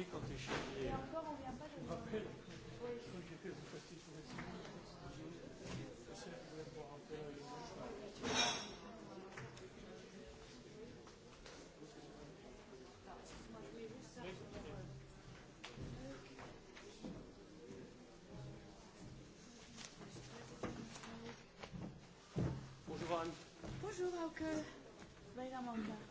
dit quand t'es chez Et encore, on vient pas de... rappelle, quand j'étais au Castille pour rentrer Bonjour Anne. Bonjour Auke. Bonjour je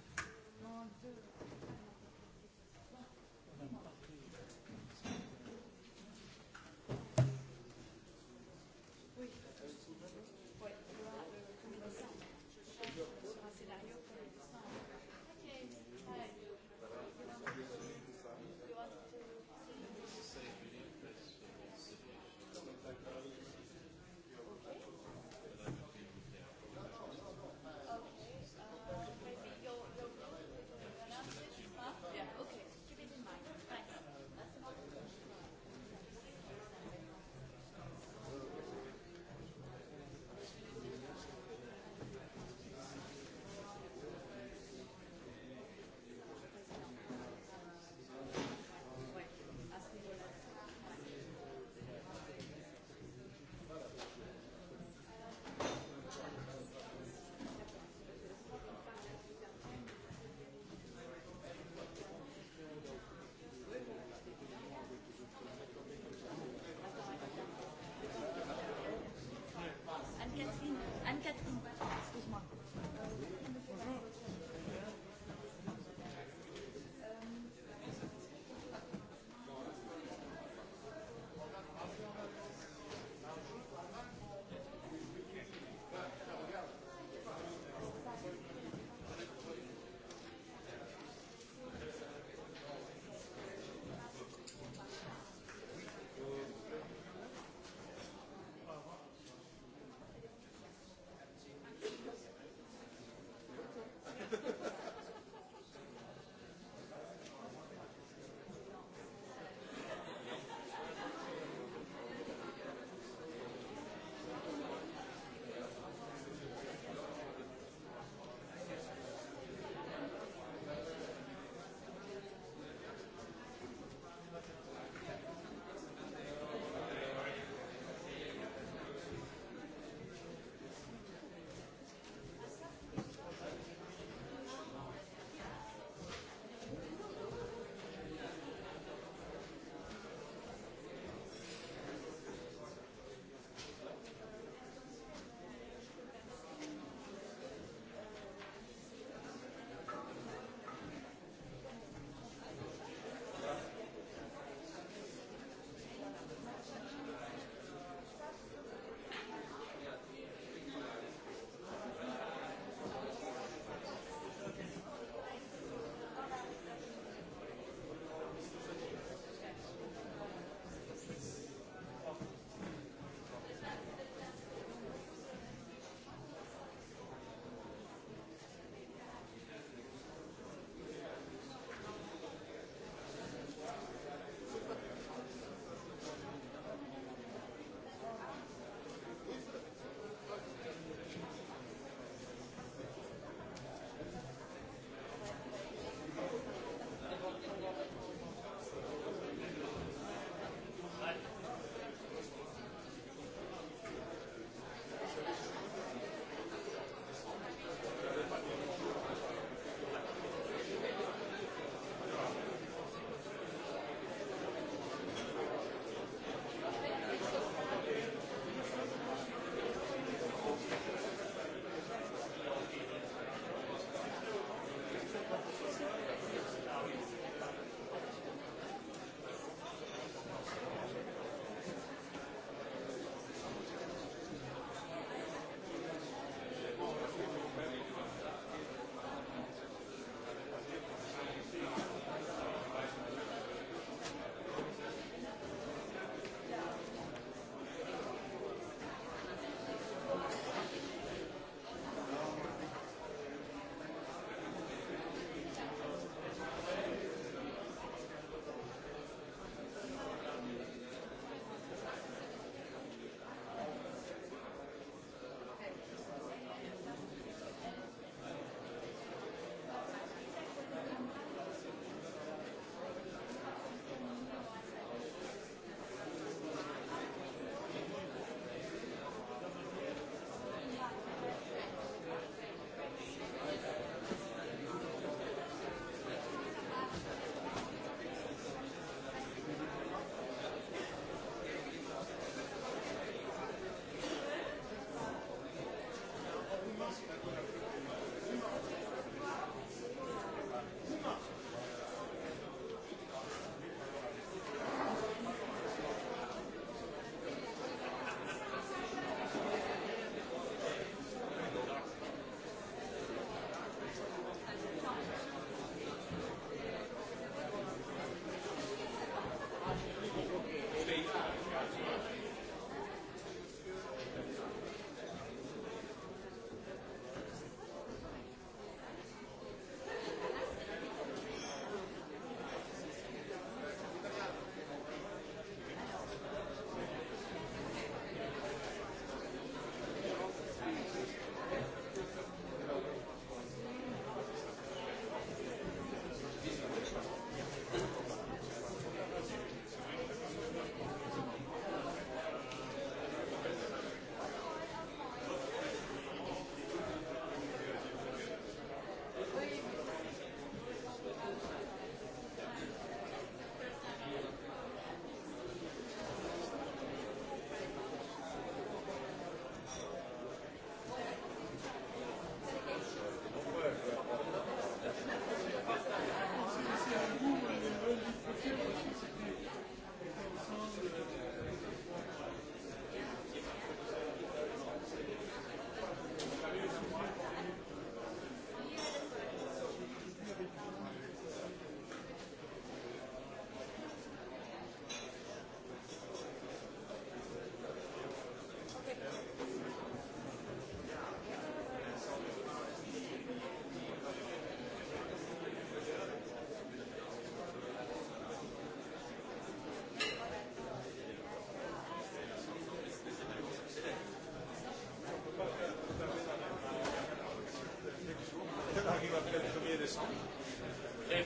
Très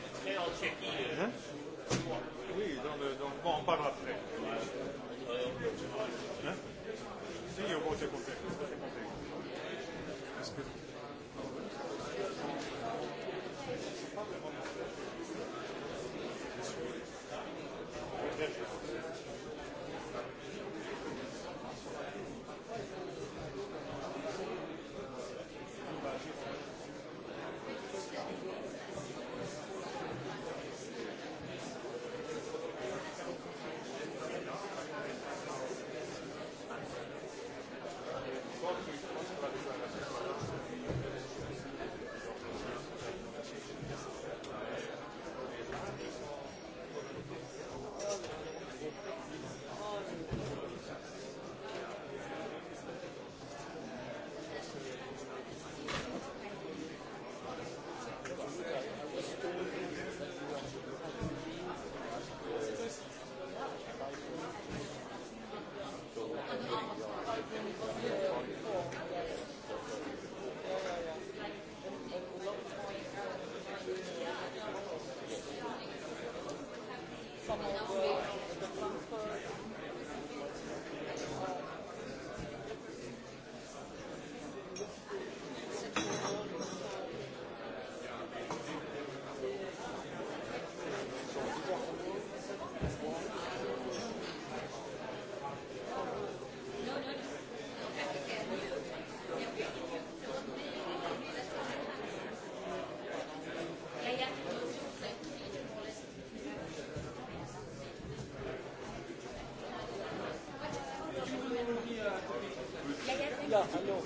oui, dans le, dans, bon, on après. Hein Si, on va compter. Ja, hallo.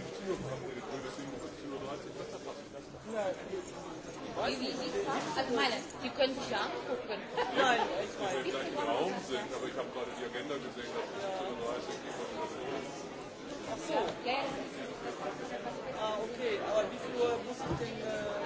Wie, wie sieht's aus? Also meine, Sie können sich ja angucken. Nein, ich weiß. Wenn wir gleich im Raum sind, aber ich habe gerade die Agenda gesehen, dass es 35 Ach so. Ja, ja. Ah, okay. Aber wie viel Uhr muss ich denn... Äh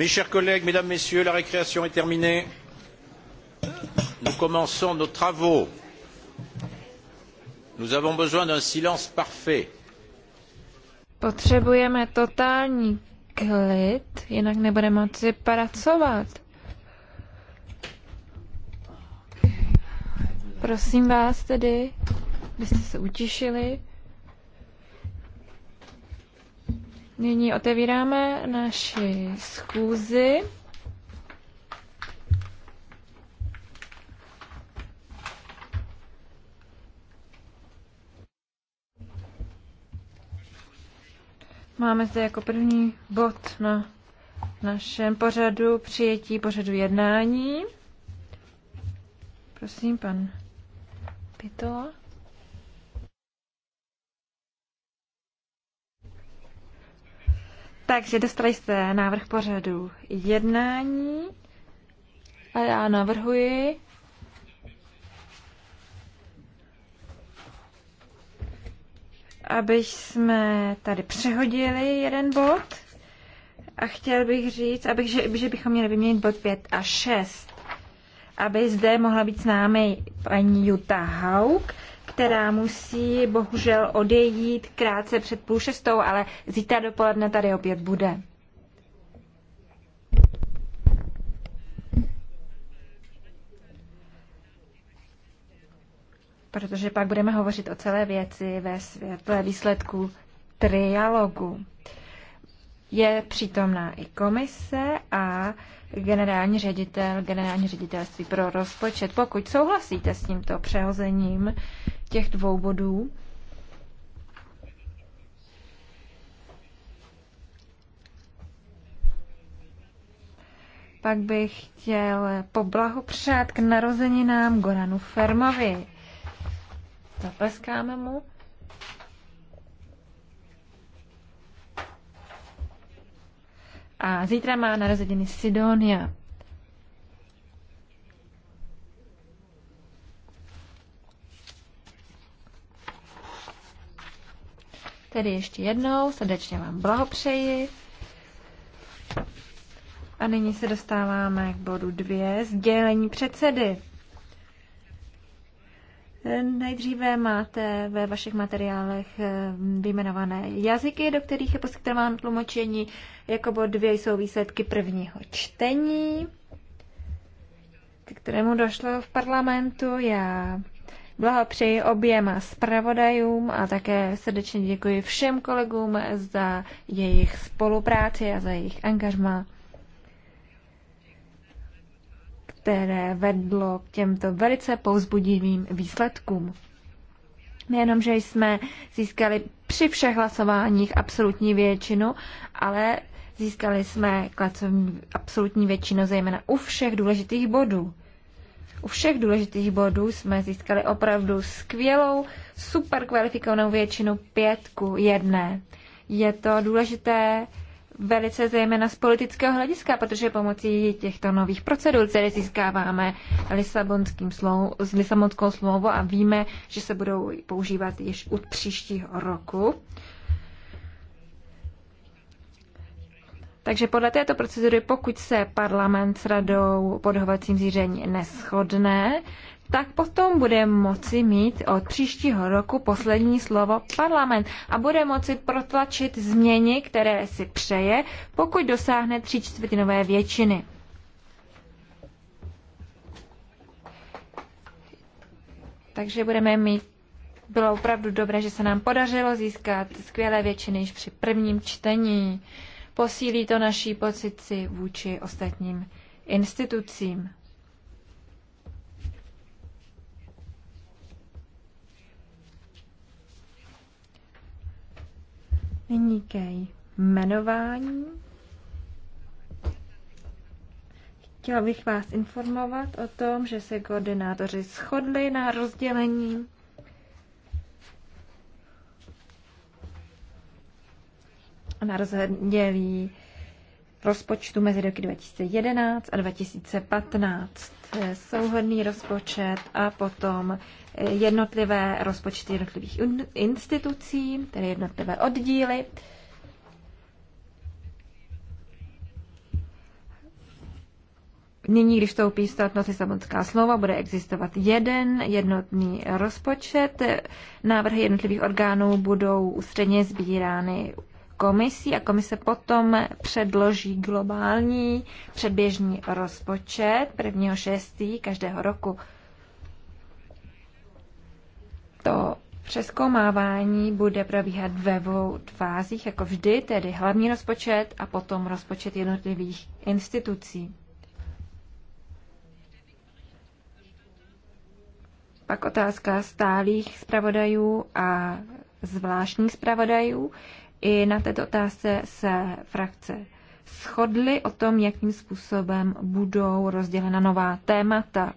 Mes chers collègues, mesdames, messieurs, la récréation est terminée. Nous commençons nos travaux. Nous avons besoin d'un silence parfait. Potřebujeme totální klid, jinak nebudeme moci pracovat. Prosím vás tedy, abyste se utišili. Nyní otevíráme naši schůzi. Máme zde jako první bod na našem pořadu přijetí pořadu jednání. Prosím, pan Pitola. Takže dostali jste návrh pořadu jednání a já navrhuji, aby jsme tady přehodili jeden bod a chtěl bych říct, abych, že, že bychom měli vyměnit bod 5 a 6, aby zde mohla být s námi paní Jutta Haug, která musí bohužel odejít krátce před půl šestou, ale zítra dopoledne tady opět bude. Protože pak budeme hovořit o celé věci ve světle výsledku trialogu. Je přítomná i komise a generální ředitel, generální ředitelství pro rozpočet. Pokud souhlasíte s tímto přehozením těch dvou bodů. Pak bych chtěl poblahopřát k narozeninám Goranu Fermovi. Zapleskáme mu. A zítra má narozeniny Sidonia. Tedy ještě jednou srdečně vám blahopřeji. A nyní se dostáváme k bodu dvě, sdělení předsedy. Nejdříve máte ve vašich materiálech eh, vyjmenované jazyky, do kterých je poskytováno tlumočení. Jako bod dvě jsou výsledky prvního čtení, k kterému došlo v parlamentu. Já Blahopřeji oběma zpravodajům a také srdečně děkuji všem kolegům za jejich spolupráci a za jejich angažma, které vedlo k těmto velice pouzbudivým výsledkům. Nejenom, že jsme získali při všech hlasováních absolutní většinu, ale získali jsme absolutní většinu zejména u všech důležitých bodů. U všech důležitých bodů jsme získali opravdu skvělou, super kvalifikovanou většinu pětku jedné. Je to důležité velice zejména z politického hlediska, protože pomocí těchto nových procedur, které získáváme Lisabonským slou, s Lisabonskou smlouvou a víme, že se budou používat již od příštího roku, Takže podle této procedury, pokud se parlament s radou podhovacím zíření neschodne, tak potom bude moci mít od příštího roku poslední slovo parlament a bude moci protlačit změny, které si přeje, pokud dosáhne čtvrtinové většiny. Takže budeme mít, bylo opravdu dobré, že se nám podařilo získat skvělé většiny již při prvním čtení. Posílí to naší pocici vůči ostatním institucím. Nyní ke jmenování. Chtěla bych vás informovat o tom, že se koordinátoři shodli na rozdělení na rozdělí rozpočtu mezi roky 2011 a 2015, eh, souhodný rozpočet a potom eh, jednotlivé rozpočty jednotlivých institucí, tedy jednotlivé oddíly. Nyní, když vstoupí v statnost Lisabonská slova, bude existovat jeden jednotný rozpočet. Návrhy jednotlivých orgánů budou ústředně sbírány komisí a komise potom předloží globální předběžný rozpočet 1.6. každého roku. To přeskoumávání bude probíhat ve dvou fázích, jako vždy, tedy hlavní rozpočet a potom rozpočet jednotlivých institucí. Pak otázka stálých zpravodajů a zvláštních zpravodajů. I na této otázce se frakce shodly o tom, jakým způsobem budou rozdělena nová témata.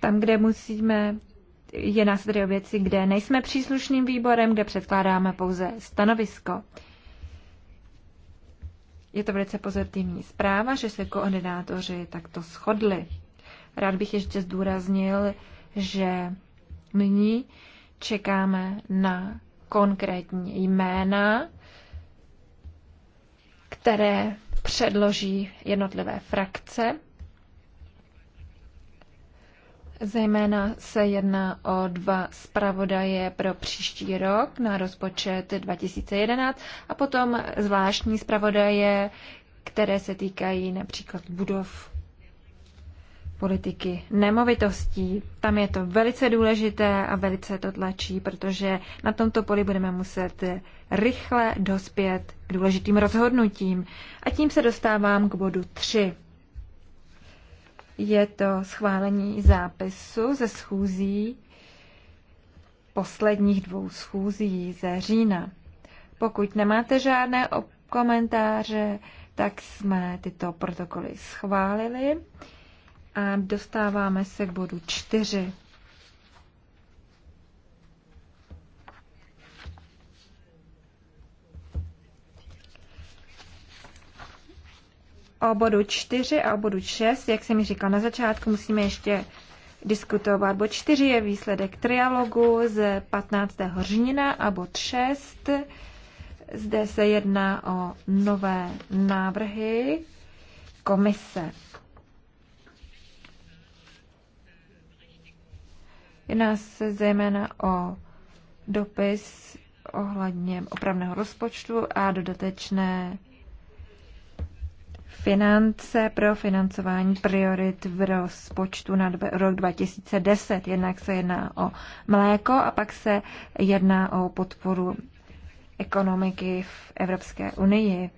Tam, kde musíme, je nás tedy o věci, kde nejsme příslušným výborem, kde předkládáme pouze stanovisko. Je to velice pozitivní zpráva, že se koordinátoři takto shodli. Rád bych ještě zdůraznil, že nyní čekáme na konkrétní jména, které předloží jednotlivé frakce. Zejména se jedná o dva zpravodaje pro příští rok na rozpočet 2011 a potom zvláštní zpravodaje, které se týkají například budov politiky nemovitostí. Tam je to velice důležité a velice to tlačí, protože na tomto poli budeme muset rychle dospět k důležitým rozhodnutím. A tím se dostávám k bodu 3. Je to schválení zápisu ze schůzí posledních dvou schůzí ze října. Pokud nemáte žádné komentáře, tak jsme tyto protokoly schválili. A dostáváme se k bodu čtyři. O bodu 4 a o bodu 6, jak jsem mi říkal na začátku, musíme ještě diskutovat. Bod 4 je výsledek trialogu z 15. října a bod 6. Zde se jedná o nové návrhy komise. Jedná se zejména o dopis ohledně opravného rozpočtu a dodatečné finance pro financování priorit v rozpočtu na rok 2010. Jednak se jedná o mléko a pak se jedná o podporu ekonomiky v Evropské unii.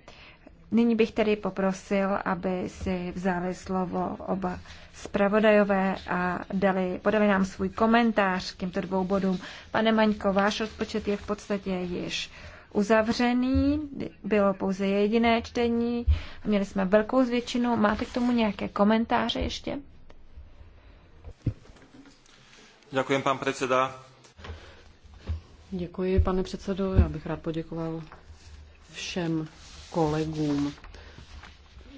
Nyní bych tedy poprosil, aby si vzali slovo oba zpravodajové a dali, podali nám svůj komentář k těmto dvou bodům. Pane Maňko, váš rozpočet je v podstatě již uzavřený, bylo pouze jediné čtení, měli jsme velkou zvětšinu. Máte k tomu nějaké komentáře ještě? Děkuji, pan předseda. Děkuji, pane předsedo. Já bych rád poděkoval všem kolegům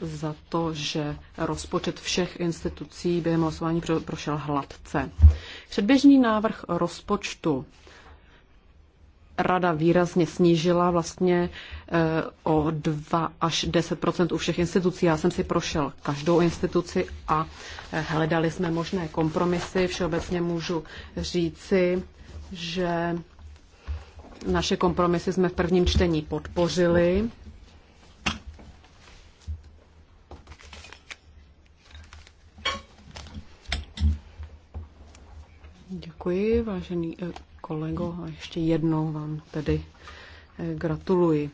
za to, že rozpočet všech institucí během hlasování prošel hladce. Předběžný návrh rozpočtu rada výrazně snížila vlastně eh, o 2 až 10 u všech institucí. Já jsem si prošel každou instituci a eh, hledali jsme možné kompromisy. Všeobecně můžu říci, že naše kompromisy jsme v prvním čtení podpořili Děkuji, vážený eh, kolego, a ještě jednou vám tedy eh, gratuluji.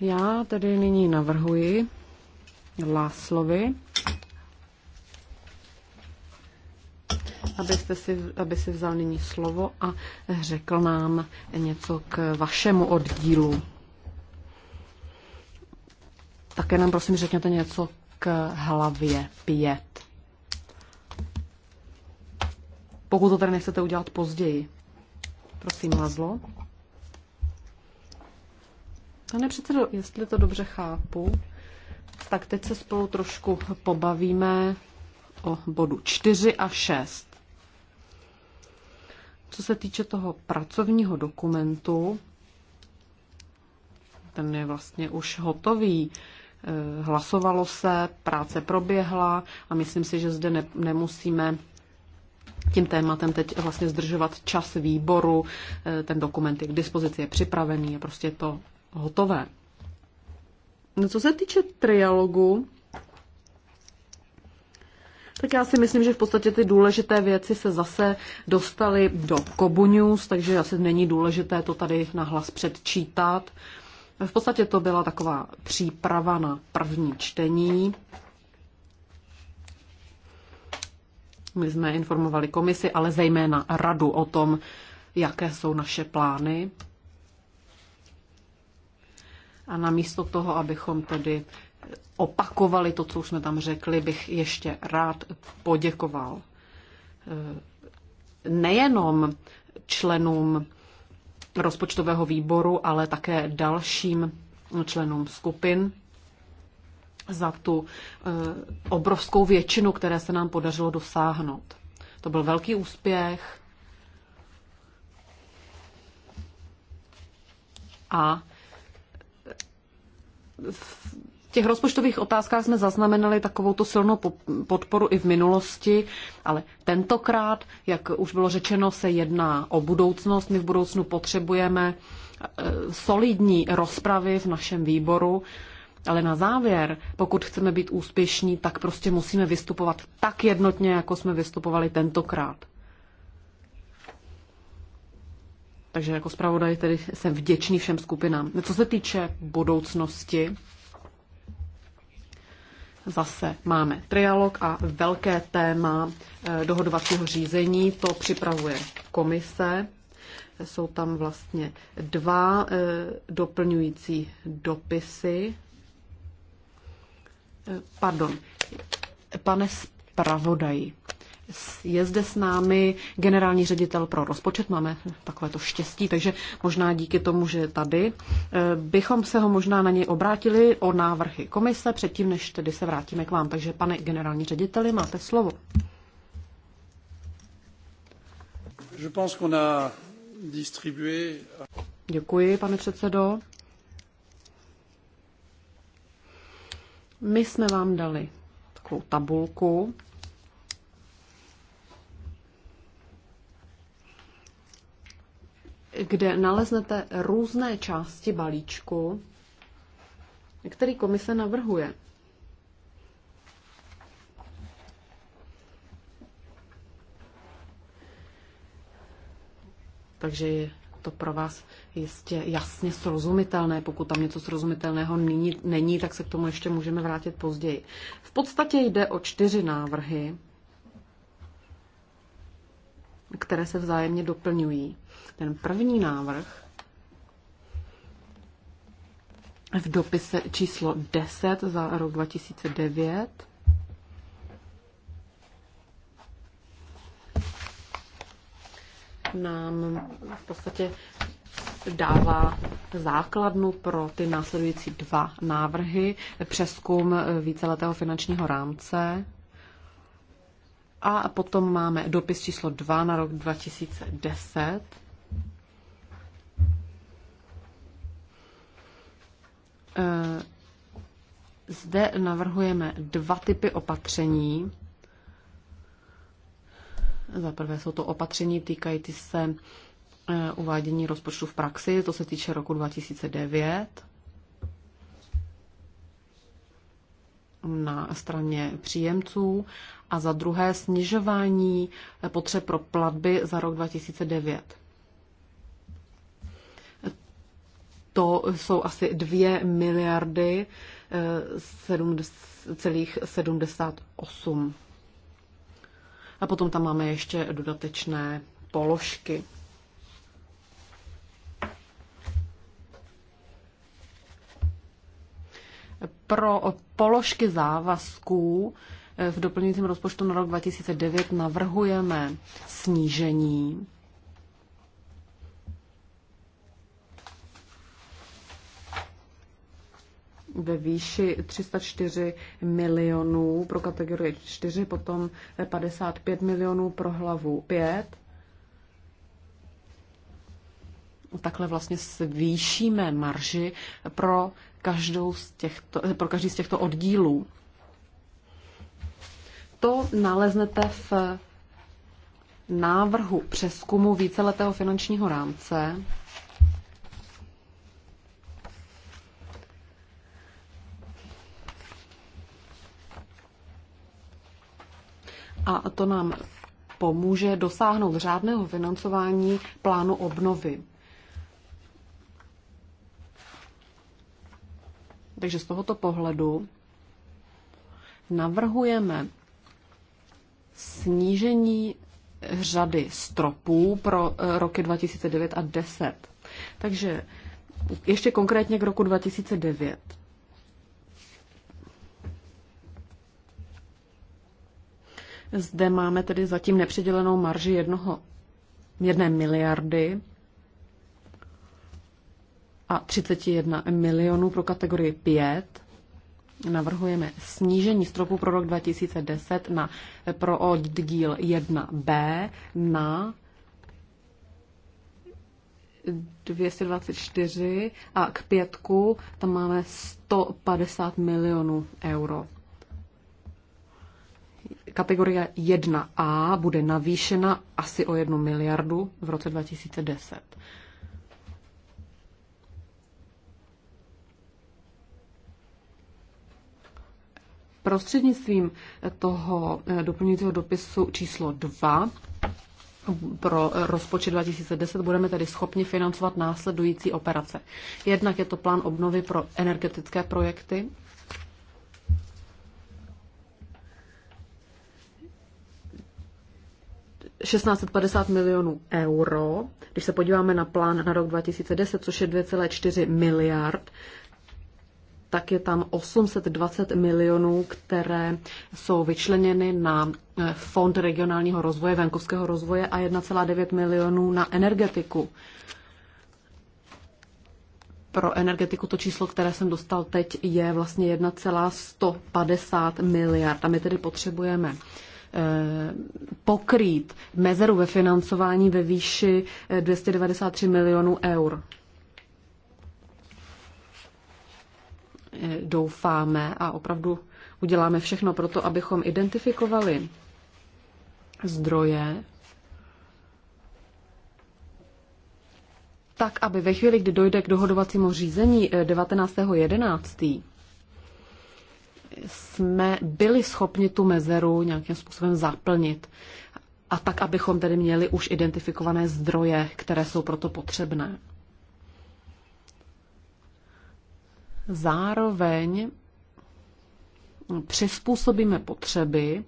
Já tedy nyní navrhuji Láslovi, abyste si, aby si vzal nyní slovo a řekl nám něco k vašemu oddílu. Také nám prosím řekněte něco k hlavě pět. Pokud to tady nechcete udělat později. Prosím, Lazlo. Pane předsedo, jestli to dobře chápu, tak teď se spolu trošku pobavíme o bodu 4 a 6. Co se týče toho pracovního dokumentu, ten je vlastně už hotový. Eh, hlasovalo se, práce proběhla a myslím si, že zde ne, nemusíme tím tématem teď vlastně zdržovat čas výboru. Eh, ten dokument je k dispozici, je připravený, je prostě to hotové. No co se týče trialogu, tak já si myslím, že v podstatě ty důležité věci se zase dostaly do Kobu News, takže asi není důležité to tady nahlas předčítat. V podstatě to byla taková příprava na první čtení. My jsme informovali komisi, ale zejména radu o tom, jaké jsou naše plány. A namísto toho, abychom tedy opakovali to, co už jsme tam řekli, bych ještě rád poděkoval eh, nejenom členům rozpočtového výboru, ale také dalším členům skupin za tu eh, obrovskou většinu, které se nám podařilo dosáhnout. To byl velký úspěch. A v těch rozpočtových otázkách jsme zaznamenali takovou tu silnou podporu i v minulosti, ale tentokrát, jak už bylo řečeno, se jedná o budoucnost. My v budoucnu potřebujeme eh, solidní rozpravy v našem výboru ale na závěr, pokud chceme být úspěšní, tak prostě musíme vystupovat tak jednotně, jako jsme vystupovali tentokrát. Takže jako zpravodaj tedy jsem vděčný všem skupinám. Co se týče budoucnosti, zase máme trialog a velké téma eh, dohodovacího řízení, to připravuje komise. Jsou tam vlastně dva eh, doplňující dopisy Pardon, pane zpravodaji, je zde s námi generální ředitel pro rozpočet, máme takové to štěstí, takže možná díky tomu, že je tady, eh, bychom se ho možná na něj obrátili o návrhy komise předtím, než tedy se vrátíme k vám. Takže pane generální řediteli, máte slovo. Je pense qu'on a distribué... Děkuji, pane předsedo. My jsme vám dali takovou tabulku, kde naleznete různé části balíčku, který komise navrhuje. Takže je to pro vás jistě jasně srozumitelné. Pokud tam něco srozumitelného není, není, tak se k tomu ještě můžeme vrátit později. V podstatě jde o čtyři návrhy, které se vzájemně doplňují. Ten první návrh v dopise číslo 10 za rok 2009 nám v podstatě dává základnu pro ty následující dva návrhy. Přeskum víceletého finančního rámce a potom máme dopis číslo 2 na rok 2010. Eh, zde navrhujeme dva typy opatření za prvé jsou to opatření týkající se e, uvádění rozpočtu v praxi, to se týče roku 2009. na straně příjemců a za druhé snižování e, potřeb pro platby za rok 2009. To jsou asi 2 miliardy 7,78 e, a potom tam máme ještě dodatečné položky. Pro položky závazků eh, v doplňujícím rozpočtu na rok 2009 navrhujeme snížení ve výši 304 milionů pro kategorii 4, potom 55 milionů pro hlavu 5. Takhle vlastně zvýšíme marži pro, každou z těchto, pro každý z těchto oddílů. To naleznete v návrhu přeskumu víceletého finančního rámce. a to nám pomůže dosáhnout řádného financování plánu obnovy. Takže z tohoto pohledu navrhujeme snížení řady stropů pro eh, roky 2009 a 10. Takže ještě konkrétně k roku 2009. Zde máme tedy zatím nepředělenou marži jednoho, jedné miliardy a 31 milionů pro kategorii 5. Navrhujeme snížení stropu pro rok 2010 na, pro oddíl 1b na 224 a k pětku tam máme 150 milionů euro kategorie 1A bude navýšena asi o jednu miliardu v roce 2010. Prostřednictvím toho eh, doplňujícího dopisu číslo 2 pro rozpočet 2010 budeme tedy schopni financovat následující operace. Jednak je to plán obnovy pro energetické projekty, 1650 milionů euro. Když se podíváme na plán na rok 2010, což je 2,4 miliard, tak je tam 820 milionů, které jsou vyčleněny na eh, Fond regionálního rozvoje, venkovského rozvoje a 1,9 milionů na energetiku. Pro energetiku to číslo, které jsem dostal teď, je vlastně 1,150 miliard. A my tedy potřebujeme Eh, pokrýt mezeru ve financování ve výši 293 eh, milionů eur. Eh, doufáme a opravdu uděláme všechno pro to, abychom identifikovali zdroje tak, aby ve chvíli, kdy dojde k dohodovacímu řízení 19.11., jsme byli schopni tu mezeru nějakým způsobem zaplnit. A tak, abychom tedy měli už identifikované zdroje, které jsou proto potřebné. Zároveň přizpůsobíme potřeby,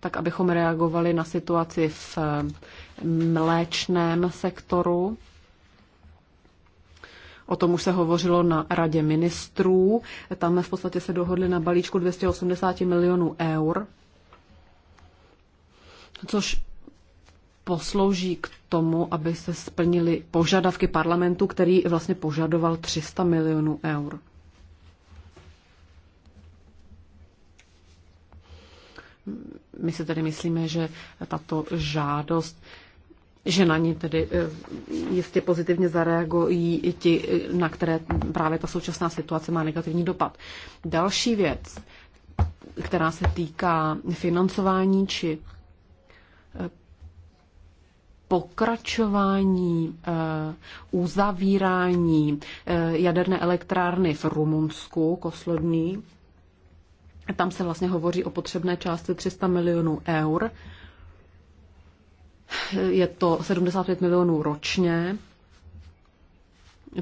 tak abychom reagovali na situaci v mléčném sektoru, O tom už se hovořilo na radě ministrů. Tam v podstatě se dohodli na balíčku 280 milionů eur, což poslouží k tomu, aby se splnily požadavky parlamentu, který vlastně požadoval 300 milionů eur. My si tedy myslíme, že tato žádost že na ní tedy eh, jistě pozitivně zareagují i ti, na které právě ta současná situace má negativní dopad. Další věc, která se týká financování či eh, pokračování eh, uzavírání jaderné elektrárny v Rumunsku, Koslodný. Tam se vlastně hovoří o potřebné části 300 milionů eur je to 75 milionů ročně.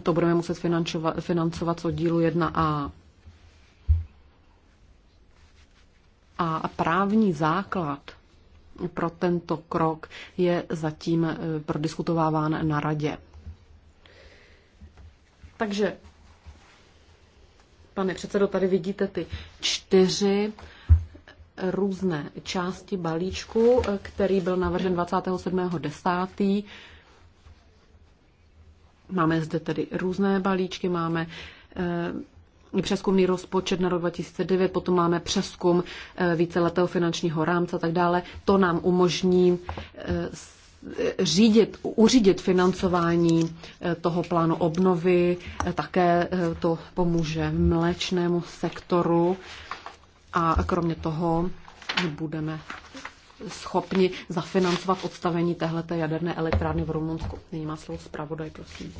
To budeme muset financovat, financovat z oddílu 1a. A právní základ pro tento krok je zatím eh, prodiskutováván na radě. Takže, pane předsedo, tady vidíte ty čtyři různé části balíčku, který byl navržen 27.10. Máme zde tedy různé balíčky, máme eh, přeskumný rozpočet na rok 2009, potom máme přeskum eh, víceletého finančního rámce a tak dále. To nám umožní eh, řídit, uřídit financování toho plánu obnovy, také to pomůže mléčnému sektoru a kromě toho budeme schopni zafinancovat odstavení téhleté jaderné elektrárny v Rumunsku. Nyní má slovo zpravodaj, prosím.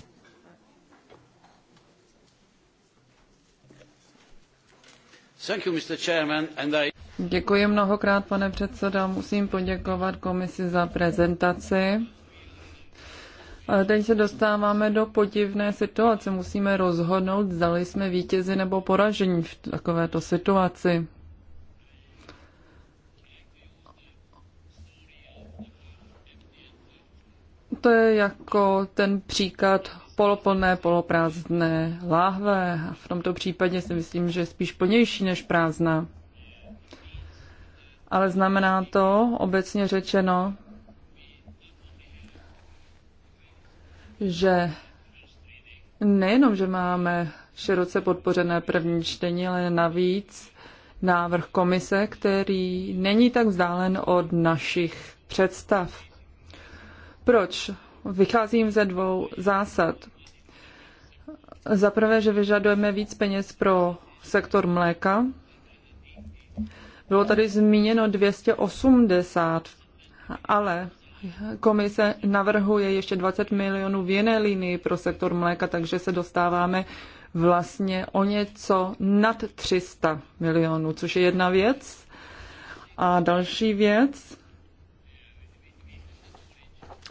Děkuji mnohokrát, pane předsedo. Musím poděkovat komisi za prezentaci. Ale teď se dostáváme do podivné situace. Musíme rozhodnout, zdali jsme vítězi nebo poražení v takovéto situaci. to je jako ten příklad poloplné, poloprázdné láhve. A v tomto případě si myslím, že je spíš plnější než prázdná. Ale znamená to, obecně řečeno, že nejenom, že máme široce podpořené první čtení, ale navíc návrh komise, který není tak vzdálen od našich představ. Proč? Vycházím ze dvou zásad. Za prvé, že vyžadujeme víc peněz pro sektor mléka. Bylo tady zmíněno 280, ale komise navrhuje ještě 20 milionů v jiné linii pro sektor mléka, takže se dostáváme vlastně o něco nad 300 milionů, což je jedna věc. A další věc,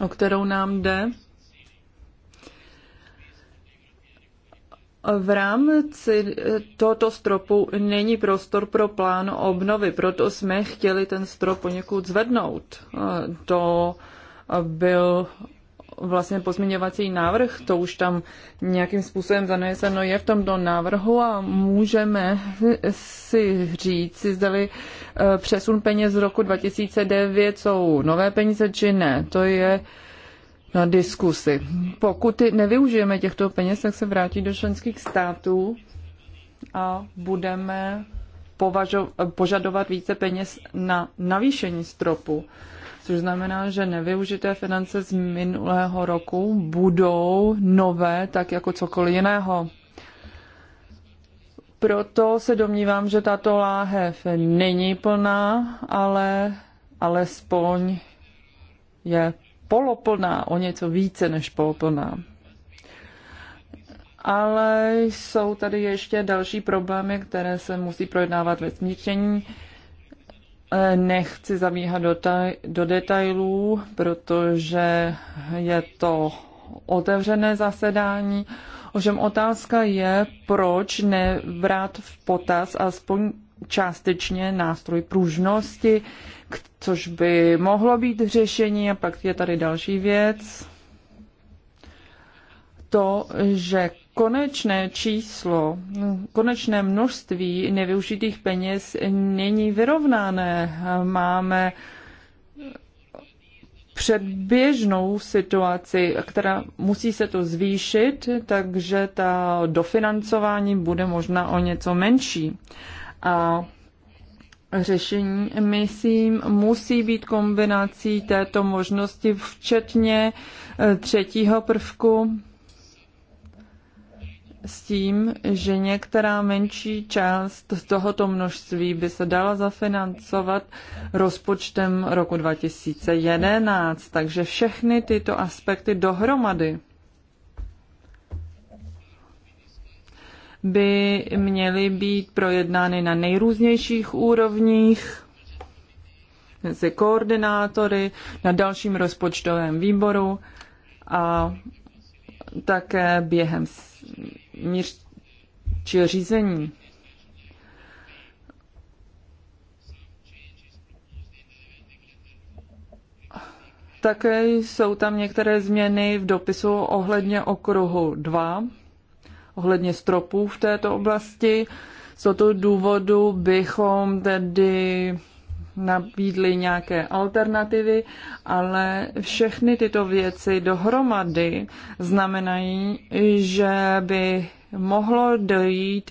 o kterou nám jde. V rámci tohoto stropu není prostor pro plán obnovy, proto jsme chtěli ten strop poněkud zvednout. To byl vlastně pozměňovací návrh, to už tam nějakým způsobem zaneseno je v tomto návrhu a můžeme si říct, si zdali e, přesun peněz z roku 2009 jsou nové peníze či ne. To je na diskusi. Pokud nevyužijeme těchto peněz, tak se vrátí do členských států a budeme považo- požadovat více peněz na navýšení stropu což znamená, že nevyužité finance z minulého roku budou nové, tak jako cokoliv jiného. Proto se domnívám, že tato láhev není plná, ale alespoň je poloplná, o něco více než poloplná. Ale jsou tady ještě další problémy, které se musí projednávat ve smíšení Nechci zabíhat do, taj, do detailů, protože je to otevřené zasedání. Ovšem otázka je, proč nevrát v potaz aspoň částečně nástroj pružnosti, což by mohlo být řešení. A pak je tady další věc. To, že konečné číslo, konečné množství nevyužitých peněz není vyrovnané. Máme předběžnou situaci, která musí se to zvýšit, takže ta dofinancování bude možná o něco menší. A řešení, myslím, musí být kombinací této možnosti, včetně třetího prvku, s tím, že některá menší část tohoto množství by se dala zafinancovat rozpočtem roku 2011. Takže všechny tyto aspekty dohromady by měly být projednány na nejrůznějších úrovních mezi koordinátory, na dalším rozpočtovém výboru a také během či řízení. Také jsou tam některé změny v dopisu ohledně okruhu 2, ohledně stropů v této oblasti. Z toho důvodu bychom tedy nabídli nějaké alternativy, ale všechny tyto věci dohromady znamenají, že by mohlo dojít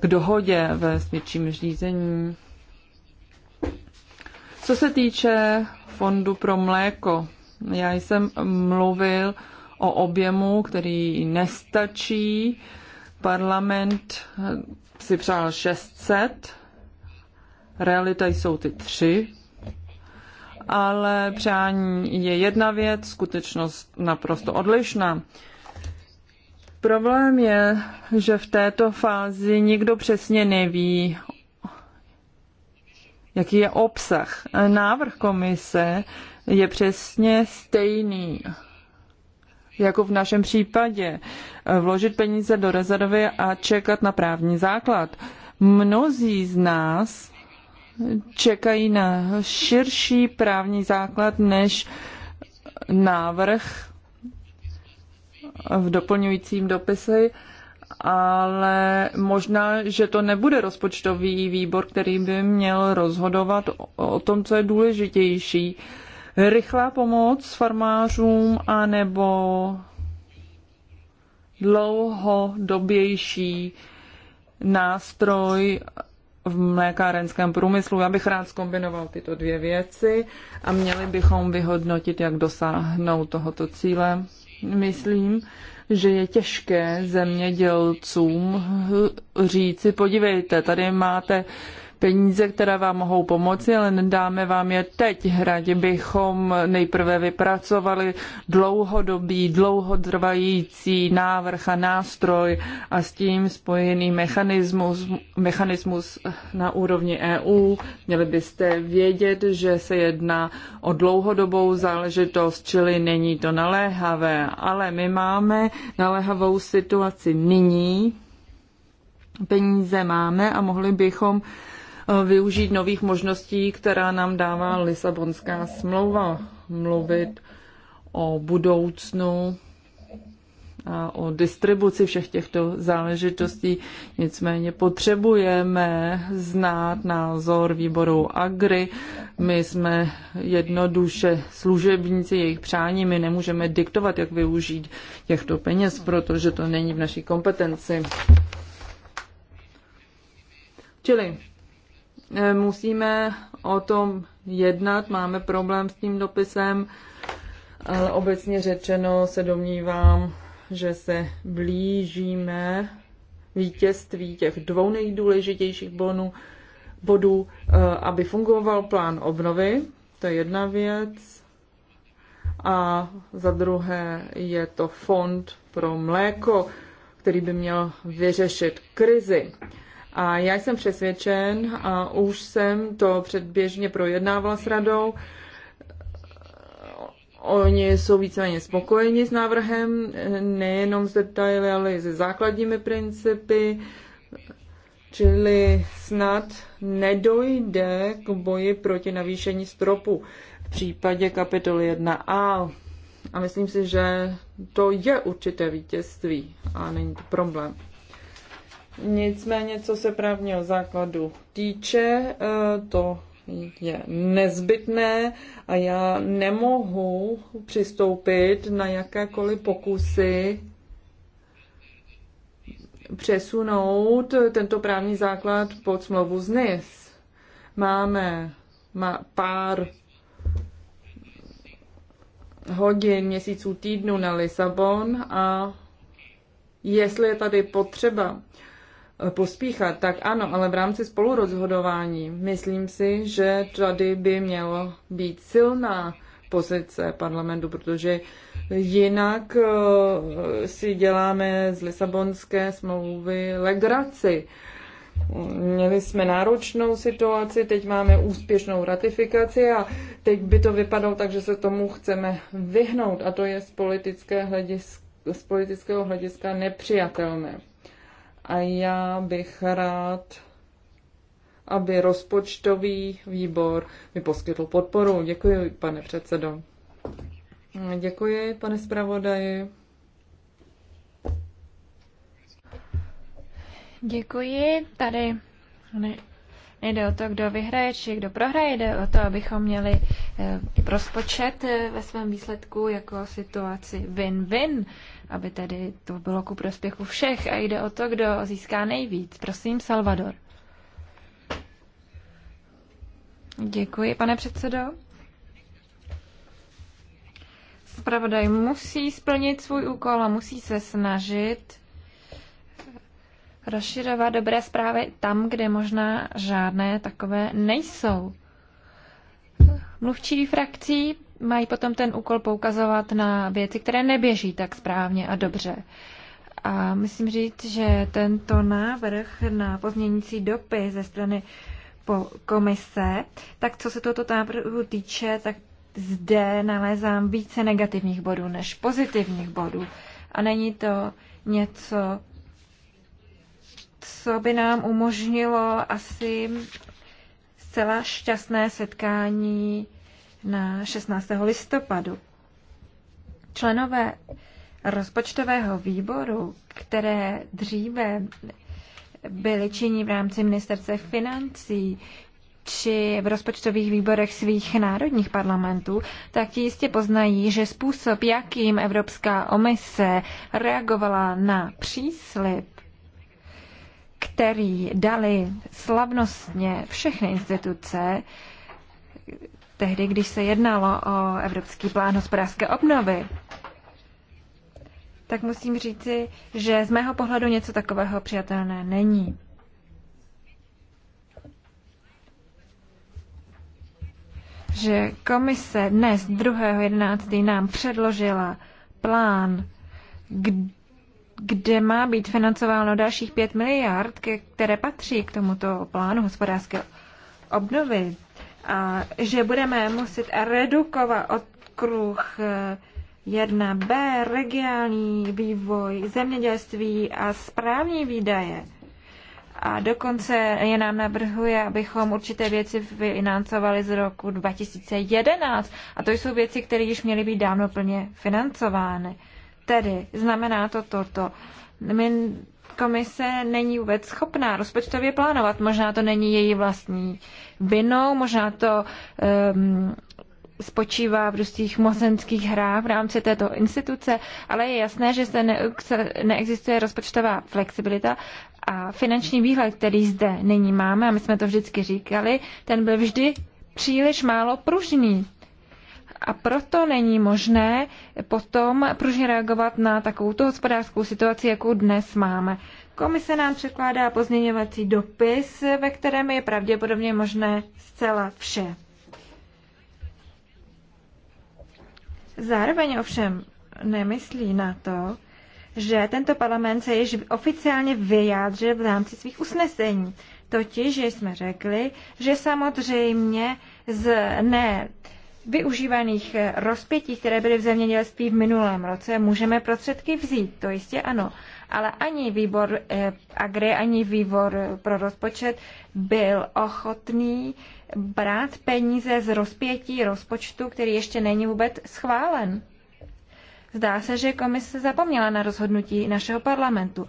k dohodě ve svědčím řízení. Co se týče fondu pro mléko, já jsem mluvil o objemu, který nestačí. Parlament si přál 600 realita jsou ty tři, ale přání je jedna věc, skutečnost naprosto odlišná. Problém je, že v této fázi nikdo přesně neví, jaký je obsah. Návrh komise je přesně stejný jako v našem případě. Vložit peníze do rezervy a čekat na právní základ. Mnozí z nás čekají na širší právní základ než návrh v doplňujícím dopise, ale možná, že to nebude rozpočtový výbor, který by měl rozhodovat o tom, co je důležitější. Rychlá pomoc farmářům anebo dlouhodobější nástroj v mlékárenském průmyslu. Já bych rád zkombinoval tyto dvě věci a měli bychom vyhodnotit, jak dosáhnout tohoto cíle. Myslím, že je těžké zemědělcům říci, podívejte, tady máte peníze, které vám mohou pomoci, ale nedáme vám je teď. Rádi bychom nejprve vypracovali dlouhodobý, dlouhodrvající návrh a nástroj a s tím spojený mechanismus, mechanismus na úrovni EU. Měli byste vědět, že se jedná o dlouhodobou záležitost, čili není to naléhavé, ale my máme naléhavou situaci nyní, peníze máme a mohli bychom využít nových možností, která nám dává Lisabonská smlouva. Mluvit o budoucnu a o distribuci všech těchto záležitostí. Nicméně potřebujeme znát názor výboru Agri. My jsme jednoduše služebníci jejich přání. My nemůžeme diktovat, jak využít těchto peněz, protože to není v naší kompetenci. Čili Eh, musíme o tom jednat, máme problém s tím dopisem, ale eh, obecně řečeno se domnívám, že se blížíme vítězství těch dvou nejdůležitějších bonů, bodů, eh, aby fungoval plán obnovy, to je jedna věc. A za druhé je to fond pro mléko, který by měl vyřešit krizi. A já jsem přesvědčen, a už jsem to předběžně projednávala s radou, Oni jsou víceméně spokojeni s návrhem, nejenom s detaily, ale i se základními principy, čili snad nedojde k boji proti navýšení stropu v případě kapitoly 1a. A myslím si, že to je určité vítězství a není to problém. Nicméně, co se právního základu týče, eh, to je nezbytné a já nemohu přistoupit na jakékoliv pokusy přesunout tento právní základ pod smlouvu z NIS. Máme má pár hodin, měsíců, týdnu na Lisabon a jestli je tady potřeba Eh, pospíchat, tak ano, ale v rámci spolurozhodování myslím si, že tady by mělo být silná pozice parlamentu, protože jinak eh, si děláme z Lisabonské smlouvy legraci. Měli jsme náročnou situaci, teď máme úspěšnou ratifikaci a teď by to vypadalo tak, že se tomu chceme vyhnout a to je z, politické z politického hlediska nepřijatelné a já bych rád, aby rozpočtový výbor mi poskytl podporu. Děkuji, pane předsedo. Děkuji, pane zpravodaji. Děkuji. Tady ne, nejde o to, kdo vyhraje či kdo prohraje, jde o to, abychom měli eh, rozpočet eh, ve svém výsledku jako situaci win-win aby tedy to bylo ku prospěchu všech a jde o to, kdo získá nejvíc. Prosím, Salvador. Děkuji, pane předsedo. Spravodaj musí splnit svůj úkol a musí se snažit rozširovat dobré zprávy tam, kde možná žádné takové nejsou. Mluvčí frakcí mají potom ten úkol poukazovat na věci, které neběží tak správně a dobře. A musím říct, že tento návrh na pozměnící dopy ze strany po komise, tak co se tohoto návrhu týče, tak zde nalézám více negativních bodů než pozitivních bodů. A není to něco, co by nám umožnilo asi zcela šťastné setkání na 16. listopadu. Členové rozpočtového výboru, které dříve byly činí v rámci ministerce financí, či v rozpočtových výborech svých národních parlamentů, tak ti jistě poznají, že způsob, jakým Evropská komise reagovala na příslip, který dali slavnostně všechny instituce, tehdy, když se jednalo o Evropský plán hospodářské obnovy, tak musím říci, že z mého pohledu něco takového přijatelné není. Že komise dnes 2.11. nám předložila plán, kde má být financováno dalších 5 miliard, které patří k tomuto plánu hospodářské obnovy a že budeme muset redukovat okruh 1b, eh, regionální vývoj, zemědělství a správní výdaje. A dokonce je nám navrhuje, abychom určité věci financovali z roku 2011. A to jsou věci, které již měly být dávno plně financovány. Tedy znamená to toto. My komise není vůbec schopná rozpočtově plánovat. Možná to není její vlastní vinou, možná to um, spočívá v různých mozenských hrách v rámci této instituce, ale je jasné, že zde neexistuje rozpočtová flexibilita a finanční výhled, který zde nyní máme, a my jsme to vždycky říkali, ten byl vždy příliš málo pružný a proto není možné potom pružně reagovat na takovou tu hospodářskou situaci, jakou dnes máme. Komise nám překládá pozměňovací dopis, ve kterém je pravděpodobně možné zcela vše. Zároveň ovšem nemyslí na to, že tento parlament se již oficiálně vyjádřil v rámci svých usnesení. Totiž, že jsme řekli, že samozřejmě z ne využívaných eh, rozpětí, které byly v zemědělství v minulém roce, můžeme prostředky vzít, to jistě ano. Ale ani výbor eh, Agri, ani výbor eh, pro rozpočet byl ochotný brát peníze z rozpětí rozpočtu, který ještě není vůbec schválen. Zdá se, že komise zapomněla na rozhodnutí našeho parlamentu.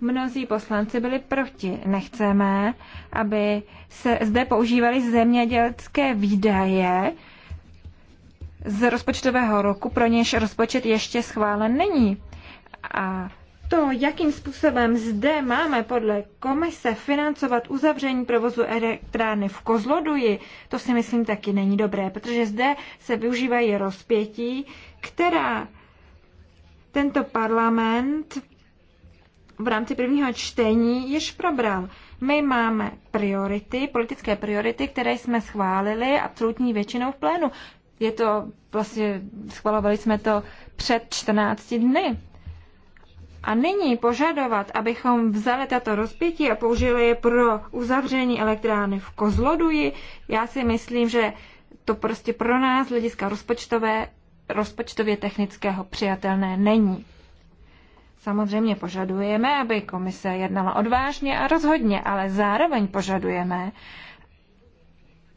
Mnozí poslanci byli proti. Nechceme, aby se zde používaly zemědělské výdaje z rozpočtového roku, pro něž rozpočet ještě schválen není. A to, jakým způsobem zde máme podle komise financovat uzavření provozu elektrárny v Kozloduji, to si myslím taky není dobré, protože zde se využívají rozpětí, která tento parlament v rámci prvního čtení již probral. My máme priority, politické priority, které jsme schválili absolutní většinou v plénu. Je to vlastně, schvalovali jsme to před 14 dny. A nyní požadovat, abychom vzali tato rozpětí a použili je pro uzavření elektrárny v Kozloduji, já si myslím, že to prostě pro nás hlediska rozpočtové, rozpočtově technického přijatelné není. Samozřejmě požadujeme, aby komise jednala odvážně a rozhodně, ale zároveň požadujeme,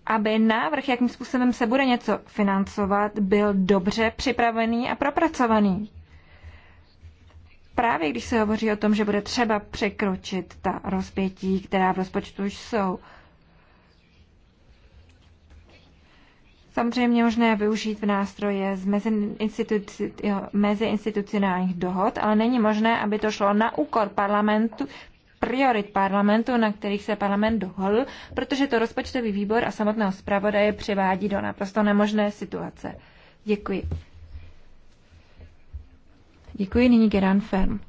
aby návrh, jakým způsobem se bude něco financovat, byl dobře připravený a propracovaný. Právě když se hovoří o tom, že bude třeba překročit ta rozpětí, která v rozpočtu už jsou, samozřejmě možné využít v nástroje z meziinstitucionálních dohod, ale není možné, aby to šlo na úkor parlamentu, priorit parlamentu, na kterých se parlament dohodl, protože to rozpočtový výbor a samotného zpravodaje přivádí do naprosto nemožné situace. Děkuji. Děkuji nyní Geran Ferm.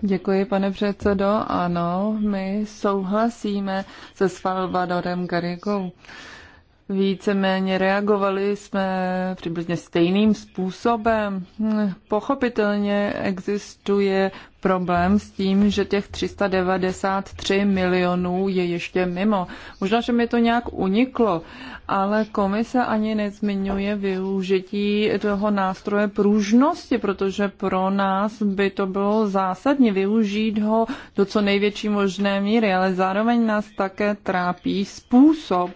Děkuji, pane předsedo. Ano, my souhlasíme se Salvadorem Garrigou víceméně reagovali jsme přibližně stejným způsobem. Pochopitelně existuje problém s tím, že těch 393 milionů je ještě mimo. Možná, že mi to nějak uniklo, ale komise ani nezmiňuje využití toho nástroje pružnosti, protože pro nás by to bylo zásadně využít ho do co největší možné míry, ale zároveň nás také trápí způsob,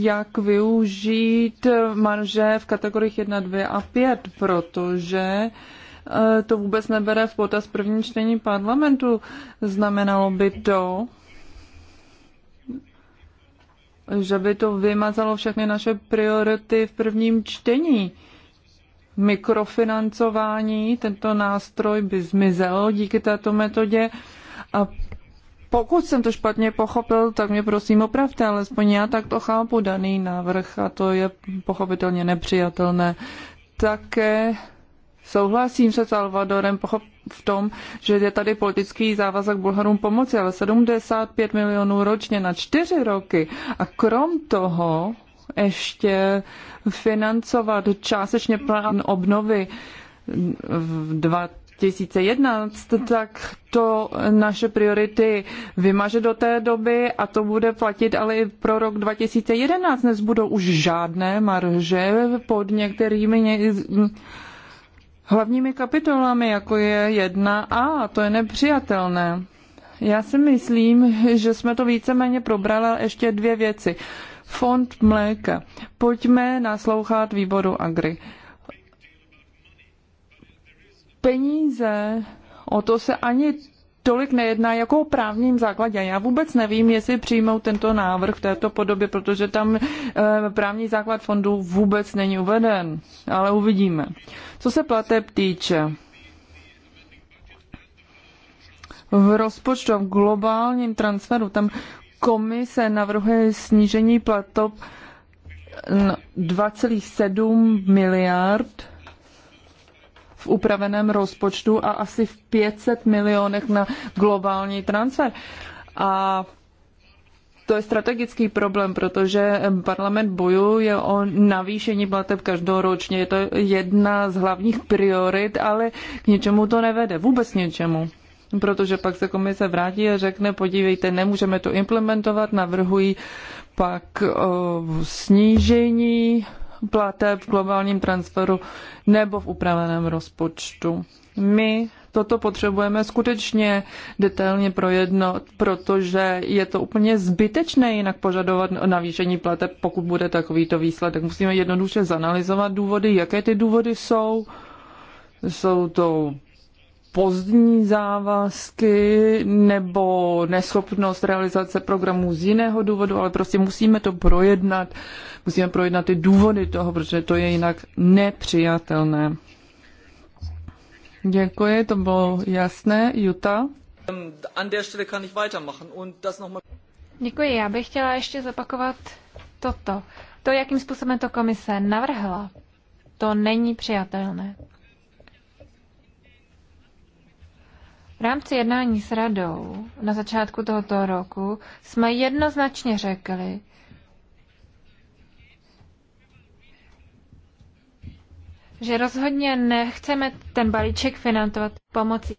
jak využít marže v kategoriích 1, 2 a 5, protože eh, to vůbec nebere v potaz první čtení parlamentu. Znamenalo by to, že by to vymazalo všechny naše priority v prvním čtení. Mikrofinancování, tento nástroj by zmizel díky této metodě a pokud jsem to špatně pochopil, tak mě prosím opravte, alespoň já tak to chápu daný návrh a to je pochopitelně nepřijatelné. Také Souhlasím se Salvadorem v tom, že je tady politický závazek Bulharům pomoci, ale 75 milionů ročně na čtyři roky a krom toho ještě financovat částečně plán obnovy v dva, 2011, tak to naše priority vymaže do té doby a to bude platit ale i pro rok 2011. Dnes budou už žádné marže pod některými hlavními kapitolami, jako je jedna. a To je nepřijatelné. Já si myslím, že jsme to víceméně probrali ještě dvě věci. Fond mléka. Pojďme naslouchat výboru Agri peníze, o to se ani tolik nejedná jako o právním základě. Já vůbec nevím, jestli přijmou tento návrh v této podobě, protože tam eh, právní základ fondu vůbec není uveden, ale uvidíme. Co se plateb týče, v rozpočtu, v globálním transferu, tam komise navrhuje snížení plateb 2,7 miliard v upraveném rozpočtu a asi v 500 milionech na globální transfer. A to je strategický problém, protože parlament bojuje o navýšení plateb každoročně. Je to jedna z hlavních priorit, ale k ničemu to nevede, vůbec ničemu. Protože pak se komise vrátí a řekne, podívejte, nemůžeme to implementovat, navrhují pak o, snížení plateb v globálním transferu nebo v upraveném rozpočtu. My toto potřebujeme skutečně detailně projednat, protože je to úplně zbytečné jinak požadovat navýšení plateb, pokud bude takovýto výsledek. Musíme jednoduše zanalizovat důvody, jaké ty důvody jsou. Jsou to pozdní závazky nebo neschopnost realizace programů z jiného důvodu, ale prostě musíme to projednat, musíme projednat ty důvody toho, protože to je jinak nepřijatelné. Děkuji, to bylo jasné. Juta? Děkuji, já bych chtěla ještě zopakovat toto. To, jakým způsobem to komise navrhla, to není přijatelné. V rámci jednání s radou na začátku tohoto roku jsme jednoznačně řekli, že rozhodně nechceme ten balíček financovat pomocí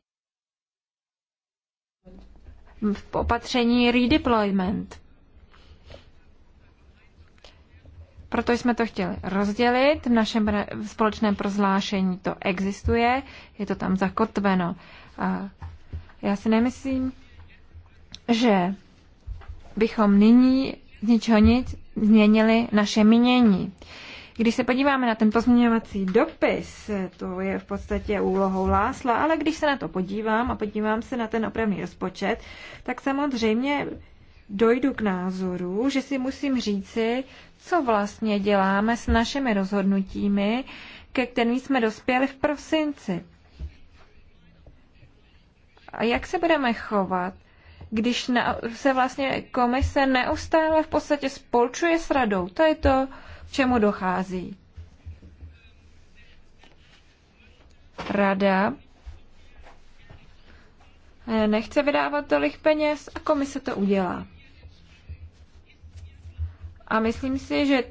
v opatření redeployment. Proto jsme to chtěli rozdělit. V našem společném prozlášení to existuje, je to tam zakotveno. A já si nemyslím, že bychom nyní z ničeho nic změnili naše mínění. Když se podíváme na ten pozměňovací dopis, to je v podstatě úlohou Lásla, ale když se na to podívám a podívám se na ten opravný rozpočet, tak samozřejmě dojdu k názoru, že si musím říci, co vlastně děláme s našimi rozhodnutími, ke kterým jsme dospěli v prosinci. A jak se budeme chovat, když na, se vlastně komise neustále v podstatě spolčuje s radou? To je to, k čemu dochází. Rada nechce vydávat tolik peněz a komise to udělá. A myslím si, že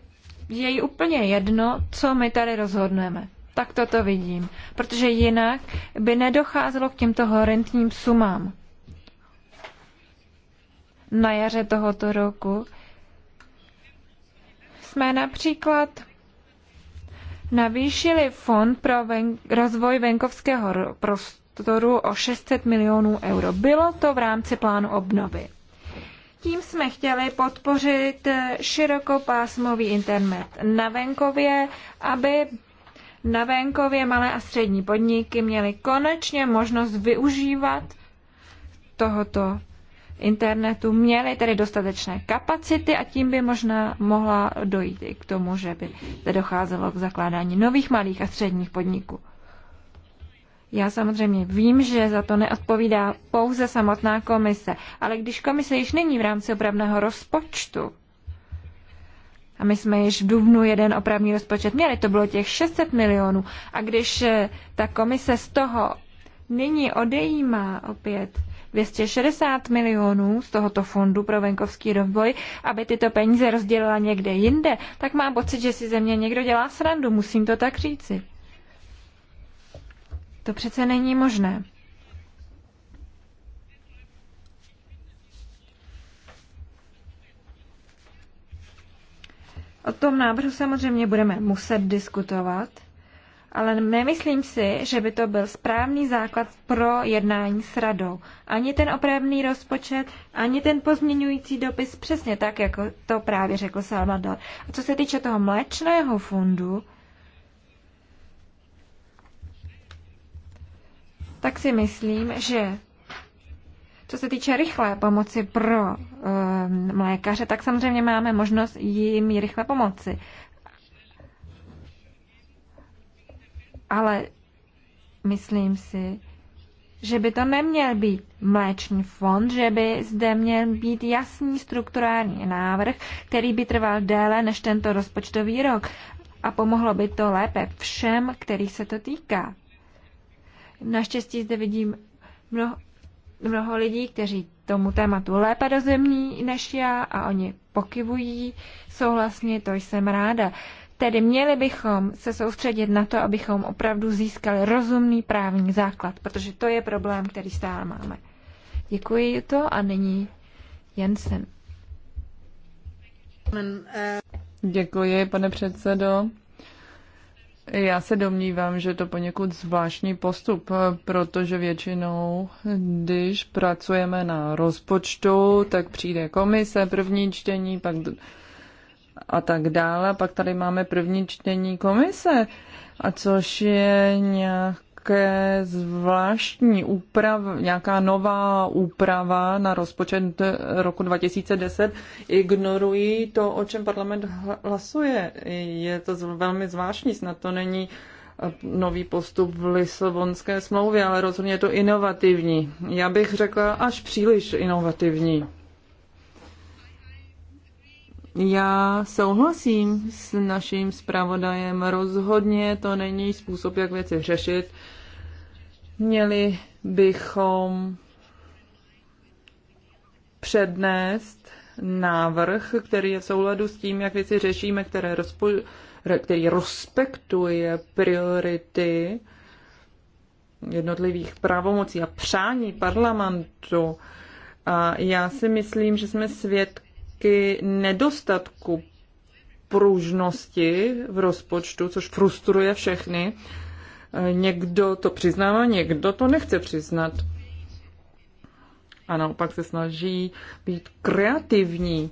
je jí úplně jedno, co my tady rozhodneme tak toto vidím, protože jinak by nedocházelo k těmto horentním sumám. Na jaře tohoto roku jsme například navýšili fond pro ven- rozvoj venkovského prostoru o 600 milionů euro. Bylo to v rámci plánu obnovy. Tím jsme chtěli podpořit širokopásmový internet na venkově, aby na venkově malé a střední podniky měly konečně možnost využívat tohoto internetu, měly tedy dostatečné kapacity a tím by možná mohla dojít i k tomu, že by zde docházelo k zakládání nových malých a středních podniků. Já samozřejmě vím, že za to neodpovídá pouze samotná komise, ale když komise již není v rámci opravného rozpočtu, a my jsme již v Dubnu jeden opravný rozpočet měli, to bylo těch 600 milionů. A když eh, ta komise z toho nyní odejímá opět 260 milionů z tohoto fondu pro venkovský rozvoj, aby tyto peníze rozdělila někde jinde, tak mám pocit, že si ze mě někdo dělá srandu, musím to tak říci. To přece není možné. O tom návrhu samozřejmě budeme muset diskutovat, ale nemyslím si, že by to byl správný základ pro jednání s radou. Ani ten opravný rozpočet, ani ten pozměňující dopis, přesně tak, jako to právě řekl Salvador. A co se týče toho mléčného fondu, tak si myslím, že co se týče rychlé pomoci pro um, mlékaře, tak samozřejmě máme možnost jim rychle pomoci. Ale myslím si, že by to neměl být mléčný fond, že by zde měl být jasný strukturální návrh, který by trval déle než tento rozpočtový rok a pomohlo by to lépe všem, kterých se to týká. Naštěstí zde vidím mnoho mnoho lidí, kteří tomu tématu lépe rozumí než já a oni pokivují souhlasně, to jsem ráda. Tedy měli bychom se soustředit na to, abychom opravdu získali rozumný právní základ, protože to je problém, který stále máme. Děkuji to a nyní Jensen. Děkuji, pane předsedo. Já se domnívám, že to poněkud zvláštní postup, eh, protože většinou, když pracujeme na rozpočtu, tak přijde komise, první čtení, pak a tak dále. Pak tady máme první čtení komise, a což je nějak nějaké zvláštní úprava, nějaká nová úprava na rozpočet roku 2010 ignorují to, o čem parlament hlasuje. Je to velmi zvláštní, snad to není eh, nový postup v Lisabonské smlouvě, ale rozhodně je to inovativní. Já bych řekla až příliš inovativní. Já souhlasím s naším zpravodajem. Rozhodně to není způsob, jak věci řešit. Měli bychom přednést návrh, který je v souladu s tím, jak věci řešíme, které rozpo, který respektuje priority jednotlivých pravomocí a přání parlamentu. A já si myslím, že jsme svědky taky nedostatku pružnosti v rozpočtu, což frustruje všechny. Někdo to přiznává, někdo to nechce přiznat. A naopak se snaží být kreativní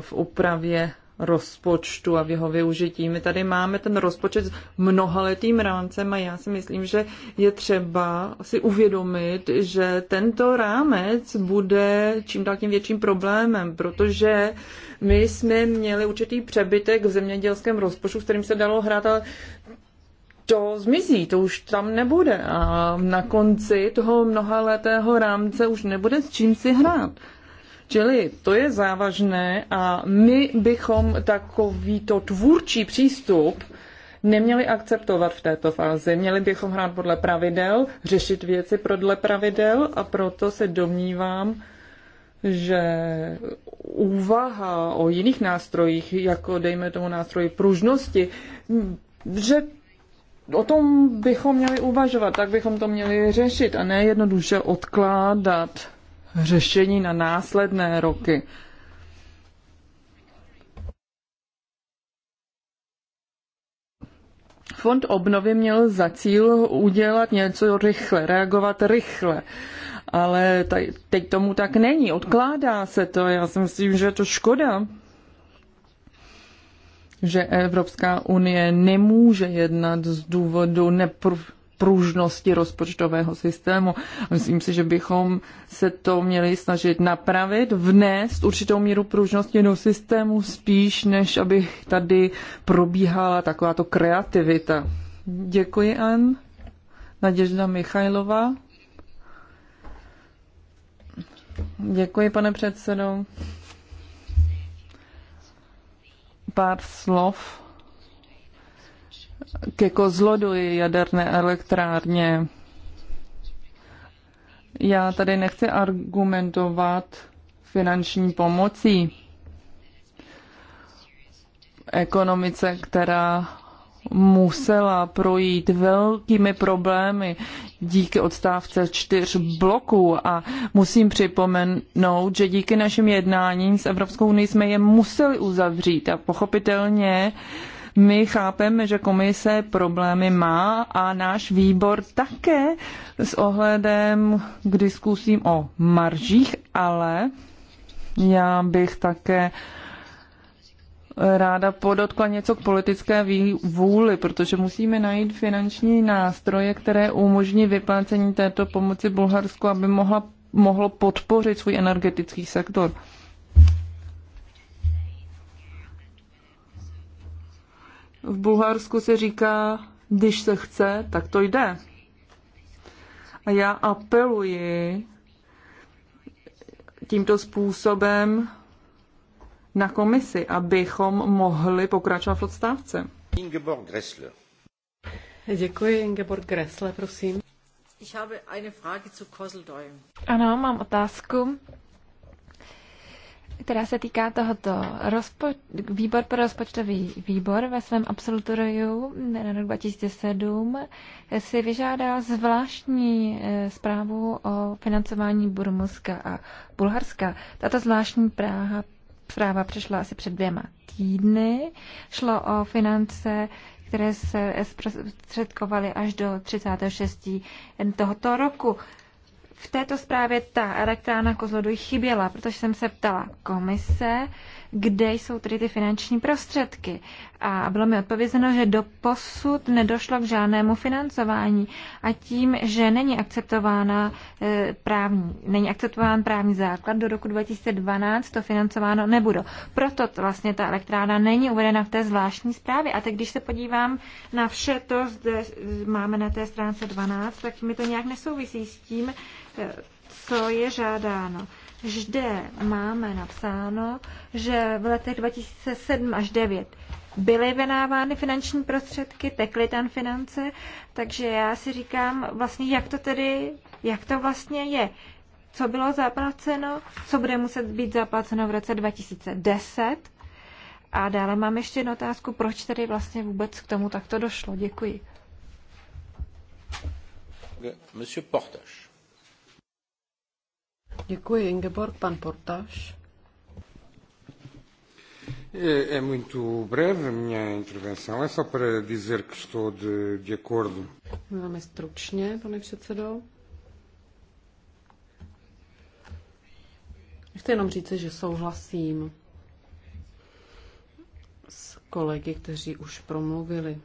v úpravě rozpočtu a v jeho využití. My tady máme ten rozpočet s mnohaletým rámcem a já si myslím, že je třeba si uvědomit, že tento rámec bude čím dál tím větším problémem, protože my jsme měli určitý přebytek v zemědělském rozpočtu, s kterým se dalo hrát, ale to zmizí, to už tam nebude a na konci toho mnohaletého rámce už nebude s čím si hrát. Čili to je závažné a my bychom takovýto tvůrčí přístup neměli akceptovat v této fázi. Měli bychom hrát podle pravidel, řešit věci podle pravidel a proto se domnívám, že úvaha o jiných nástrojích, jako dejme tomu nástroji pružnosti, že o tom bychom měli uvažovat, tak bychom to měli řešit a ne jednoduše odkládat řešení na následné roky. Fond obnovy měl za cíl udělat něco rychle, reagovat rychle. Ale teď tomu tak není, odkládá se to. Já si myslím, že je to škoda, že Evropská unie nemůže jednat z důvodu nepr- pružnosti rozpočtového systému. Myslím si, že bychom se to měli snažit napravit, vnést určitou míru pružnosti do systému spíš, než aby tady probíhala takováto kreativita. Děkuji, An. Naděžda Michajlova. Děkuji, pane předsedo. Pár slov ke kozlodu jaderné elektrárně. Já tady nechci argumentovat finanční pomocí ekonomice, která musela projít velkými problémy díky odstávce čtyř bloků a musím připomenout, že díky našim jednáním s Evropskou unii jsme je museli uzavřít a pochopitelně uh, my chápeme, že komise problémy má a náš výbor také s ohledem k diskusím o maržích, ale já bych také ráda podotkla něco k politické vůli, protože musíme najít finanční nástroje, které umožní vyplácení této pomoci Bulharsku, aby mohla, mohlo podpořit svůj energetický sektor. V Bulharsku se říká, když se chce, tak to jde. A já apeluji tímto způsobem na komisi, abychom mohli pokračovat v odstávce. Ingeborg Gressle. Děkuji, Ingeborg Gressle, prosím. Ich habe eine Frage zu Ano, mám otázku která se týká tohoto rozpo- výbor pro rozpočtový výbor ve svém absolutoriu na rok 2007 si vyžádal zvláštní eh, zprávu o financování Burmuska a Bulharska. Tato zvláštní práha zpráva přišla asi před dvěma týdny. Šlo o finance které se zprostředkovaly až do 36. tohoto roku v této zprávě ta elektrárna Kozloduj chyběla, protože jsem se ptala komise, kde jsou tedy ty finanční prostředky. A bylo mi odpovězeno, že do posud nedošlo k žádnému financování a tím, že není akceptována e, právní, není akceptován právní základ, do roku 2012 to financováno nebude. Proto vlastně ta elektrárna není uvedena v té zvláštní zprávě. A teď, když se podívám na vše to, zde máme na té stránce 12, tak mi to nějak nesouvisí s tím, e, co je žádáno vždy máme napsáno, že v letech 2007 až 2009 byly vynávány finanční prostředky, tekly tam finance, takže já si říkám vlastně, jak to tedy, jak to vlastně je. Co bylo zaplaceno, co bude muset být zaplaceno v roce 2010. A dále mám ještě jednu otázku, proč tedy vlastně vůbec k tomu takto došlo. Děkuji. Monsieur Portage. Děkuji, Ingeborg. Pan Portáš. É, muito breve a minha intervenção. É só para dizer que estou de, de acordo. Velmi stručně, pane předsedo. Chci jenom říct, že souhlasím s kolegy, kteří už promluvili.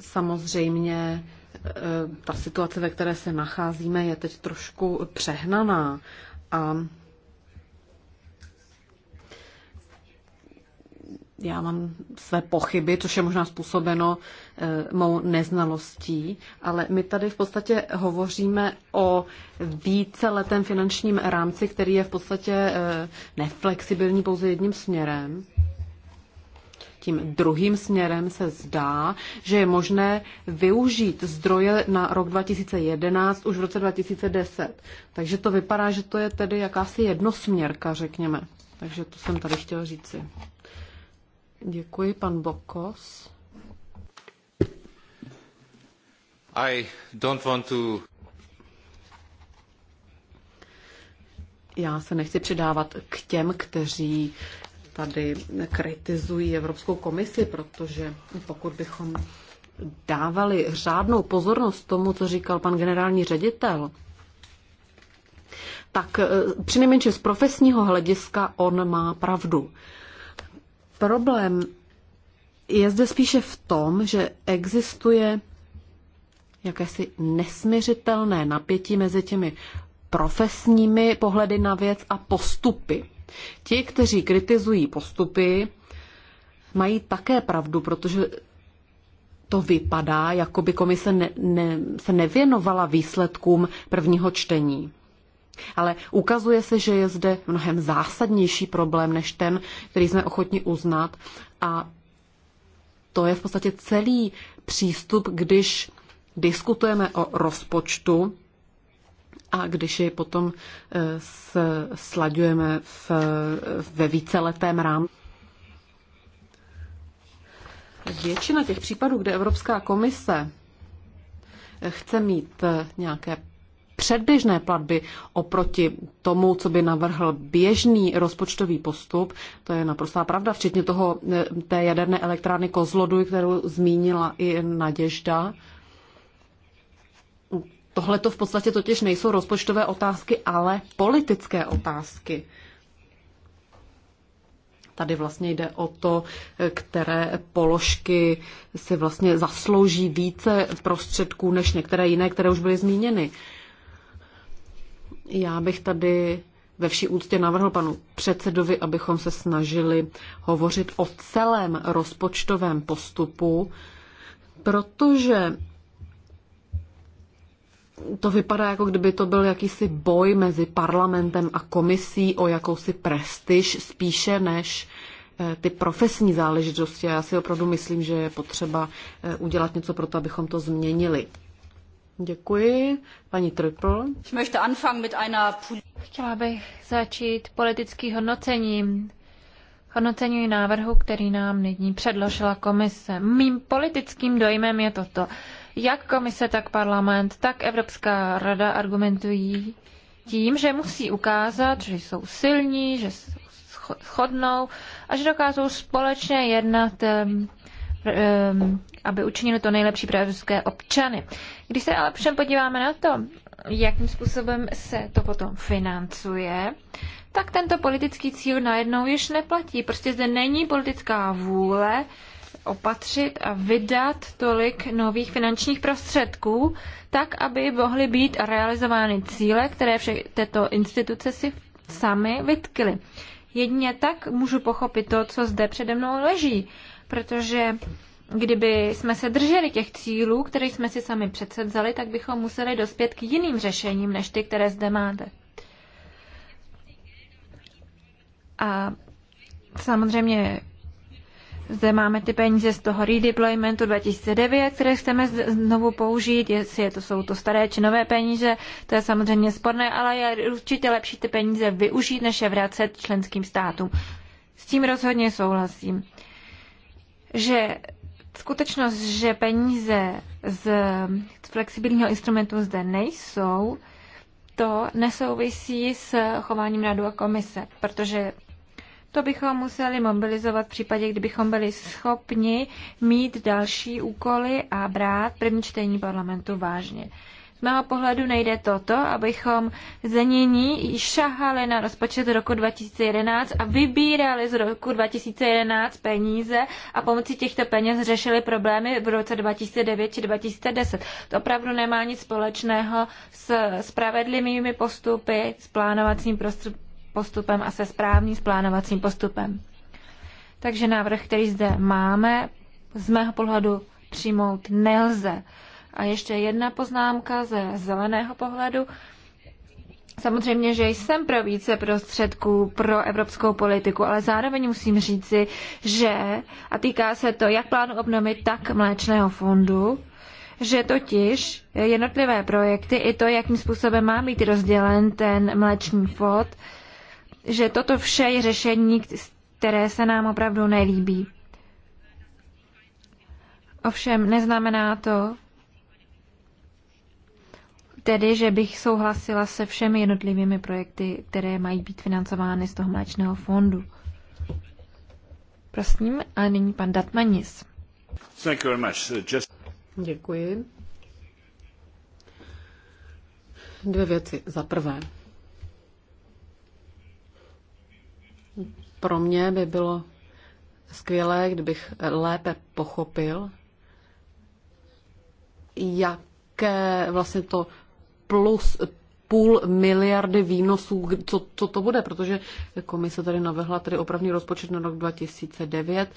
Samozřejmě eh, ta situace, ve které se nacházíme, je teď trošku přehnaná a já mám své pochyby, což je možná způsobeno eh, mou neznalostí, ale my tady v podstatě hovoříme o více letem finančním rámci, který je v podstatě eh, neflexibilní pouze jedním směrem tím druhým směrem se zdá, že je možné využít zdroje na rok 2011 už v roce 2010. Takže to vypadá, že to je tedy jakási jednosměrka, řekněme. Takže to jsem tady chtěl říci. Děkuji, pan Bokos. I don't want to... Já se nechci přidávat k těm, kteří tady kritizují Evropskou komisi, protože pokud bychom dávali řádnou pozornost tomu, co říkal pan generální ředitel, tak e, přinejmenším z profesního hlediska on má pravdu. Problém je zde spíše v tom, že existuje jakési nesměřitelné napětí mezi těmi profesními pohledy na věc a postupy. Ti, kteří kritizují postupy, mají také pravdu, protože to vypadá, jako by komise ne, ne, se nevěnovala výsledkům prvního čtení. Ale ukazuje se, že je zde mnohem zásadnější problém než ten, který jsme ochotni uznat. A to je v podstatě celý přístup, když diskutujeme o rozpočtu a když je potom eh, slaďujeme v, ve víceletém rámci. Většina těch případů, kde Evropská komise eh, chce mít eh, nějaké předběžné platby oproti tomu, co by navrhl běžný rozpočtový postup. To je naprostá pravda, včetně toho té jaderné elektrárny Kozloduj, kterou zmínila i Naděžda. Tohle to v podstatě totiž nejsou rozpočtové otázky, ale politické otázky. Tady vlastně jde o to, které položky si vlastně zaslouží více prostředků než některé jiné, které už byly zmíněny. Já bych tady ve vší úctě navrhl panu předsedovi, abychom se snažili hovořit o celém rozpočtovém postupu, protože to vypadá, jako kdyby to byl jakýsi boj mezi parlamentem a komisí o jakousi prestiž spíše než eh, ty profesní záležitosti. Já si opravdu myslím, že je potřeba eh, udělat něco pro to, abychom to změnili. Děkuji. Paní Triple. Chtěla bych začít politický hodnocením. Hodnocení návrhu, který nám nyní předložila komise. Mým politickým dojmem je toto jak komise, tak parlament, tak Evropská rada argumentují tím, že musí ukázat, že jsou silní, že shodnou a že dokážou společně jednat, aby učinili to nejlepší pro evropské občany. Když se ale všem podíváme na to, jakým způsobem se to potom financuje, tak tento politický cíl najednou již neplatí. Prostě zde není politická vůle opatřit a vydat tolik nových finančních prostředků, tak, aby mohly být realizovány cíle, které všech této instituce si sami vytkly. Jedině tak můžu pochopit to, co zde přede mnou leží, protože kdyby jsme se drželi těch cílů, které jsme si sami předsedzali, tak bychom museli dospět k jiným řešením, než ty, které zde máte. A samozřejmě zde máme ty peníze z toho redeploymentu 2009, které chceme znovu použít, jestli je to, jsou to staré či nové peníze, to je samozřejmě sporné, ale je určitě lepší ty peníze využít, než je vracet členským státům. S tím rozhodně souhlasím, že skutečnost, že peníze z flexibilního instrumentu zde nejsou, to nesouvisí s chováním radu a komise, protože to bychom museli mobilizovat v případě, kdybychom byli schopni mít další úkoly a brát první čtení parlamentu vážně. Z mého pohledu nejde toto, abychom zenění šahali na rozpočet roku 2011 a vybírali z roku 2011 peníze a pomocí těchto peněz řešili problémy v roce 2009 či 2010. To opravdu nemá nic společného s spravedlivými postupy, s plánovacím prostředím postupem a se správným splánovacím postupem. Takže návrh, který zde máme, z mého pohledu přijmout nelze. A ještě jedna poznámka ze zeleného pohledu. Samozřejmě, že jsem pro více prostředků pro evropskou politiku, ale zároveň musím říci, že, a týká se to jak plánu obnovy, tak mléčného fondu, že totiž jednotlivé projekty i to, jakým způsobem má být rozdělen ten mléčný fond, že toto vše je řešení, které se nám opravdu nelíbí. Ovšem neznamená to, tedy, že bych souhlasila se všemi jednotlivými projekty, které mají být financovány z toho mléčného fondu. Prosím, a nyní pan Datmanis. Uh, just... Děkuji. Dvě věci. Za prvé, Pro mě by bylo skvělé, kdybych lépe pochopil, jaké vlastně to plus půl miliardy výnosů, co, co to bude, protože komise tady navrhla tady opravný rozpočet na rok 2009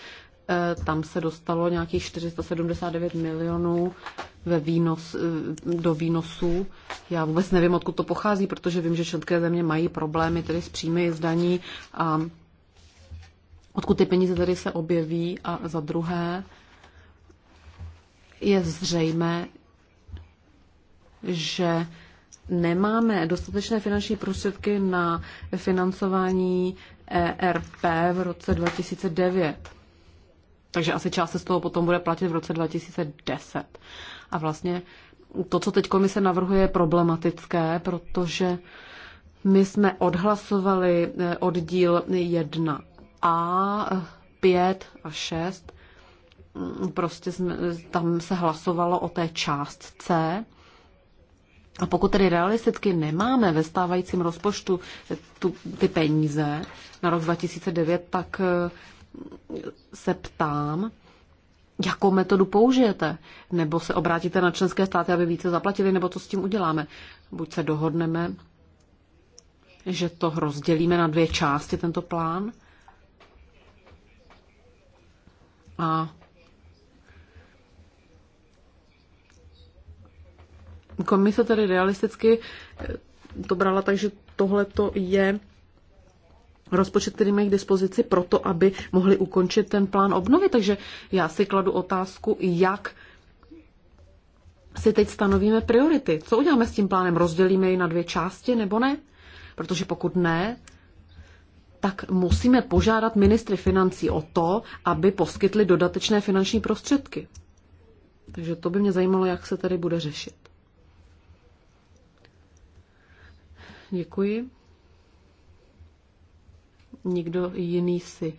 Eh, tam se dostalo nějakých 479 milionů ve výnos, eh, do výnosů. Já vůbec nevím, odkud to pochází, protože vím, že členské země mají problémy tedy s příjmy z a odkud ty peníze tedy se objeví a za druhé je zřejmé, že nemáme dostatečné finanční prostředky na financování ERP v roce 2009. Takže asi část z toho potom bude platit v roce 2010. A vlastně to, co teď komise navrhuje, je problematické, protože my jsme odhlasovali eh, oddíl 1a, 5 a 6. Mm, prostě jsme, tam se hlasovalo o té částce. A pokud tedy realisticky nemáme ve stávajícím rozpočtu eh, tu, ty peníze na rok 2009, tak eh, se ptám, jakou metodu použijete, nebo se obrátíte na členské státy, aby více zaplatili, nebo co s tím uděláme. Buď se dohodneme, že to rozdělíme na dvě části, tento plán, a komise tedy realisticky to brala tak, že tohle to je rozpočet, který mají k dispozici to, aby mohli ukončit ten plán obnovy. Takže já si kladu otázku, jak si teď stanovíme priority. Co uděláme s tím plánem? Rozdělíme ji na dvě části nebo ne? Protože pokud ne, tak musíme požádat ministry financí o to, aby poskytli dodatečné finanční prostředky. Takže to by mě zajímalo, jak se tady bude řešit. Děkuji. Nikdo jiný si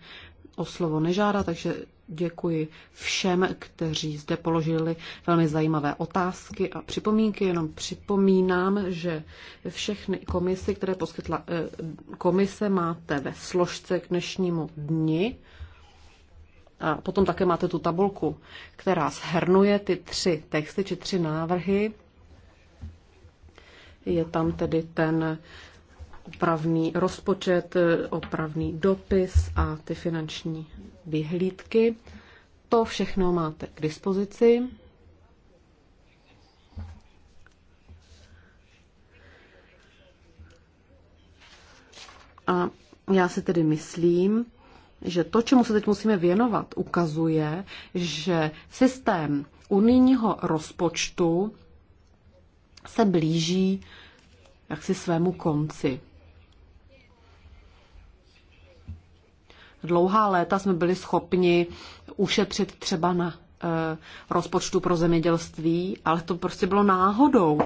o slovo nežádá, takže děkuji všem, kteří zde položili velmi zajímavé otázky a připomínky. Jenom připomínám, že všechny komisy, které poskytla eh, komise, máte ve složce k dnešnímu dni. A potom také máte tu tabulku, která shrnuje ty tři texty či tři návrhy. Je tam tedy ten opravný rozpočet, opravný dopis a ty finanční vyhlídky. To všechno máte k dispozici. A já si tedy myslím, že to, čemu se teď musíme věnovat, ukazuje, že systém unijního rozpočtu se blíží jaksi svému konci. dlouhá léta jsme byli schopni ušetřit třeba na eh, rozpočtu pro zemědělství, ale to prostě bylo náhodou.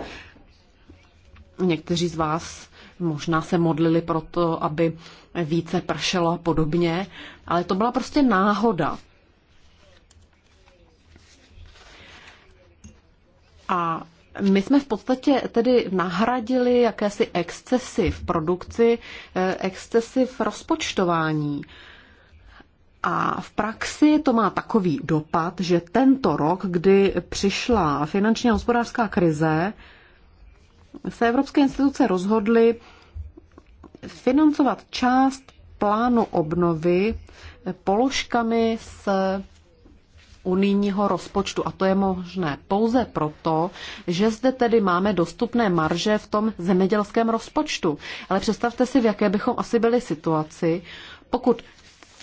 Někteří z vás možná se modlili pro to, aby více pršelo a podobně, ale to byla prostě náhoda. A my jsme v podstatě tedy nahradili jakési excesy v produkci, eh, excesy v rozpočtování. A v praxi to má takový dopad, že tento rok, kdy přišla finančně hospodářská krize, se evropské instituce rozhodly financovat část plánu obnovy položkami z unijního rozpočtu. A to je možné pouze proto, že zde tedy máme dostupné marže v tom zemědělském rozpočtu. Ale představte si, v jaké bychom asi byli situaci, pokud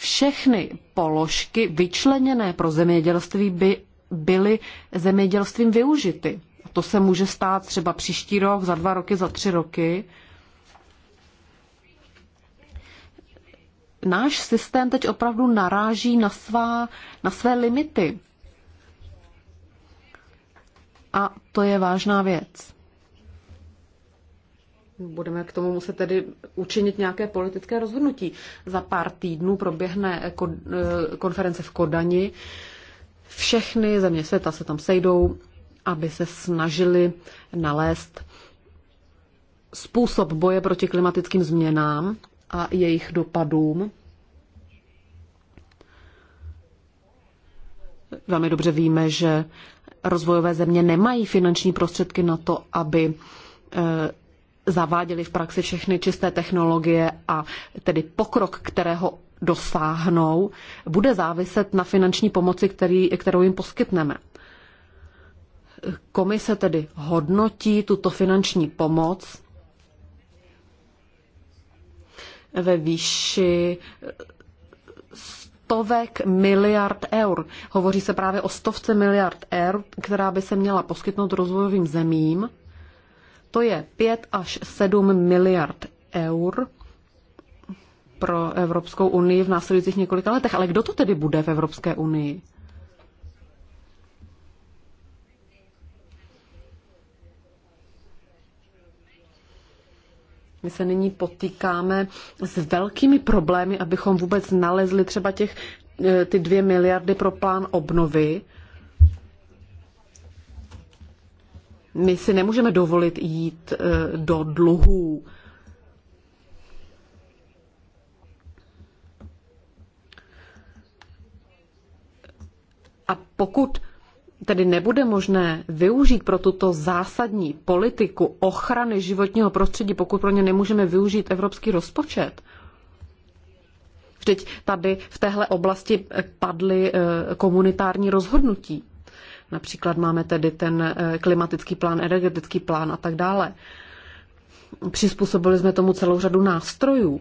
všechny položky vyčleněné pro zemědělství by byly zemědělstvím využity. To se může stát třeba příští rok, za dva roky, za tři roky. Náš systém teď opravdu naráží na, svá, na své limity. A to je vážná věc. Budeme k tomu muset tedy učinit nějaké politické rozhodnutí. Za pár týdnů proběhne eh, konference v Kodani. Všechny země světa se tam sejdou, aby se snažili nalézt způsob boje proti klimatickým změnám a jejich dopadům. Velmi dobře víme, že rozvojové země nemají finanční prostředky na to, aby eh, zaváděli v praxi všechny čisté technologie a tedy pokrok, kterého dosáhnou, bude záviset na finanční pomoci, který, kterou jim poskytneme. Komise tedy hodnotí tuto finanční pomoc ve výši stovek miliard eur. Hovoří se právě o stovce miliard eur, která by se měla poskytnout rozvojovým zemím to je 5 až 7 miliard eur pro Evropskou unii v následujících několika letech. Ale kdo to tedy bude v Evropské unii? My se nyní potýkáme s velkými problémy, abychom vůbec nalezli třeba těch, eh, ty dvě miliardy pro plán obnovy. My si nemůžeme dovolit jít eh, do dluhů. A pokud tedy nebude možné využít pro tuto zásadní politiku ochrany životního prostředí, pokud pro ně nemůžeme využít evropský rozpočet, Vždyť tady v téhle oblasti padly eh, komunitární rozhodnutí. Například máme tedy ten eh, klimatický plán, energetický plán a tak dále. Přizpůsobili jsme tomu celou řadu nástrojů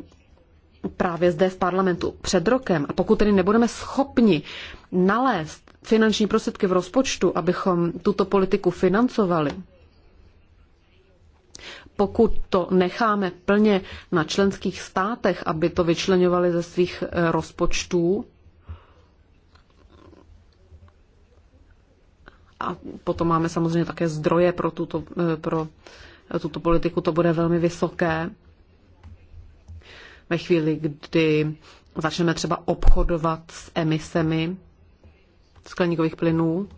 právě zde v parlamentu před rokem. A pokud tedy nebudeme schopni nalézt finanční prostředky v rozpočtu, abychom tuto politiku financovali, pokud to necháme plně na členských státech, aby to vyčlenovali ze svých eh, rozpočtů, A potom máme samozřejmě také zdroje pro tuto, eh, pro tuto politiku, to bude velmi vysoké. Ve chvíli, kdy začneme třeba obchodovat s emisemi skleníkových plynů,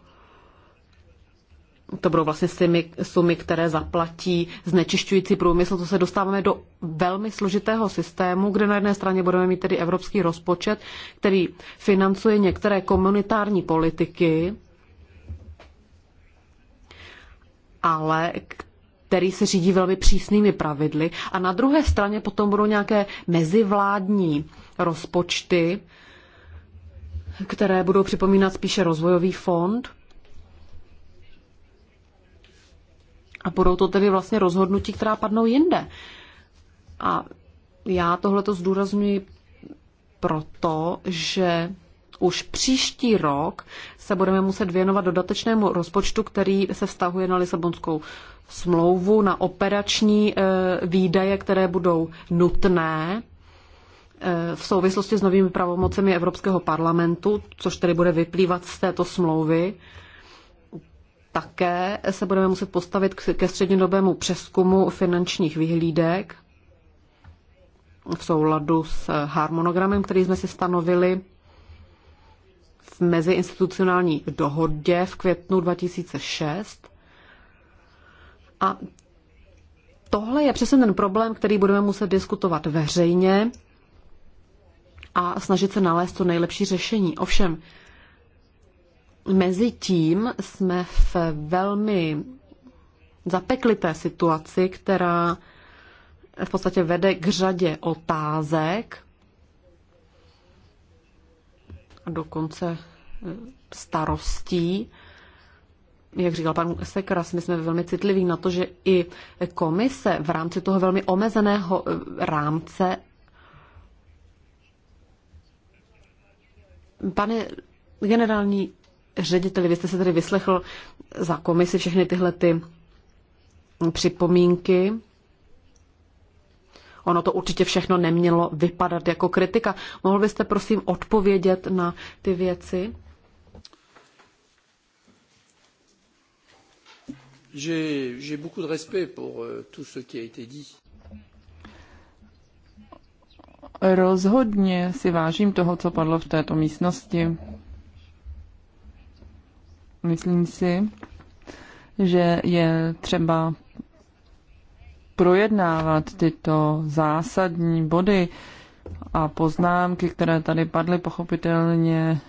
to budou vlastně sumy, sumy, které zaplatí znečišťující průmysl. To se dostáváme do velmi složitého systému, kde na jedné straně budeme mít tedy evropský rozpočet, který financuje některé komunitární politiky, ale který se řídí velmi přísnými pravidly. A na druhé straně potom budou nějaké mezivládní rozpočty, které budou připomínat spíše rozvojový fond. A budou to tedy vlastně rozhodnutí, která padnou jinde. A já tohle to zdůraznuji proto, že už příští rok se budeme muset věnovat dodatečnému rozpočtu, který se vztahuje na Lisabonskou smlouvu, na operační eh, výdaje, které budou nutné eh, v souvislosti s novými pravomocemi Evropského parlamentu, což tedy bude vyplývat z této smlouvy. Také se budeme muset postavit ke střednědobému přeskumu finančních vyhlídek v souladu s harmonogramem, který jsme si stanovili meziinstitucionální dohodě v květnu 2006. A tohle je přesně ten problém, který budeme muset diskutovat veřejně a snažit se nalézt to nejlepší řešení. Ovšem, mezi tím jsme v velmi zapeklité situaci, která v podstatě vede k řadě otázek, a dokonce starostí. Jak říkal pan Sekras, my jsme velmi citliví na to, že i komise v rámci toho velmi omezeného eh, rámce Pane generální řediteli, vy jste se tady vyslechl za komisi všechny tyhle ty připomínky. Ono to určitě všechno nemělo vypadat jako kritika. Mohl byste prosím odpovědět na ty věci? J'ai beaucoup de respect pour euh, tout ce qui a été dit. Rozhodně si vážím toho, co padlo v této místnosti. Myslím si, že je třeba projednávat tyto zásadní body a poznámky, které tady padly, pochopitelně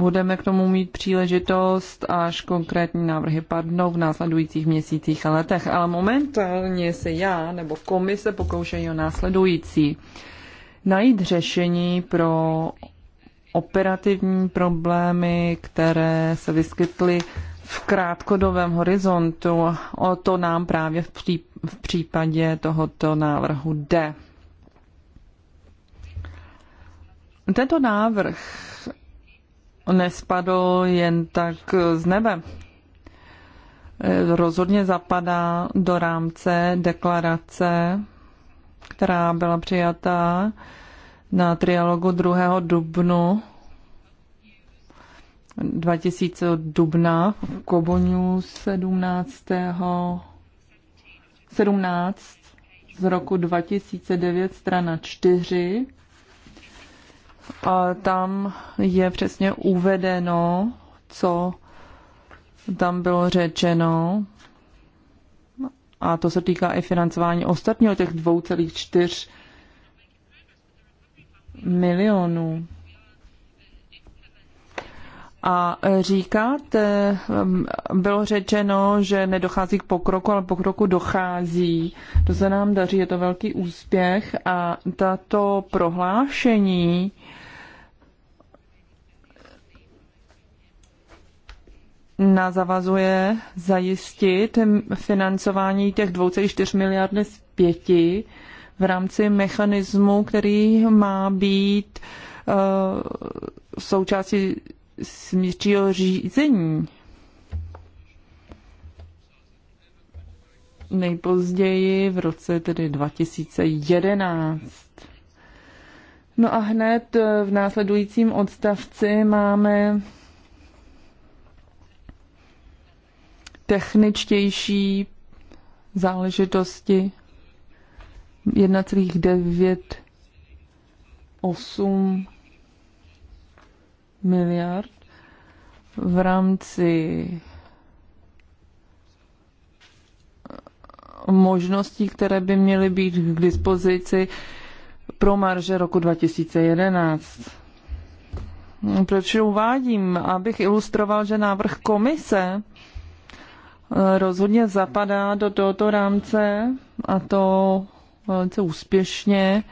Budeme k tomu mít příležitost, až konkrétní návrhy padnou v následujících měsících a letech. Ale momentálně se já nebo komise pokoušejí o následující. Najít řešení pro operativní problémy, které se vyskytly v krátkodobém horizontu. O to nám právě v, v případě tohoto návrhu jde. Tento návrh nespadl jen tak z nebe. Rozhodně zapadá do rámce deklarace, která byla přijatá na trialogu 2. dubnu 2000 dubna v Koboňu 17. 17 z roku 2009 strana 4 a tam je přesně uvedeno, co tam bylo řečeno. A to se týká i financování ostatního těch 2,4 milionů. A říkáte, um, bylo řečeno, že nedochází k pokroku, ale pokroku dochází. To se nám daří, je to velký úspěch a tato prohlášení nazavazuje zajistit financování těch 2,4 miliardy z pěti v rámci mechanismu, který má být uh, součástí smírčího řízení. Nejpozději v roce tedy 2011. No a hned v následujícím odstavci máme techničtější záležitosti 1,98 miliard v rámci možností, které by měly být k dispozici pro marže roku 2011. Proč uvádím? Abych ilustroval, že návrh komise rozhodně zapadá do tohoto rámce a to velice úspěšně,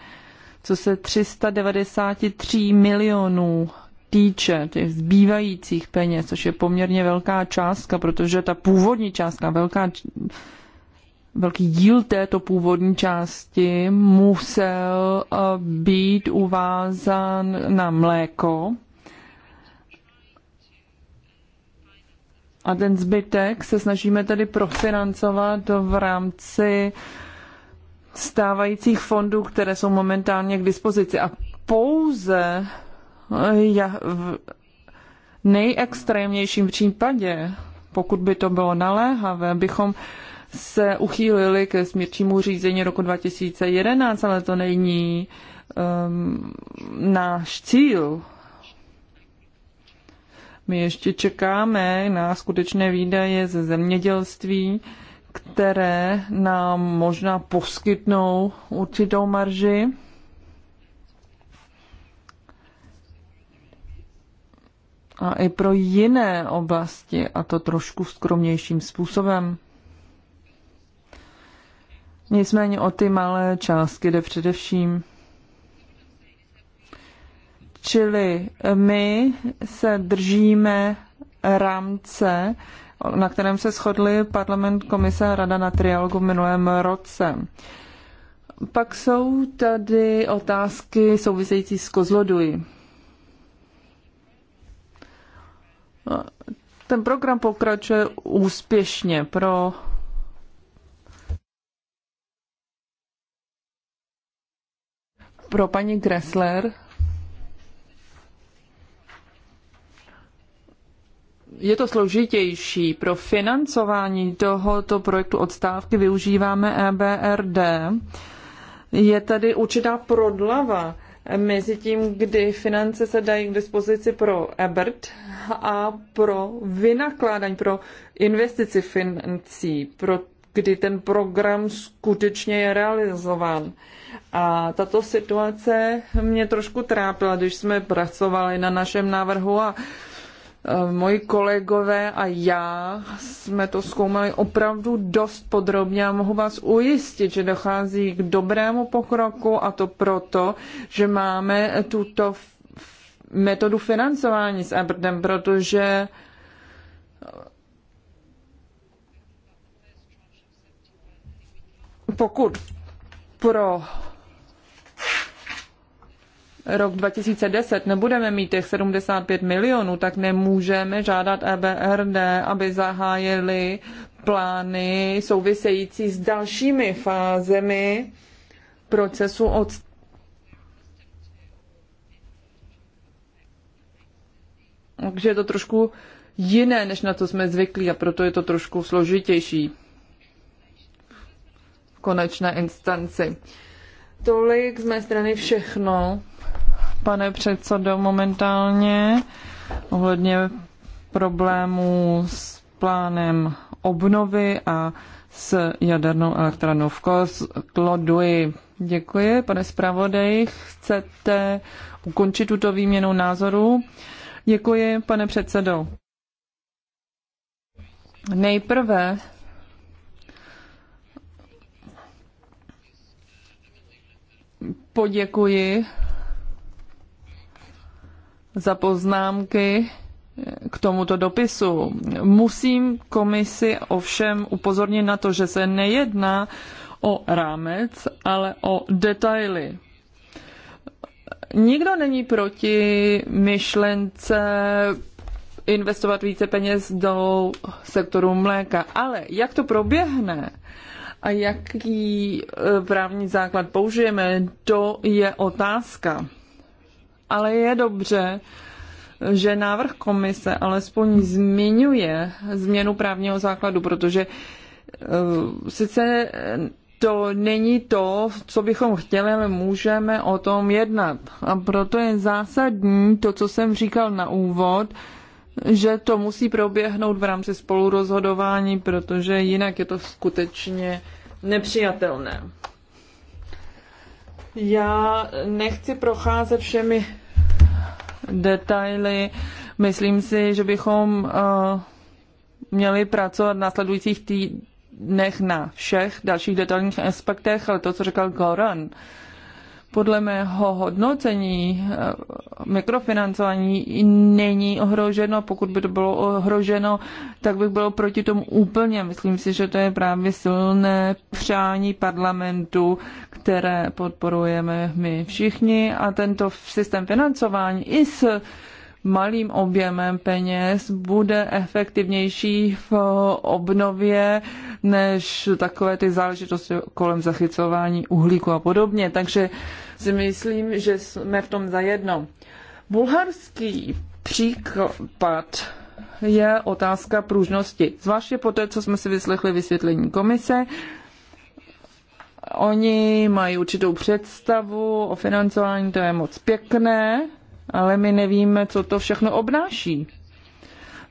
co se 393 milionů týče těch zbývajících peněz, což je poměrně velká částka, protože ta původní částka, velká, velký díl této původní části musel eh, být uvázan na mléko, A ten zbytek se snažíme tedy profinancovat v rámci stávajících fondů, které jsou momentálně k dispozici. A pouze eh, v nejextrémnějším případě, pokud by to bylo naléhavé, bychom se uchýlili ke smírčímu řízení roku 2011, ale to není um, náš cíl. My ještě čekáme na skutečné výdaje ze zemědělství, které nám možná poskytnou určitou marži. A i pro jiné oblasti, a to trošku skromnějším způsobem. Nicméně o ty malé částky jde především. Čili my se držíme rámce, na kterém se shodli parlament, komise a rada na trialogu v minulém roce. Pak jsou tady otázky související s Kozloduji. Ten program pokračuje úspěšně pro pro paní Gressler je to složitější. Pro financování tohoto projektu odstávky využíváme EBRD. Je tady určitá prodlava mezi tím, kdy finance se dají k dispozici pro EBRD a pro vynakládání, pro investici financí, pro kdy ten program skutečně je realizován. A tato situace mě trošku trápila, když jsme pracovali na našem návrhu a Eh, moji kolegové a já jsme to zkoumali opravdu dost podrobně a mohu vás ujistit, že dochází k dobrému pokroku a to proto, že máme tuto metodu financování s Aberdem, protože eh, pokud pro rok 2010 nebudeme mít těch 75 milionů, tak nemůžeme žádat EBRD, aby zahájili plány související s dalšími fázemi procesu od Takže je to trošku jiné, než na co jsme zvyklí a proto je to trošku složitější v konečné instanci. Tolik z mé strany všechno pane předsedo, momentálně ohledně problémů s plánem obnovy a s jadernou elektrárnou v Kloduji. Děkuji, pane zpravodaj. Chcete ukončit tuto výměnu názorů? Děkuji, pane předsedo. Nejprve poděkuji za poznámky k tomuto dopisu. Musím komisi ovšem upozornit na to, že se nejedná o rámec, ale o detaily. Nikdo není proti myšlence investovat více peněz do sektoru mléka, ale jak to proběhne a jaký eh, právní základ použijeme, to je otázka ale je dobře, že návrh komise alespoň zmiňuje změnu právního základu, protože eh, sice to není to, co bychom chtěli, ale můžeme o tom jednat. A proto je zásadní to, co jsem říkal na úvod, že to musí proběhnout v rámci spolurozhodování, protože jinak je to skutečně nepřijatelné. Já nechci procházet všemi detaily. Myslím si, že bychom eh, měli pracovat v následujících týdnech na všech dalších detailních aspektech, ale to, co říkal Goran, podle mého hodnocení eh, mikrofinancování není ohroženo. Pokud by to bylo ohroženo, tak bych byl proti tomu úplně. Myslím si, že to je právě silné přání parlamentu, které podporujeme my všichni a tento systém financování i s malým objemem peněz bude efektivnější v obnově než takové ty záležitosti kolem zachycování uhlíku a podobně. Takže si myslím, že jsme v tom zajedno. Bulharský příklad je otázka pružnosti. Zvláště po té, co jsme si vyslechli vysvětlení komise, oni mají určitou představu o financování, to je moc pěkné, ale my nevíme, co to všechno obnáší.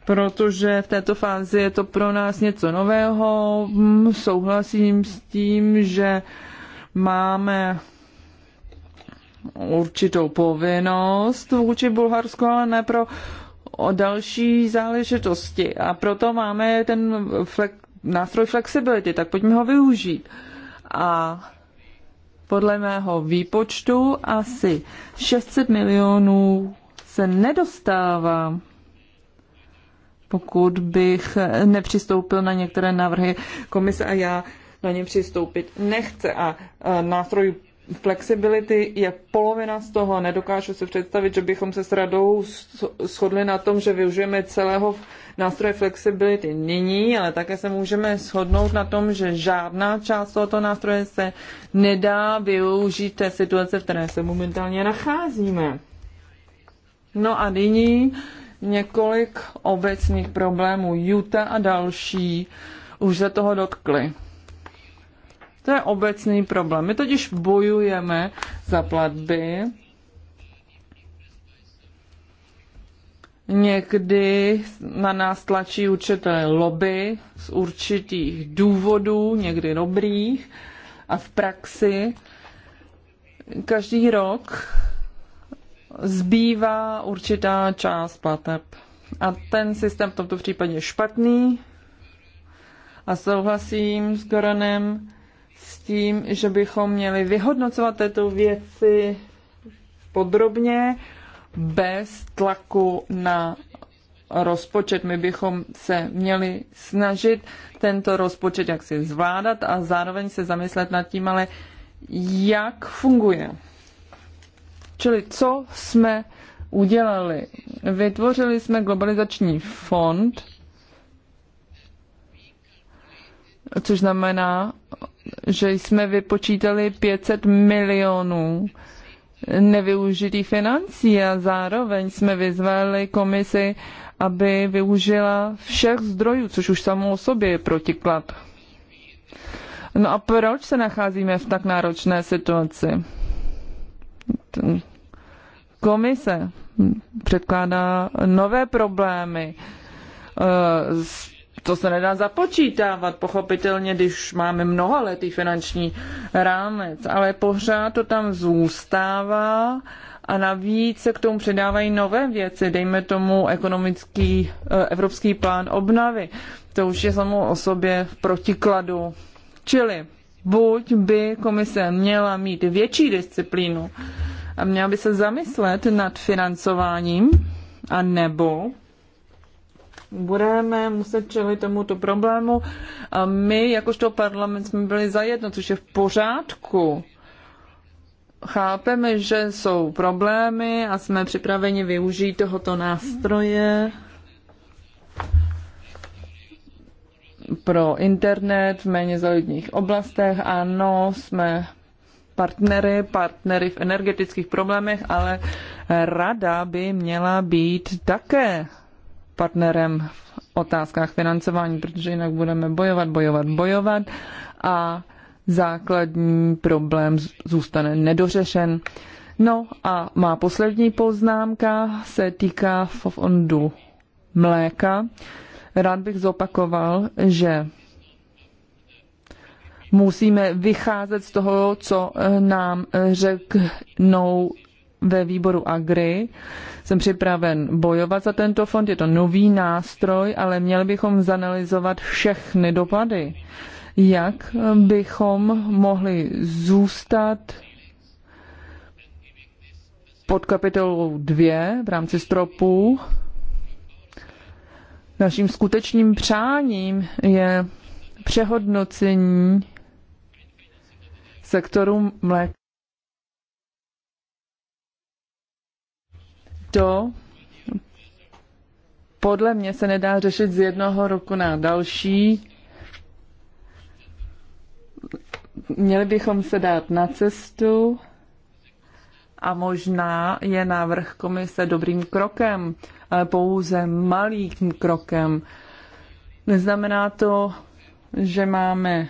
Protože v této fázi je to pro nás něco nového. Mm, souhlasím s tím, že máme určitou povinnost vůči Bulharsku, ale ne pro o další záležitosti. A proto máme ten flek, nástroj flexibility, tak pojďme ho využít. A podle mého výpočtu asi 600 milionů se nedostává pokud bych nepřistoupil na některé návrhy komise a já na ně přistoupit nechce. A nástrojů flexibility je polovina z toho. Nedokážu si představit, že bychom se s radou shodli na tom, že využijeme celého nástroje flexibility nyní, ale také se můžeme shodnout na tom, že žádná část tohoto nástroje se nedá využít té situace, v které se momentálně nacházíme. No a nyní několik obecných problémů. Utah a další už se toho dotkli. To je obecný problém. My totiž bojujeme za platby Někdy na nás tlačí určité lobby z určitých důvodů, někdy dobrých, a v praxi každý rok zbývá určitá část plateb. A ten systém v tomto případě je špatný a souhlasím s Goranem s tím, že bychom měli vyhodnocovat této věci podrobně bez tlaku na rozpočet. My bychom se měli snažit tento rozpočet jaksi zvládat a zároveň se zamyslet nad tím, ale jak funguje. Čili co jsme udělali? Vytvořili jsme globalizační fond, což znamená, že jsme vypočítali 500 milionů nevyužitých financí a zároveň jsme vyzvali komisi, aby využila všech zdrojů, což už samo o sobě je protiklad. No a proč se nacházíme v tak náročné situaci? Komise předkládá nové problémy eh, to se nedá započítávat, pochopitelně, když máme mnohaletý finanční rámec, ale pořád to tam zůstává a navíc se k tomu předávají nové věci, dejme tomu ekonomický, eh, evropský plán obnavy. To už je samo o sobě v protikladu. Čili buď by komise měla mít větší disciplínu a měla by se zamyslet nad financováním, a nebo budeme muset čelit tomuto problému. A my, jakožto parlament, jsme byli zajedno, což je v pořádku. Chápeme, že jsou problémy a jsme připraveni využít tohoto nástroje pro internet v méně zaludních oblastech. Ano, jsme partnery, partnery v energetických problémech, ale rada by měla být také partnerem v otázkách financování, protože jinak budeme bojovat, bojovat, bojovat a základní problém zůstane nedořešen. No a má poslední poznámka se týká fondu mléka. Rád bych zopakoval, že musíme vycházet z toho, co nám řeknou ve výboru Agri. Jsem připraven bojovat za tento fond, je to nový nástroj, ale měli bychom zanalizovat všechny dopady. Jak bychom mohli zůstat pod kapitolou 2 v rámci stropů. Naším skutečným přáním je přehodnocení sektoru mléka. to podle mě se nedá řešit z jednoho roku na další. Měli bychom se dát na cestu a možná je návrh komise dobrým krokem, ale pouze malým krokem. Neznamená to, že máme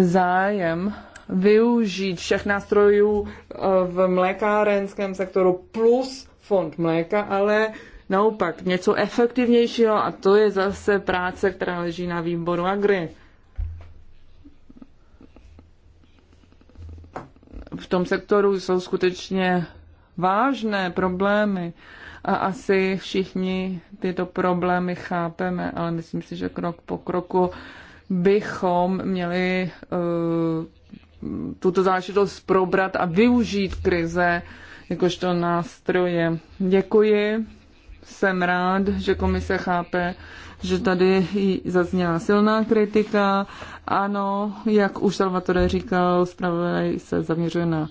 zájem využít všech nástrojů eh, v mlékárenském sektoru plus fond mléka, ale naopak něco efektivnějšího a to je zase práce, která leží na výboru Agri. V tom sektoru jsou skutečně vážné problémy a asi všichni tyto problémy chápeme, ale myslím si, že krok po kroku bychom měli uh, tuto záležitost probrat a využít krize jakožto nástroje. Děkuji. Jsem rád, že komise chápe, že tady zazněla silná kritika. Ano, jak už Salvatore říkal, zpravodaj se zaměřuje na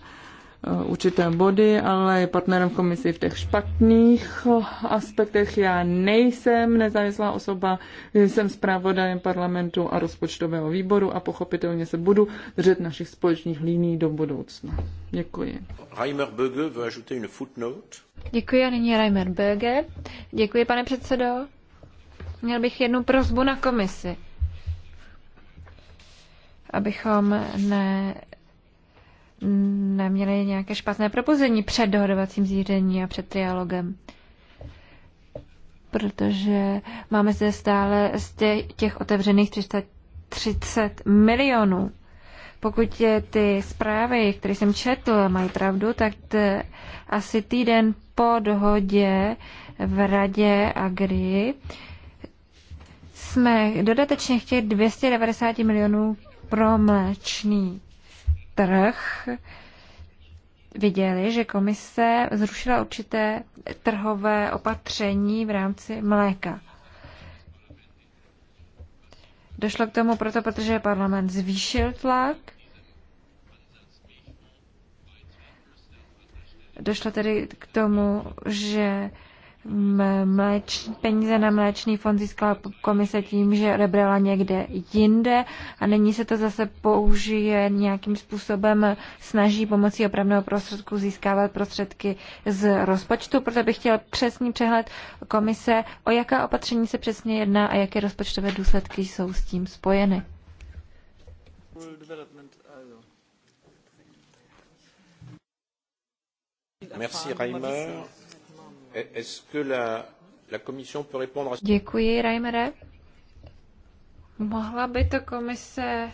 Eh, určité body, ale je partnerem v komisi v těch špatných eh, aspektech. Já nejsem nezávislá osoba, jsem zpravodajem parlamentu a rozpočtového výboru a pochopitelně se budu držet našich společných líní do budoucna. Děkuji. Reimer Böge veut ajouter une footnote. Děkuji a nyní Reimer Böge. Děkuji, pane předsedo. Měl bych jednu prozbu na komisi abychom ne neměli nějaké špatné propuzení před dohodovacím zřízení a před trialogem. Protože máme zde stále z těch otevřených 330 milionů. Pokud je ty zprávy, které jsem četl, mají pravdu, tak t, asi týden po dohodě v radě Agri jsme dodatečně chtěli 290 milionů pro mléčný trh viděli, že komise zrušila určité trhové opatření v rámci mléka. Došlo k tomu proto, protože parlament zvýšil tlak. Došlo tedy k tomu, že mléč, peníze na mléčný fond získala komise tím, že rebrala někde jinde a nyní se to zase použije nějakým způsobem, snaží pomocí opravného prostředku získávat prostředky z rozpočtu. Proto bych chtěl přesný přehled komise, o jaká opatření se přesně jedná a jaké rozpočtové důsledky jsou s tím spojeny. Merci Reimer. Děkuji, Reimere. Mohla by to komise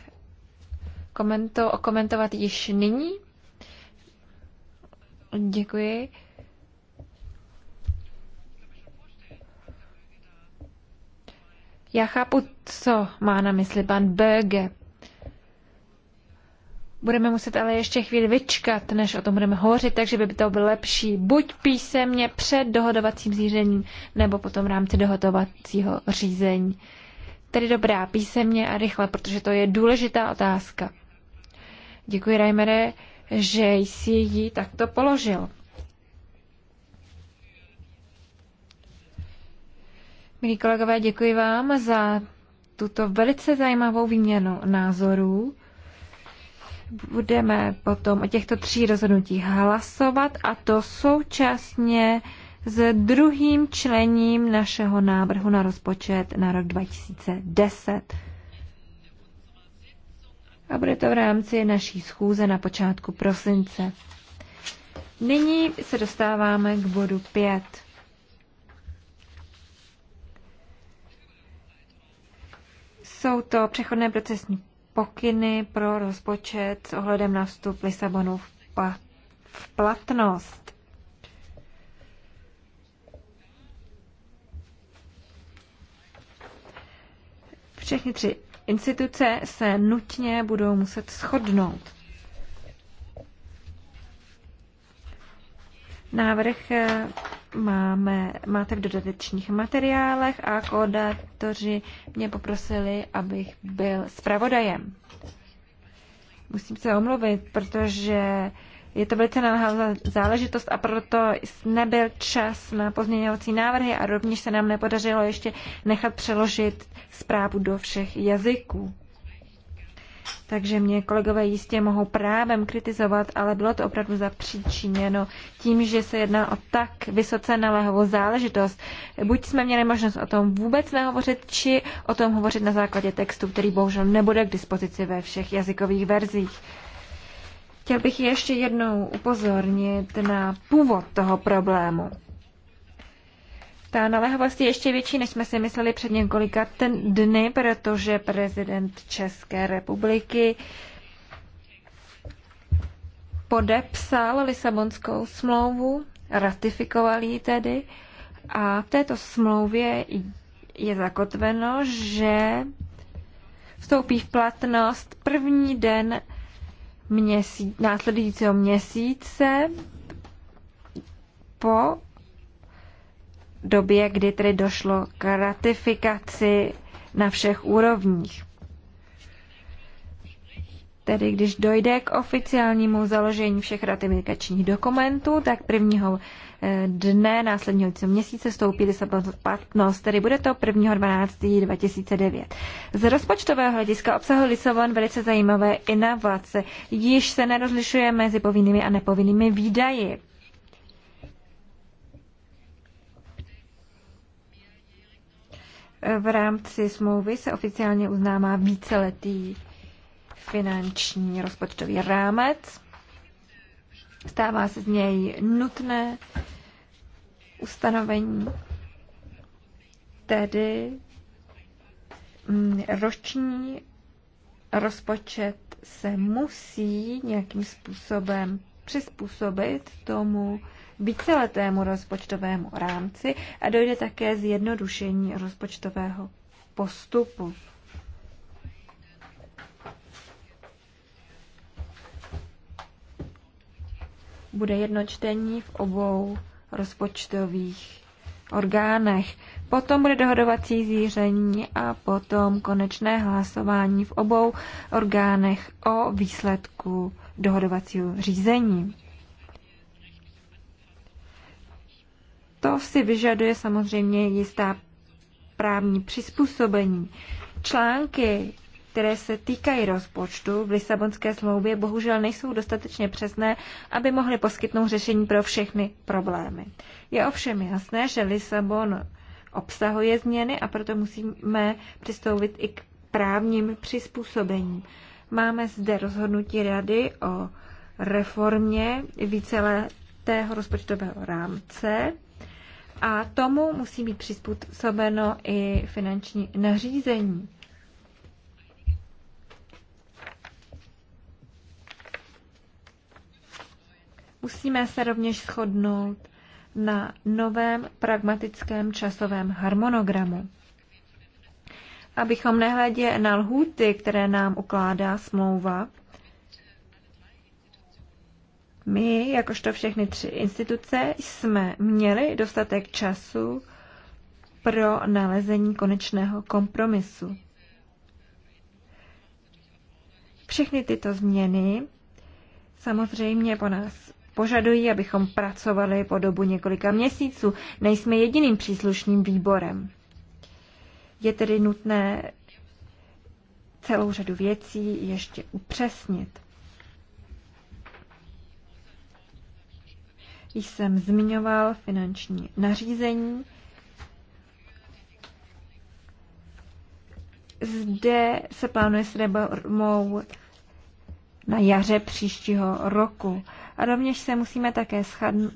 komento, komentovat již nyní? Děkuji. Já chápu, co má na mysli pan Böge. Budeme muset ale ještě chvíli vyčkat, než o tom budeme hovořit, takže by to bylo lepší buď písemně před dohodovacím řízením, nebo potom v rámci dohodovacího řízení. Tedy dobrá, písemně a rychle, protože to je důležitá otázka. Děkuji, Reimere, že jsi ji takto položil. Milí kolegové, děkuji vám za tuto velice zajímavou výměnu názorů budeme potom o těchto tří rozhodnutích hlasovat a to současně s druhým člením našeho návrhu na rozpočet na rok 2010. A bude to v rámci naší schůze na počátku prosince. Nyní se dostáváme k bodu 5. Jsou to přechodné procesní pokyny pro rozpočet s ohledem na vstup Lisabonu v platnost. Všechny tři instituce se nutně budou muset shodnout. Návrh eh, máme, máte v dodatečných materiálech a koordinátoři mě poprosili, abych byl zpravodajem. Musím se omluvit, protože je to velice naléhavá záležitost a proto nebyl čas na pozměňovací návrhy a rovněž se nám nepodařilo ještě nechat přeložit zprávu do všech jazyků takže mě kolegové jistě mohou právem kritizovat, ale bylo to opravdu zapříčiněno tím, že se jedná o tak vysoce naléhovou záležitost. Buď jsme měli možnost o tom vůbec nehovořit, či o tom hovořit na základě textu, který bohužel nebude k dispozici ve všech jazykových verzích. Chtěl bych ještě jednou upozornit na původ toho problému. Ta naléhavost je ještě větší, než jsme si mysleli před několika ten dny, protože prezident České republiky podepsal Lisabonskou smlouvu, ratifikoval ji tedy a v této smlouvě je zakotveno, že vstoupí v platnost první den měsíc, následujícího měsíce po době, kdy tedy došlo k ratifikaci na všech úrovních. Tedy když dojde k oficiálnímu založení všech ratifikačních dokumentů, tak prvního eh, dne následujícího měsíce vstoupí Lisabon platnost, tedy bude to 1.12.2009. Z rozpočtového hlediska obsahu Lisabon velice zajímavé inovace. Již se nerozlišuje mezi povinnými a nepovinnými výdaji. v rámci smlouvy se oficiálně uznává víceletý finanční rozpočtový rámec. Stává se z něj nutné ustanovení, tedy mm, roční rozpočet se musí nějakým způsobem přizpůsobit tomu víceletému rozpočtovému rámci a dojde také zjednodušení rozpočtového postupu. Bude jedno čtení v obou rozpočtových orgánech. Potom bude dohodovací zíření a potom konečné hlasování v obou orgánech o výsledku dohodovacího řízení. To si vyžaduje samozřejmě jistá právní přizpůsobení. Články, které se týkají rozpočtu v Lisabonské smlouvě, bohužel nejsou dostatečně přesné, aby mohly poskytnout řešení pro všechny problémy. Je ovšem jasné, že Lisabon obsahuje změny a proto musíme přistoupit i k právním přizpůsobením. Máme zde rozhodnutí rady o reformě víceletého rozpočtového rámce a tomu musí být přizpůsobeno i finanční nařízení. Musíme se rovněž shodnout na novém pragmatickém časovém harmonogramu. Abychom nehledě na lhůty, které nám ukládá smlouva, my, jakožto všechny tři instituce, jsme měli dostatek času pro nalezení konečného kompromisu. Všechny tyto změny samozřejmě po nás požadují, abychom pracovali po dobu několika měsíců. Nejsme jediným příslušným výborem. Je tedy nutné celou řadu věcí ještě upřesnit. již jsem zmiňoval finanční nařízení. Zde se plánuje s reformou na jaře příštího roku. A rovněž se musíme také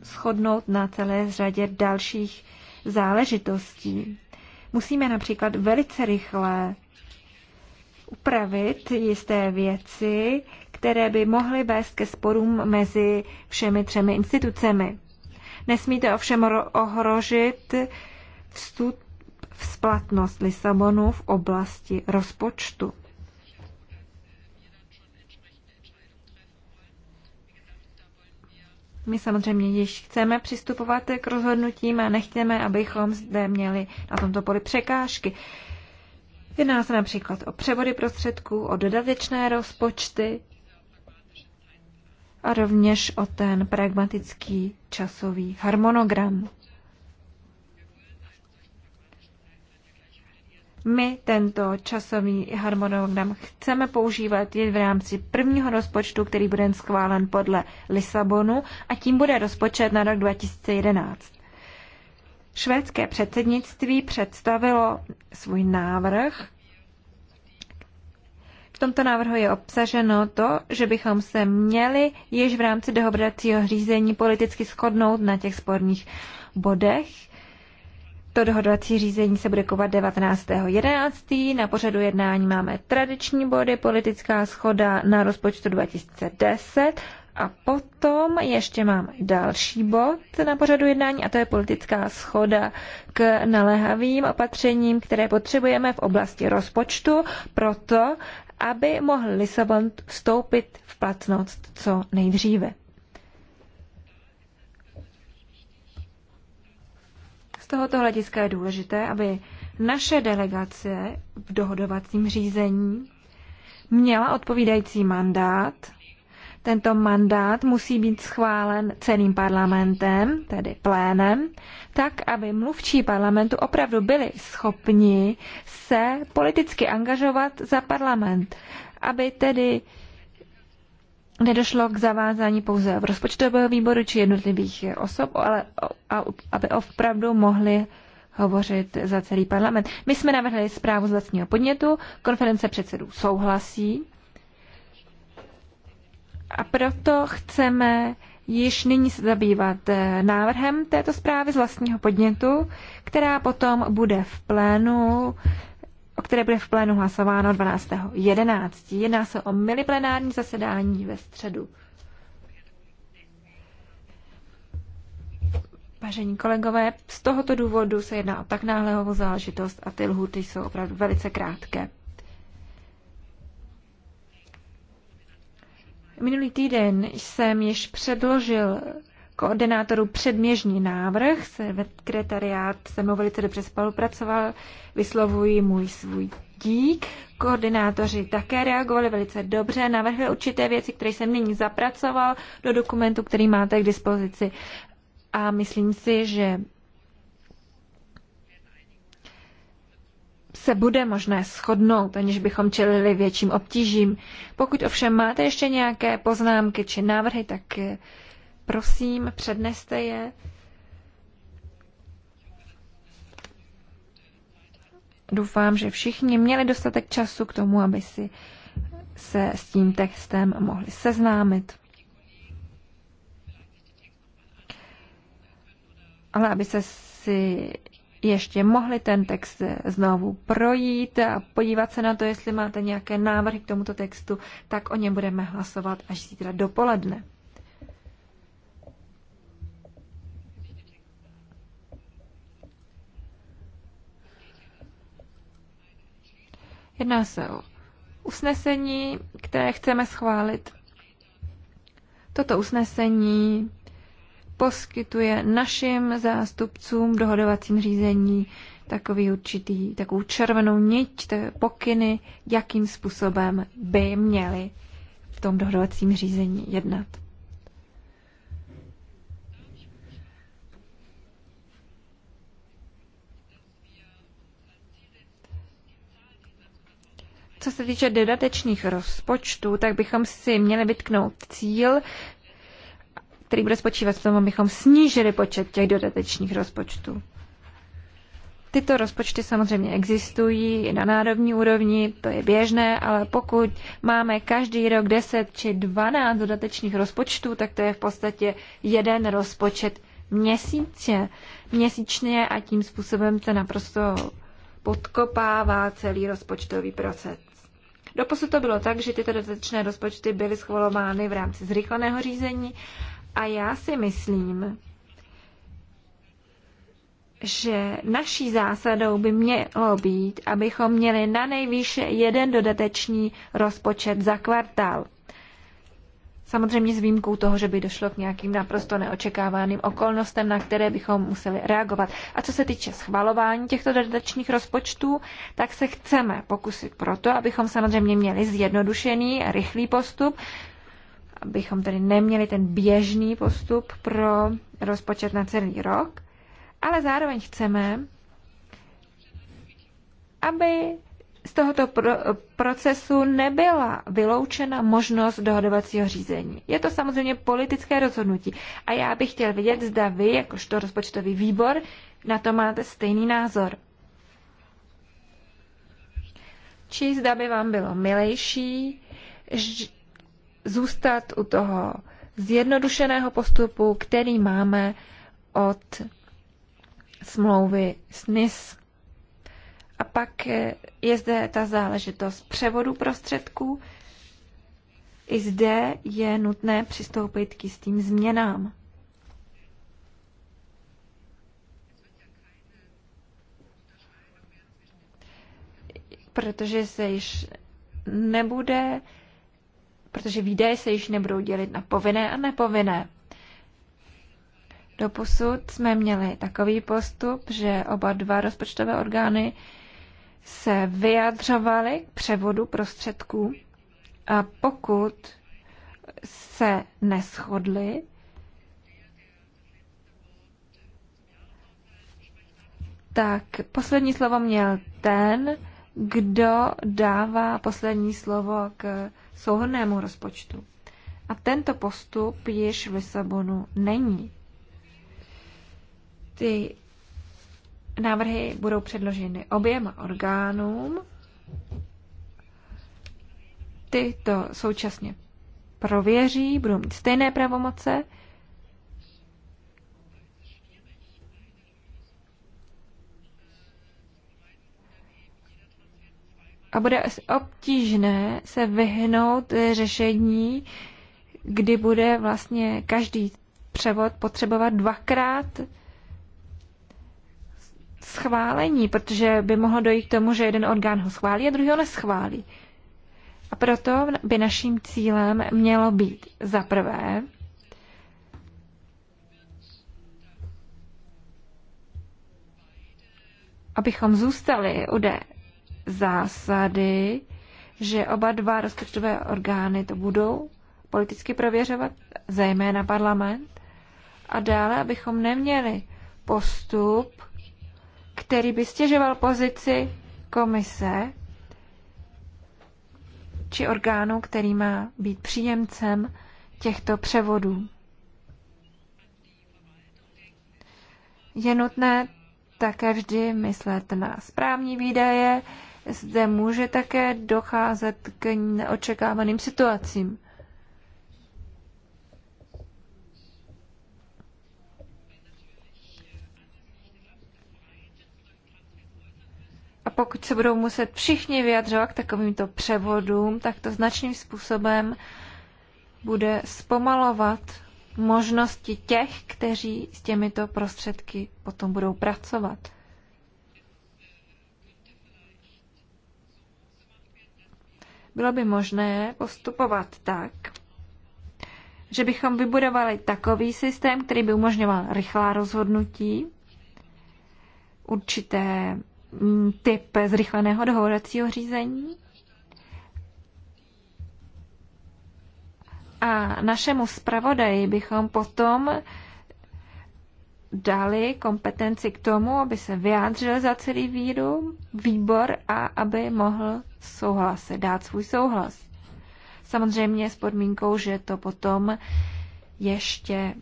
shodnout na celé řadě dalších záležitostí. Musíme například velice rychle upravit jisté věci, které by mohly vést ke sporům mezi všemi třemi institucemi. Nesmí to ovšem ohrožit vstup v splatnost Lisabonu v oblasti rozpočtu. My samozřejmě již chceme přistupovat k rozhodnutím a nechceme, abychom zde měli na tomto poli překážky. Jedná se například o převody prostředků, o dodatečné rozpočty a rovněž o ten pragmatický časový harmonogram. My tento časový harmonogram chceme používat jen v rámci prvního rozpočtu, který bude schválen podle Lisabonu a tím bude rozpočet na rok 2011. Švédské předsednictví představilo svůj návrh. V tomto návrhu je obsaženo to, že bychom se měli již v rámci dohodacího řízení politicky shodnout na těch sporných bodech. To dohodovací řízení se bude kovat 19.11. Na pořadu jednání máme tradiční body, politická schoda na rozpočtu 2010 a potom ještě mám další bod na pořadu jednání a to je politická schoda k naléhavým opatřením, které potřebujeme v oblasti rozpočtu proto, aby mohl Lisabon vstoupit v platnost co nejdříve. Z tohoto hlediska je důležité, aby naše delegace v dohodovacím řízení měla odpovídající mandát tento mandát musí být schválen celým parlamentem, tedy plénem, tak, aby mluvčí parlamentu opravdu byli schopni se politicky angažovat za parlament, aby tedy nedošlo k zavázání pouze v rozpočtového výboru či jednotlivých osob, ale aby opravdu mohli hovořit za celý parlament. My jsme navrhli zprávu z vlastního podnětu, konference předsedů souhlasí a proto chceme již nyní se zabývat eh, návrhem této zprávy z vlastního podnětu, která potom bude v plénu o které bude v plénu hlasováno 12.11. Jedná se o miliplenární zasedání ve středu. Vážení kolegové, z tohoto důvodu se jedná o tak náhlého záležitost a ty lhuty jsou opravdu velice krátké. Minulý týden jsem již předložil koordinátoru předměžní návrh, sekretariát se mnou velice dobře spolupracoval, vyslovuji můj svůj dík. Koordinátoři také reagovali velice dobře, navrhli určité věci, které jsem nyní zapracoval do dokumentu, který máte k dispozici. A myslím si, že se bude možné shodnout, aniž bychom čelili větším obtížím. Pokud ovšem máte ještě nějaké poznámky či návrhy, tak eh, prosím, předneste je. Doufám, že všichni měli dostatek času k tomu, aby si se s tím textem mohli seznámit. Ale aby se si ještě mohli ten text znovu projít a podívat se na to, jestli máte nějaké návrhy k tomuto textu, tak o něm budeme hlasovat až zítra dopoledne. Jedná se o usnesení, které chceme schválit. Toto usnesení poskytuje našim zástupcům v dohodovacím řízení takový určitý, takovou červenou niť, pokyny, jakým způsobem by měli v tom dohodovacím řízení jednat. Co se týče dodatečných rozpočtů, tak bychom si měli vytknout cíl, který bude spočívat v tom, abychom snížili počet těch dodatečných rozpočtů. Tyto rozpočty samozřejmě existují i na národní úrovni, to je běžné, ale pokud máme každý rok 10 či 12 dodatečných rozpočtů, tak to je v podstatě jeden rozpočet měsíčně, měsíčně a tím způsobem se naprosto podkopává celý rozpočtový proces. Doposud to bylo tak, že tyto dodatečné rozpočty byly schvalovány v rámci zrychleného řízení a já si myslím, že naší zásadou by mělo být, abychom měli na nejvýše jeden dodatečný rozpočet za kvartál. Samozřejmě s výjimkou toho, že by došlo k nějakým naprosto neočekávaným okolnostem, na které bychom museli reagovat. A co se týče schvalování těchto dodatečných rozpočtů, tak se chceme pokusit proto, abychom samozřejmě měli zjednodušený a rychlý postup, abychom tedy neměli ten běžný postup pro rozpočet na celý rok, ale zároveň chceme, aby z tohoto procesu nebyla vyloučena možnost dohodovacího řízení. Je to samozřejmě politické rozhodnutí. A já bych chtěl vidět, zda vy, jakožto rozpočtový výbor, na to máte stejný názor. Či zda by vám bylo milejší, zůstat u toho zjednodušeného postupu, který máme od smlouvy s NIS. A pak je zde ta záležitost převodu prostředků. I zde je nutné přistoupit k jistým změnám. Protože se již nebude protože výdaje se již nebudou dělit na povinné a nepovinné. Doposud jsme měli takový postup, že oba dva rozpočtové orgány se vyjadřovaly k převodu prostředků a pokud se neschodly, tak poslední slovo měl ten, kdo dává poslední slovo k souhrnému rozpočtu. A tento postup již v Lisabonu není. Ty návrhy budou předloženy oběma orgánům. Ty to současně prověří, budou mít stejné pravomoce a bude obtížné se vyhnout řešení, kdy bude vlastně každý převod potřebovat dvakrát schválení, protože by mohlo dojít k tomu, že jeden orgán ho schválí a druhý ho neschválí. A proto by naším cílem mělo být za prvé abychom zůstali u, zásady, že oba dva rozpočtové orgány to budou politicky prověřovat, zejména parlament, a dále, abychom neměli postup, který by stěžoval pozici komise či orgánu, který má být příjemcem těchto převodů. Je nutné také vždy myslet na správní výdaje, zde může také docházet k neočekávaným situacím. A pokud se budou muset všichni vyjadřovat k takovýmto převodům, tak to značným způsobem bude zpomalovat možnosti těch, kteří s těmito prostředky potom budou pracovat. bylo by možné postupovat tak, že bychom vybudovali takový systém, který by umožňoval rychlá rozhodnutí, určité mm, typ zrychleného dohodacího řízení. A našemu zpravodaji bychom potom dali kompetenci k tomu, aby se vyjádřil za celý víru, výbor a aby mohl souhlasit, dát svůj souhlas. Samozřejmě s podmínkou, že to potom ještě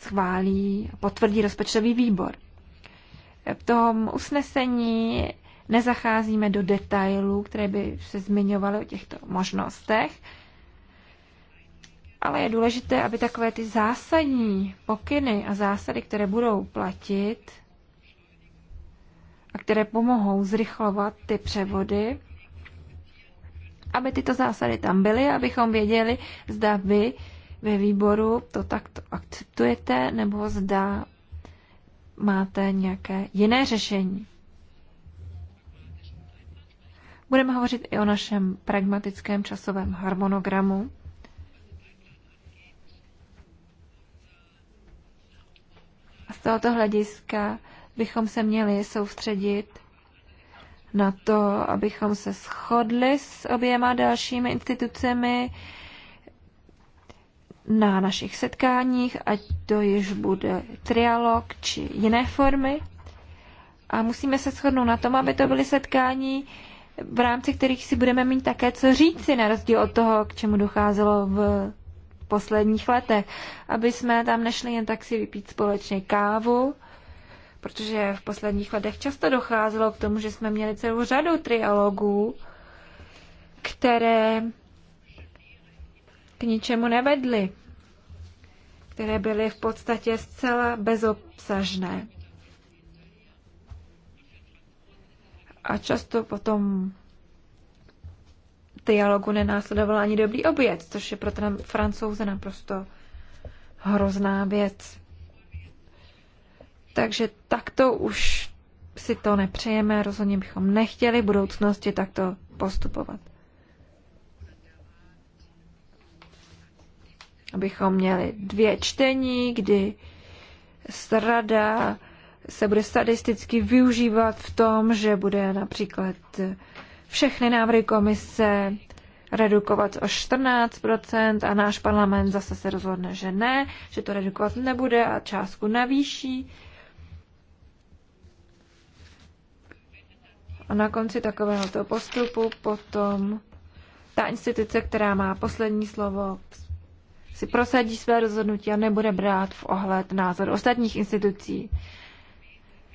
schválí, potvrdí rozpočtový výbor. V tom usnesení nezacházíme do detailů, které by se zmiňovaly o těchto možnostech, ale je důležité, aby takové ty zásadní pokyny a zásady, které budou platit a které pomohou zrychlovat ty převody, aby tyto zásady tam byly, abychom věděli, zda vy ve výboru to takto akceptujete, nebo zda máte nějaké jiné řešení. Budeme hovořit i o našem pragmatickém časovém harmonogramu. tohoto hlediska bychom se měli soustředit na to, abychom se shodli s oběma dalšími institucemi na našich setkáních, ať to již bude trialog či jiné formy. A musíme se shodnout na tom, aby to byly setkání, v rámci kterých si budeme mít také co říci, na rozdíl od toho, k čemu docházelo v posledních letech, aby jsme tam nešli jen tak si vypít společně kávu, protože v posledních letech často docházelo k tomu, že jsme měli celou řadu trialogů, které k ničemu nevedly, které byly v podstatě zcela bezobsažné. A často potom dialogu nenásledoval ani dobrý oběd, což je pro ten francouze naprosto hrozná věc. Takže takto už si to nepřejeme, rozhodně bychom nechtěli v budoucnosti takto postupovat. Abychom měli dvě čtení, kdy strada se bude statisticky využívat v tom, že bude například všechny návrhy komise redukovat o 14% a náš parlament zase se rozhodne, že ne, že to redukovat nebude a částku navýší. A na konci takového toho postupu potom ta instituce, která má poslední slovo, si prosadí své rozhodnutí a nebude brát v ohled názor ostatních institucí.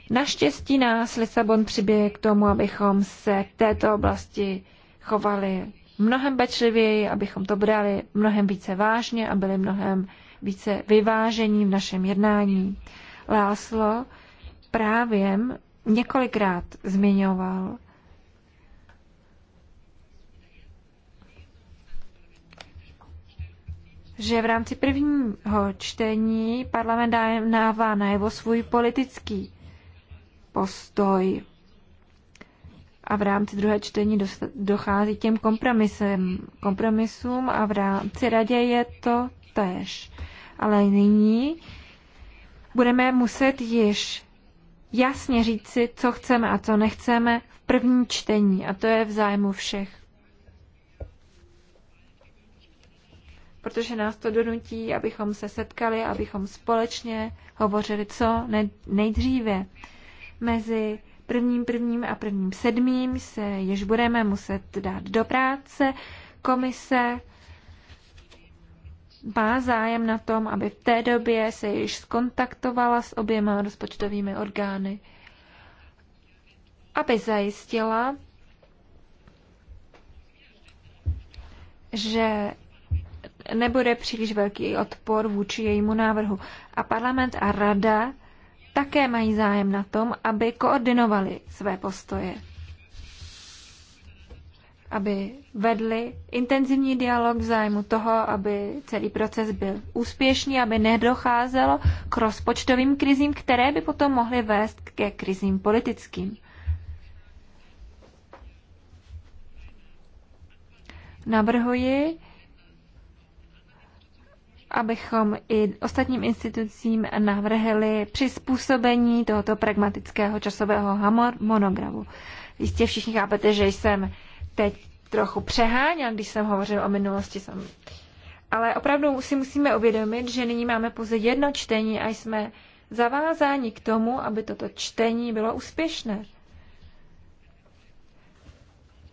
Naštěstí nás Lisabon přiběje k tomu, abychom se v této oblasti chovali mnohem pečlivěji, abychom to brali mnohem více vážně a byli mnohem více vyvážení v našem jednání. Láslo právě několikrát zmiňoval že v rámci prvního čtení parlament dává najevo svůj politický postoj. A v rámci druhé čtení dochází těm kompromisem, kompromisům a v rámci radě je to tež. Ale nyní budeme muset již jasně říci, co chceme a co nechceme v první čtení. A to je v zájmu všech. Protože nás to donutí, abychom se setkali, abychom společně hovořili co nejdříve mezi prvním prvním a prvním sedmým se jež budeme muset dát do práce. Komise má zájem na tom, aby v té době se již skontaktovala s oběma rozpočtovými orgány, aby zajistila, že nebude příliš velký odpor vůči jejímu návrhu. A parlament a rada také mají zájem na tom, aby koordinovali své postoje, aby vedli intenzivní dialog v zájmu toho, aby celý proces byl úspěšný, aby nedocházelo k rozpočtovým krizím, které by potom mohly vést ke krizím politickým. Navrhuji, abychom i ostatním institucím navrhli přizpůsobení tohoto pragmatického časového monogramu. Jistě všichni chápete, že jsem teď trochu přeháněl, když jsem hovořil o minulosti Ale opravdu si musíme uvědomit, že nyní máme pouze jedno čtení a jsme zavázáni k tomu, aby toto čtení bylo úspěšné.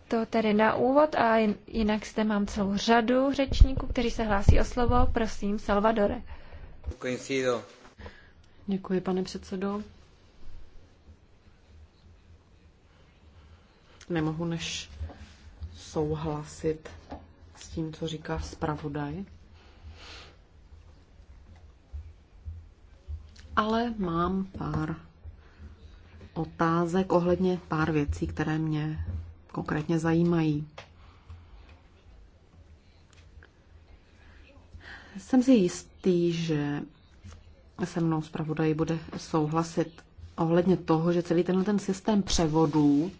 To tedy na úvod a jinak zde mám celou řadu řečníků, kteří se hlásí o slovo. Prosím, Salvadore. Coincido. Děkuji, pane předsedo. Nemohu než souhlasit s tím, co říká zpravodaj. Ale mám pár otázek ohledně pár věcí, které mě konkrétně zajímají. Jsem si jistý, že se mnou zpravodaj bude souhlasit ohledně toho, že celý tenhle ten systém převodů,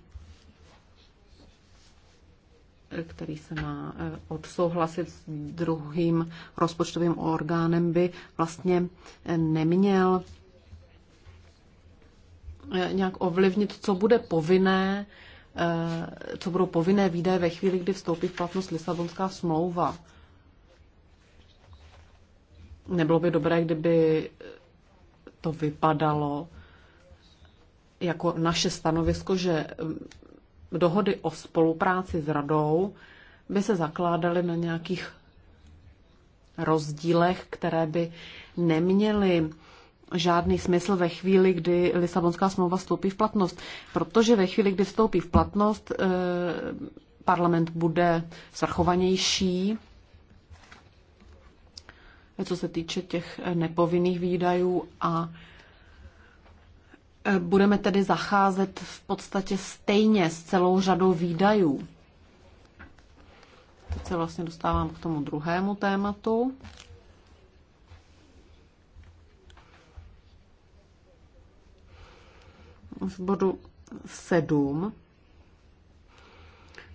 který se má eh, odsouhlasit s druhým rozpočtovým orgánem, by vlastně eh, neměl eh, nějak ovlivnit, co bude povinné Eh, co budou povinné výdaje ve chvíli, kdy vstoupí v platnost Lisabonská smlouva. Nebylo by dobré, kdyby to vypadalo jako naše stanovisko, že eh, dohody o spolupráci s radou by se zakládaly na nějakých rozdílech, které by neměly žádný smysl ve chvíli, kdy Lisabonská smlouva vstoupí v platnost, protože ve chvíli, kdy vstoupí v platnost, eh, parlament bude svrchovanější, co se týče těch nepovinných výdajů a eh, budeme tedy zacházet v podstatě stejně s celou řadou výdajů. Teď se vlastně dostávám k tomu druhému tématu. v bodu 7.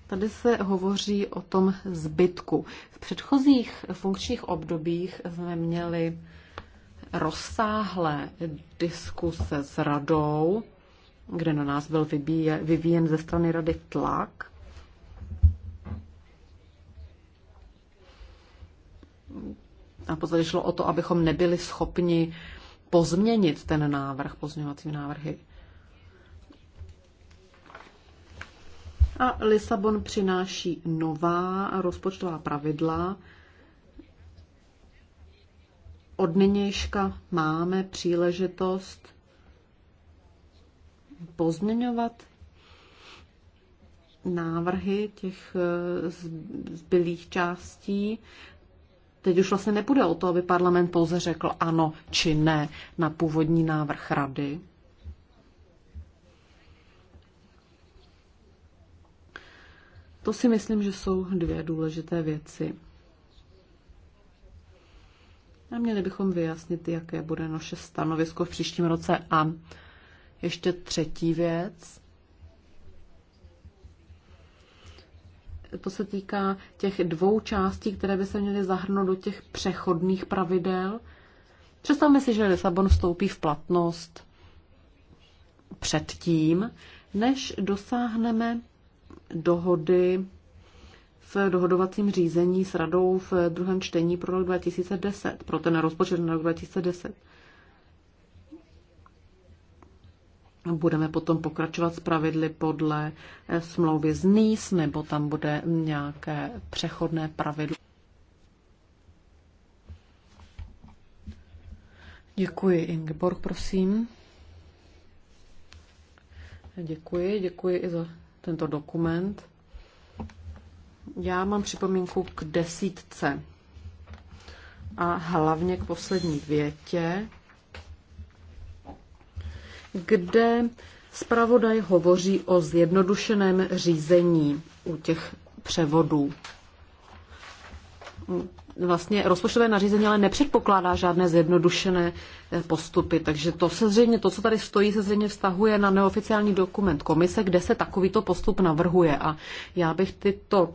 Tady se hovoří o tom zbytku. V předchozích funkčních obdobích jsme měli rozsáhlé diskuse s radou, kde na nás byl vyvíjen ze strany rady tlak. A podstatě šlo o to, abychom nebyli schopni pozměnit ten návrh, pozměňovací návrhy. a Lisabon přináší nová rozpočtová pravidla. Od nynějška máme příležitost pozměňovat návrhy těch eh, zbylých částí. Teď už vlastně nepůjde o to, aby parlament pouze řekl ano či ne na původní návrh rady, To si myslím, že jsou dvě důležité věci. A měli bychom vyjasnit, jaké bude naše stanovisko v příštím roce. A ještě třetí věc. To se týká těch dvou částí, které by se měly zahrnout do těch přechodných pravidel. Představme si, že Lisabon vstoupí v platnost předtím, než dosáhneme dohody v dohodovacím řízení s radou v druhém čtení pro rok 2010, pro ten rozpočet na rok 2010. Budeme potom pokračovat s pravidly podle eh, smlouvy z NIS, nebo tam bude nějaké přechodné pravidlo. Děkuji, Ingeborg, prosím. Děkuji, děkuji i za tento dokument. Já mám připomínku k desítce a hlavně k poslední větě, kde zpravodaj hovoří o zjednodušeném řízení u těch převodů vlastně rozpočtové nařízení ale nepředpokládá žádné zjednodušené eh, postupy, takže to se zřejmě, to, co tady stojí, se zřejmě vztahuje na neoficiální dokument komise, kde se takovýto postup navrhuje a já bych tyto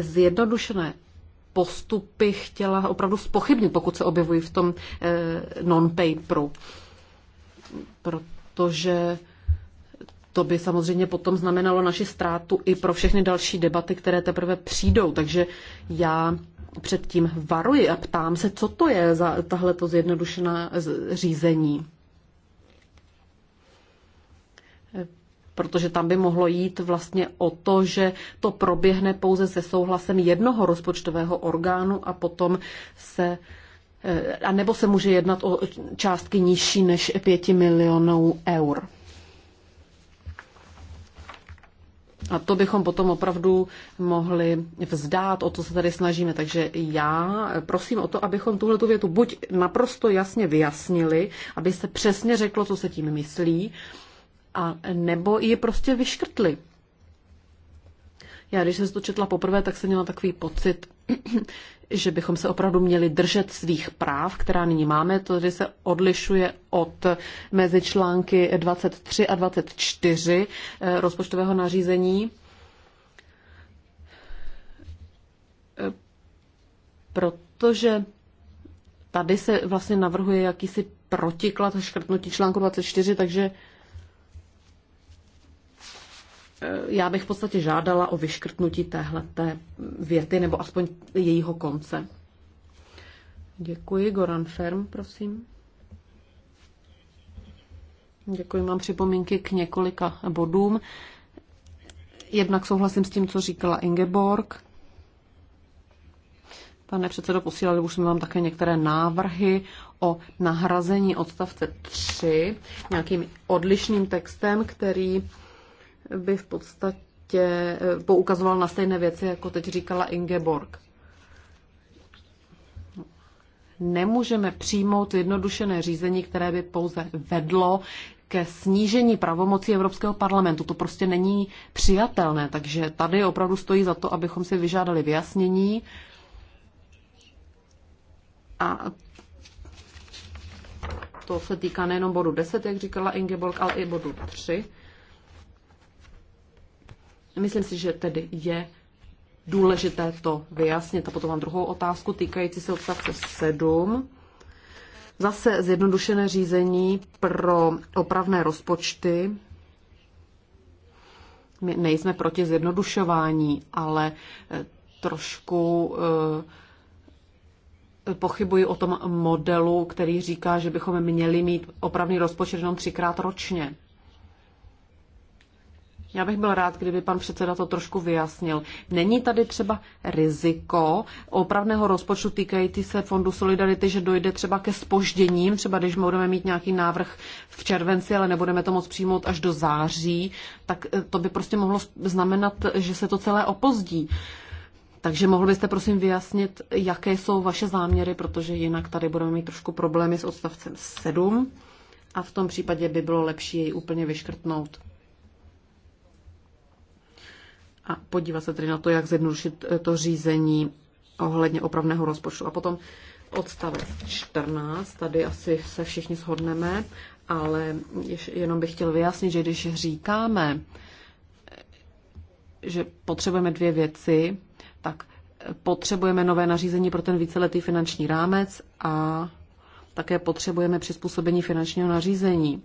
zjednodušené postupy chtěla opravdu spochybnit, pokud se objevují v tom eh, non-paperu, protože to by samozřejmě potom znamenalo naši ztrátu i pro všechny další debaty, které teprve přijdou. Takže já předtím varuji a ptám se, co to je za to zjednodušené řízení. protože tam by mohlo jít vlastně o to, že to proběhne pouze se souhlasem jednoho rozpočtového orgánu a potom se eh, a nebo se může jednat o částky nižší než 5 milionů eur. A to bychom potom opravdu mohli vzdát, o co se tady snažíme. Takže já prosím o to, abychom tuhle tu větu buď naprosto jasně vyjasnili, aby se přesně řeklo, co se tím myslí, a nebo ji prostě vyškrtli. Já, když jsem to četla poprvé, tak jsem měla takový pocit, že bychom se opravdu měli držet svých práv, která nyní máme. To že se odlišuje od mezi články 23 a 24 eh, rozpočtového nařízení. Eh, protože tady se vlastně navrhuje jakýsi protiklad škrtnutí článku 24, takže Eh, já bych v podstatě žádala o vyškrtnutí téhle věty, nebo aspoň jejího konce. Děkuji. Goran Ferm, prosím. Děkuji, mám připomínky k několika bodům. Jednak souhlasím s tím, co říkala Ingeborg. Pane předsedo, posílali už jsme vám také některé návrhy o nahrazení odstavce 3 nějakým odlišným textem, který by v podstatě eh, poukazoval na stejné věci, jako teď říkala Ingeborg. Nemůžeme přijmout jednodušené řízení, které by pouze vedlo ke snížení pravomocí Evropského parlamentu. To prostě není přijatelné, takže tady opravdu stojí za to, abychom si vyžádali vyjasnění. A to se týká nejenom bodu 10, jak říkala Ingeborg, ale i bodu 3. Myslím si, že tedy je důležité to vyjasnit. A potom mám druhou otázku týkající se odstavce 7. Zase zjednodušené řízení pro opravné rozpočty. My nejsme proti zjednodušování, ale eh, trošku eh, pochybuji o tom modelu, který říká, že bychom měli mít opravný rozpočet jenom třikrát ročně. Já bych byl rád, kdyby pan předseda to trošku vyjasnil. Není tady třeba riziko opravného rozpočtu týkající se Fondu Solidarity, že dojde třeba ke spožděním, třeba když budeme mít nějaký návrh v červenci, ale nebudeme to moc přijmout až do září, tak eh, to by prostě mohlo znamenat, že se to celé opozdí. Takže mohl byste prosím vyjasnit, jaké jsou vaše záměry, protože jinak tady budeme mít trošku problémy s odstavcem 7 a v tom případě by bylo lepší jej úplně vyškrtnout a podívat se tedy na to, jak zjednodušit eh, to řízení ohledně opravného rozpočtu. A potom odstavec 14, tady asi se všichni shodneme, ale jenom bych chtěl vyjasnit, že když říkáme, eh, že potřebujeme dvě věci, tak eh, potřebujeme nové nařízení pro ten víceletý finanční rámec a také potřebujeme přizpůsobení finančního nařízení.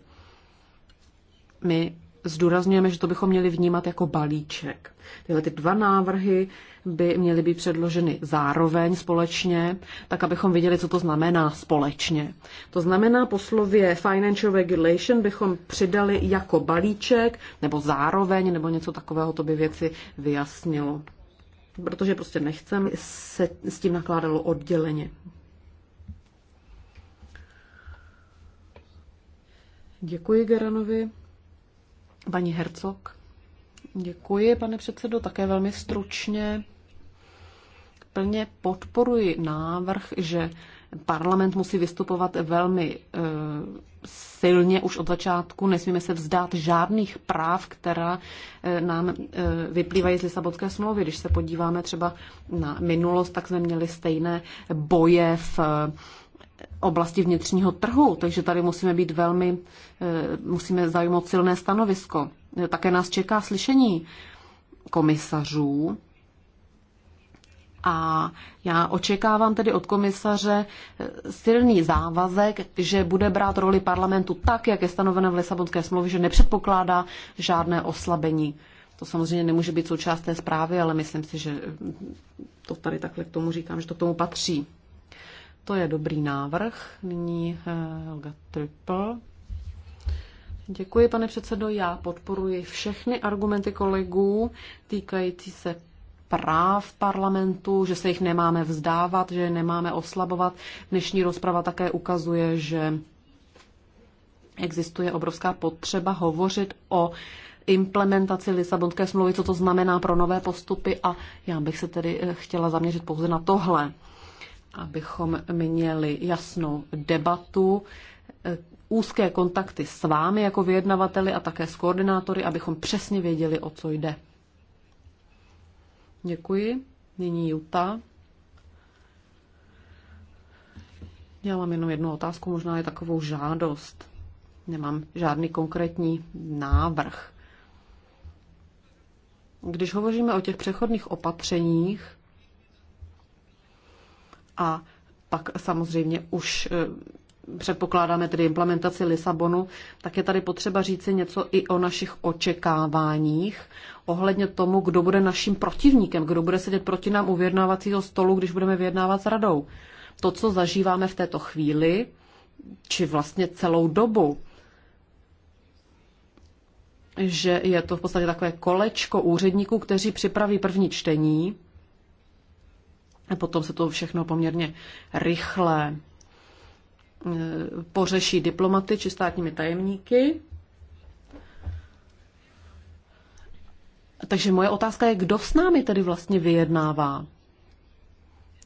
My zdůrazňujeme, že to bychom měli vnímat jako balíček. Tyhle ty dva návrhy by měly být předloženy zároveň společně, tak abychom viděli, co to znamená společně. To znamená, po slově financial regulation bychom přidali jako balíček, nebo zároveň, nebo něco takového, to by věci vyjasnilo. Protože prostě nechcem se s tím nakládalo odděleně. Děkuji Geranovi. Paní Hercog. Děkuji, pane předsedo, také velmi stručně. Plně podporuji návrh, že parlament musí vystupovat velmi e, silně už od začátku. Nesmíme se vzdát žádných práv, která e, nám e, vyplývají z Lisabonské smlouvy. Když se podíváme třeba na minulost, tak jsme měli stejné boje v e, oblasti vnitřního trhu, takže tady musíme být velmi, eh, musíme zajmout silné stanovisko. Také nás čeká slyšení komisařů a já očekávám tedy od komisaře eh, silný závazek, že bude brát roli parlamentu tak, jak je stanoveno v Lisabonské smlouvě, že nepředpokládá žádné oslabení. To samozřejmě nemůže být součást té zprávy, ale myslím si, že to tady takhle k tomu říkám, že to k tomu patří. To je dobrý návrh. Nyní Helga eh, Triple. Děkuji, pane předsedo. Já podporuji všechny argumenty kolegů týkající se práv parlamentu, že se jich nemáme vzdávat, že je nemáme oslabovat. Dnešní rozprava také ukazuje, že existuje obrovská potřeba hovořit o implementaci Lisabonské smlouvy, co to znamená pro nové postupy a já bych se tedy eh, chtěla zaměřit pouze na tohle abychom měli jasnou debatu, eh, úzké kontakty s vámi jako vyjednavateli a také s koordinátory, abychom přesně věděli, o co jde. Děkuji. Nyní Juta. Já mám jenom jednu otázku, možná je takovou žádost. Nemám žádný konkrétní návrh. Když hovoříme o těch přechodných opatřeních, a pak samozřejmě už eh, předpokládáme tedy implementaci Lisabonu, tak je tady potřeba říci něco i o našich očekáváních ohledně tomu, kdo bude naším protivníkem, kdo bude sedět proti nám u vyjednávacího stolu, když budeme vyjednávat s radou. To, co zažíváme v této chvíli, či vlastně celou dobu, že je to v podstatě takové kolečko úředníků, kteří připraví první čtení, a potom se to všechno poměrně rychle e, pořeší diplomaty či státními tajemníky. Takže moje otázka je, kdo s námi tedy vlastně vyjednává?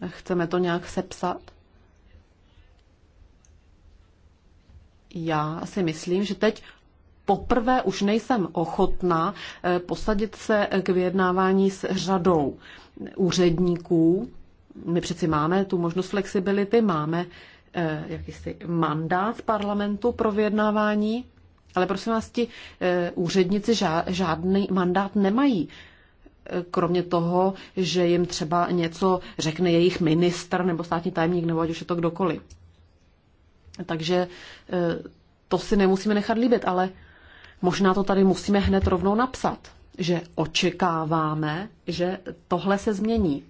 Chceme to nějak sepsat? Já si myslím, že teď poprvé už nejsem ochotná e, posadit se k vyjednávání s řadou úředníků, my přeci máme tu možnost flexibility, máme eh, jakýsi mandát parlamentu pro vyjednávání, ale prosím vás, ti eh, úředníci žádný mandát nemají. Eh, kromě toho, že jim třeba něco řekne jejich ministr nebo státní tajemník, nebo ať už je to kdokoliv. Takže to si nemusíme nechat líbit, ale možná to tady musíme hned rovnou napsat, že očekáváme, že tohle se změní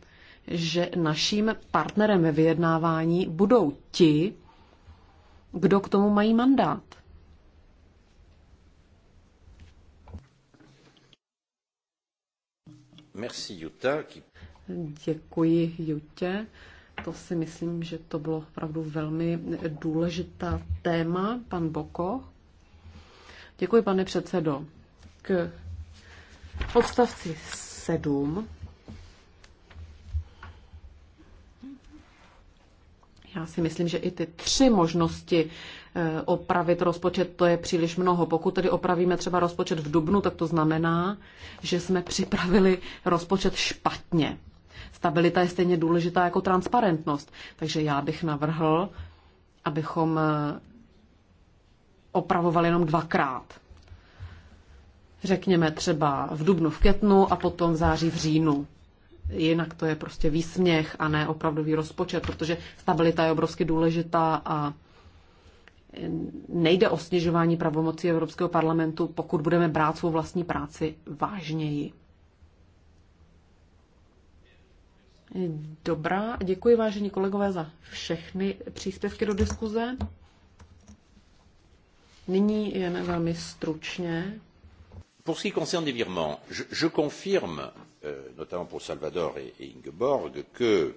že naším partnerem ve vyjednávání budou ti, kdo k tomu mají mandát. Merci, Jutta. Děkuji, Jutě. To si myslím, že to bylo opravdu velmi důležitá téma, pan Boko. Děkuji, pane předsedo. K odstavci 7 Já si myslím, že i ty tři možnosti eh, opravit rozpočet, to je příliš mnoho. Pokud tedy opravíme třeba rozpočet v Dubnu, tak to znamená, že jsme připravili rozpočet špatně. Stabilita je stejně důležitá jako transparentnost. Takže já bych navrhl, abychom eh, opravovali jenom dvakrát. Řekněme třeba v dubnu, v květnu a potom v září, v říjnu. Jinak to je prostě výsměch a ne opravdový rozpočet, protože stabilita je obrovsky důležitá a nejde o snižování pravomocí Evropského parlamentu, pokud budeme brát svou vlastní práci vážněji. Dobrá, děkuji vážení kolegové za všechny příspěvky do diskuze. Nyní jen velmi stručně. Pour ce qui concerne les virements, je, je confirme Euh, notamment pour Salvador et, et Ingeborg, que...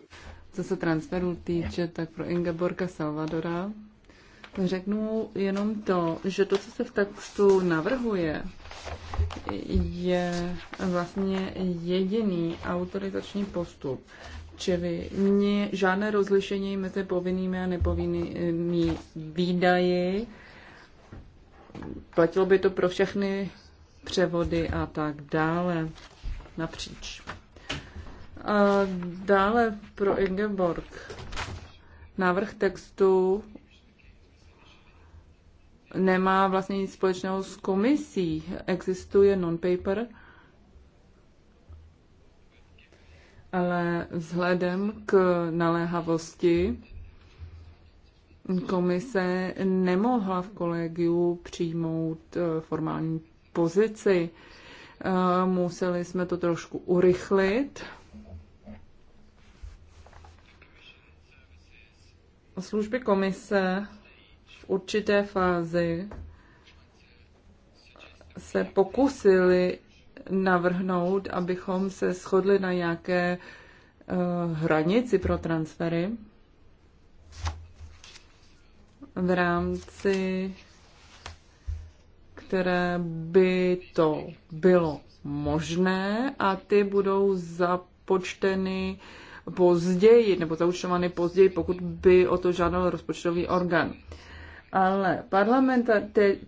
Co se transferu týče, tak pro Ingeborga Salvadora řeknu jenom to, že to, co se v textu navrhuje, je vlastně jediný autorizační postup. Čili ně, žádné rozlišení mezi povinnými a nepovinnými výdaji. Platilo by to pro všechny převody a tak dále napříč. A dále pro Ingeborg. Návrh textu nemá vlastně nic společného s komisí. Existuje non-paper, ale vzhledem k naléhavosti komise nemohla v kolegiu přijmout eh, formální pozici. Eh, museli jsme to trošku urychlit. Služby komise v určité fázi se pokusili navrhnout, abychom se shodli na nějaké eh, hranici pro transfery v rámci které by to bylo možné a ty budou započteny později nebo zaučtovány později, pokud by o to žádal rozpočtový orgán. Ale parlament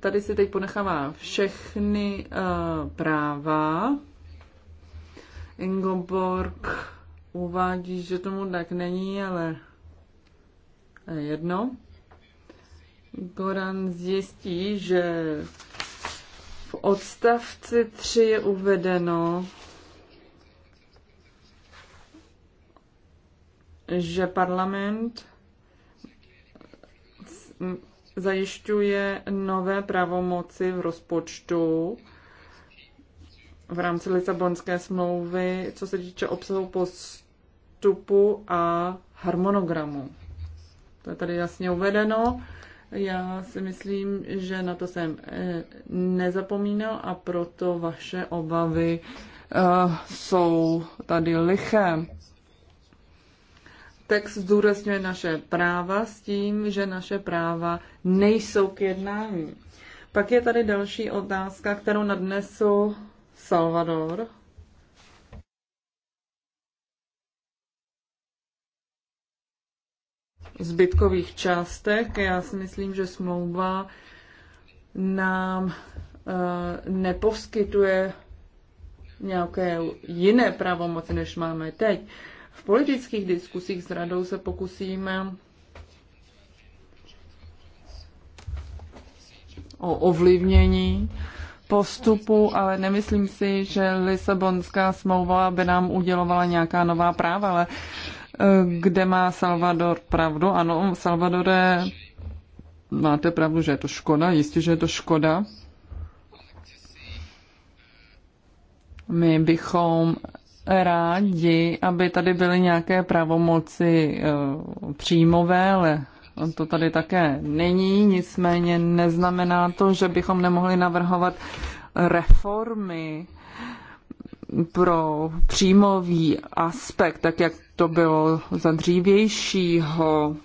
tady si teď ponechává všechny uh, práva. Ingoborg uvádí, že tomu tak není, ale jedno. Goran zjistí, že v odstavci 3 je uvedeno, že parlament zajišťuje nové pravomoci v rozpočtu v rámci Lisabonské smlouvy, co se týče obsahu postupu a harmonogramu. To je tady jasně uvedeno. Já si myslím, že na to jsem eh, nezapomínal a proto vaše obavy eh, jsou tady liché. Text zdůrazňuje naše práva s tím, že naše práva nejsou k jednání. Pak je tady další otázka, kterou nadnesu Salvador. zbytkových částek. Já si myslím, že smlouva nám eh, neposkytuje nějaké jiné pravomoci, než máme teď. V politických diskusích s radou se pokusíme o ovlivnění postupu, ale nemyslím si, že Lisabonská smlouva by nám udělovala nějaká nová práva, ale Eh, kde má Salvador pravdu. Ano, Salvadore, máte pravdu, že je to škoda, jistě, že je to škoda. My bychom rádi, aby tady byly nějaké pravomoci eh, příjmové, ale to tady také není, nicméně neznamená to, že bychom nemohli navrhovat reformy pro příjmový aspekt, tak jak to bylo za dřívějšího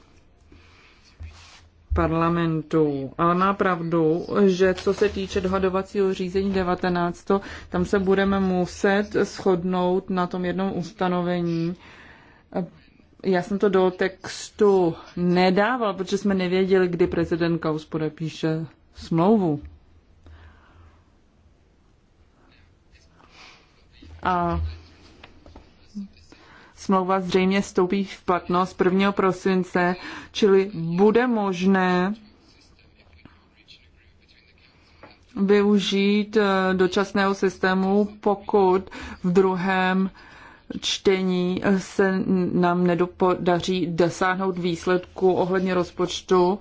parlamentu. A má pravdu, že co se týče dohadovacího řízení 19, tam se budeme muset shodnout na tom jednom ustanovení. Já jsem to do textu nedával, protože jsme nevěděli, kdy prezident Kaus podepíše smlouvu. A smlouva zřejmě vstoupí v platnost 1. prosince, čili bude možné využít eh, dočasného systému, pokud v druhém čtení se nám nedopodaří dosáhnout výsledku ohledně rozpočtu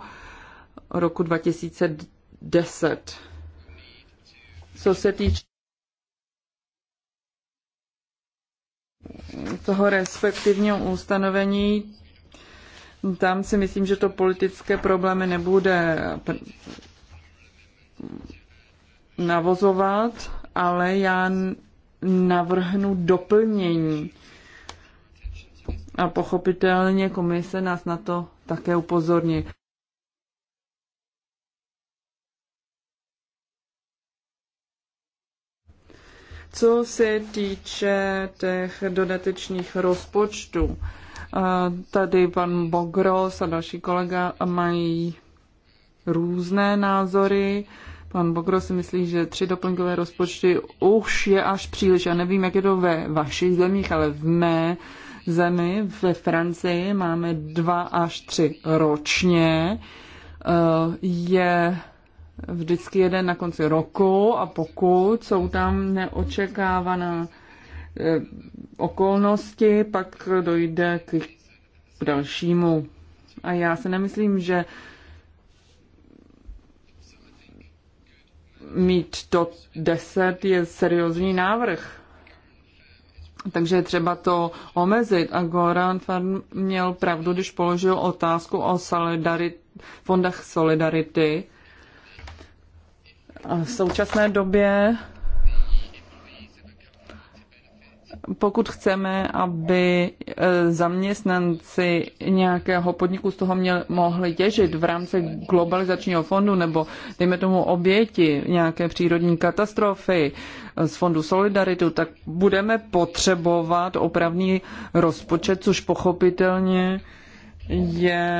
roku 2010. Co se týče toho respektivního ustanovení, tam si myslím, že to politické problémy nebude navozovat, ale já navrhnu doplnění. A pochopitelně komise nás na to také upozorní. Co se týče těch dodatečných rozpočtů, eh, tady pan Bogros a další kolega mají různé názory. Pan Bogro si myslí, že tři doplňkové rozpočty už je až příliš. Já nevím, jak je to ve vašich zemích, ale v mé zemi, ve Francii, máme dva až tři ročně. Eh, je vždycky jeden na konci roku a pokud jsou tam neočekávané eh, okolnosti, pak dojde k dalšímu. A já se nemyslím, že mít to 10 je seriózní návrh. Takže je třeba to omezit. A Goran Farn měl pravdu, když položil otázku o solidarit, fondách Solidarity v současné době, pokud chceme, aby e, zaměstnanci nějakého podniku z toho měli, mohli těžit v rámci globalizačního fondu nebo, dejme tomu, oběti nějaké přírodní katastrofy z fondu Solidaritu, tak budeme potřebovat opravný rozpočet, což pochopitelně je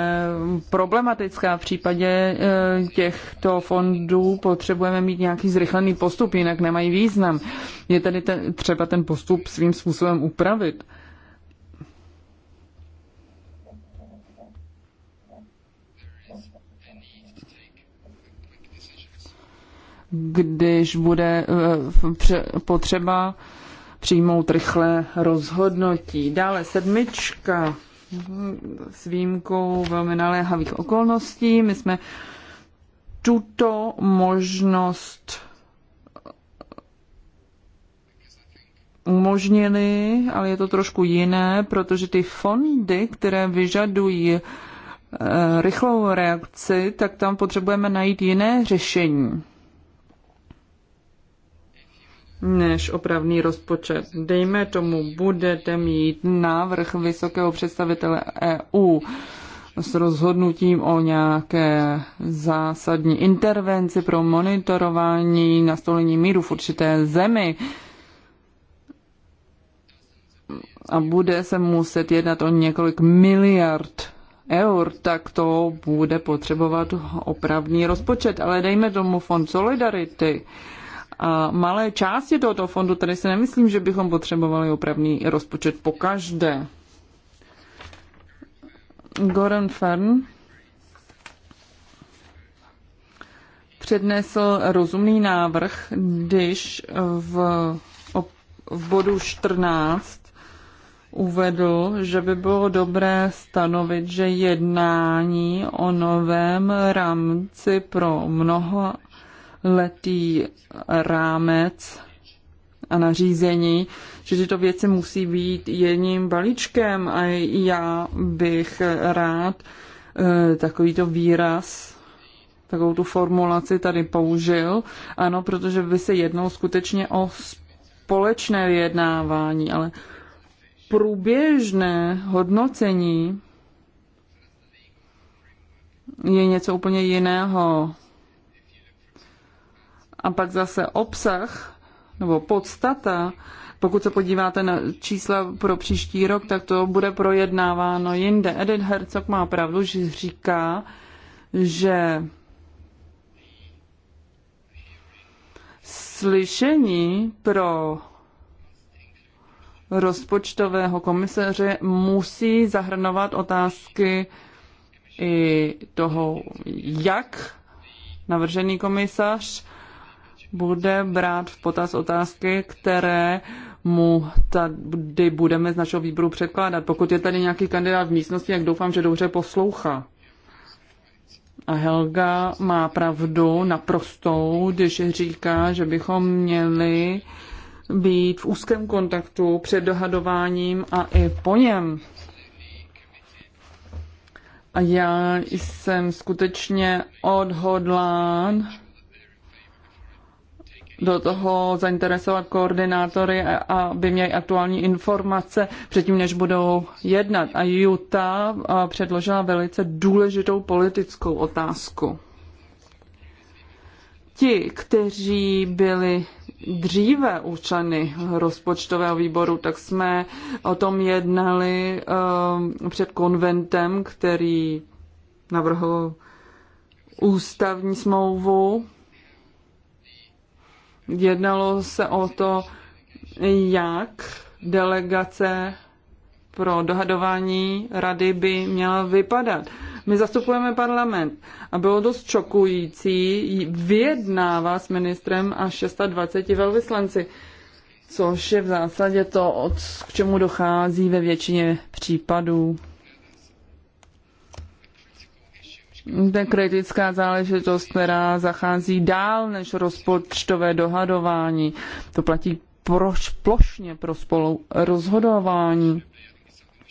problematická. V případě eh, těchto fondů potřebujeme mít nějaký zrychlený postup, jinak nemají význam. Je tedy ten, třeba ten postup svým způsobem upravit. Když bude eh, potřeba přijmout rychlé rozhodnutí. Dále sedmička s výjimkou velmi naléhavých okolností. My jsme tuto možnost umožnili, ale je to trošku jiné, protože ty fondy, které vyžadují eh, rychlou reakci, tak tam potřebujeme najít jiné řešení než opravný rozpočet. Dejme tomu, budete mít návrh vysokého představitele EU s rozhodnutím o nějaké zásadní intervenci pro monitorování nastolení míru v určité zemi a bude se muset jednat o několik miliard eur, tak to bude potřebovat opravný rozpočet. Ale dejme tomu fond Solidarity, a malé části tohoto fondu, tady si nemyslím, že bychom potřebovali opravný rozpočet po každé. Goran Fern přednesl rozumný návrh, když v, v bodu 14 uvedl, že by bylo dobré stanovit, že jednání o novém rámci pro mnoho letý rámec a nařízení, že tyto věci musí být jedním balíčkem a já bych rád eh, takovýto výraz, takovou tu formulaci tady použil. Ano, protože by se jednou skutečně o společné vyjednávání, ale průběžné hodnocení je něco úplně jiného. A pak zase obsah nebo podstata, pokud se podíváte na čísla pro příští rok, tak to bude projednáváno jinde. Edith Herzog má pravdu, že říká, že slyšení pro rozpočtového komisaře musí zahrnovat otázky i toho, jak navržený komisař bude brát v potaz otázky, které mu tady budeme z našeho výboru předkládat. Pokud je tady nějaký kandidát v místnosti, jak doufám, že dobře poslouchá. A Helga má pravdu naprostou, když říká, že bychom měli být v úzkém kontaktu před dohadováním a i po něm. A já jsem skutečně odhodlán do toho zainteresovat koordinátory, aby měli aktuální informace předtím, než budou jednat. A Utah předložila velice důležitou politickou otázku. Ti, kteří byli dříve u členy rozpočtového výboru, tak jsme o tom jednali uh, před konventem, který navrhl ústavní smlouvu Jednalo se o to, jak delegace pro dohadování rady by měla vypadat. My zastupujeme parlament a bylo dost šokující vyjednává s ministrem a 26 velvyslanci, což je v zásadě to, k čemu dochází ve většině případů. to je kritická záležitost, která zachází dál než rozpočtové dohadování. To platí proč plošně pro spolu rozhodování.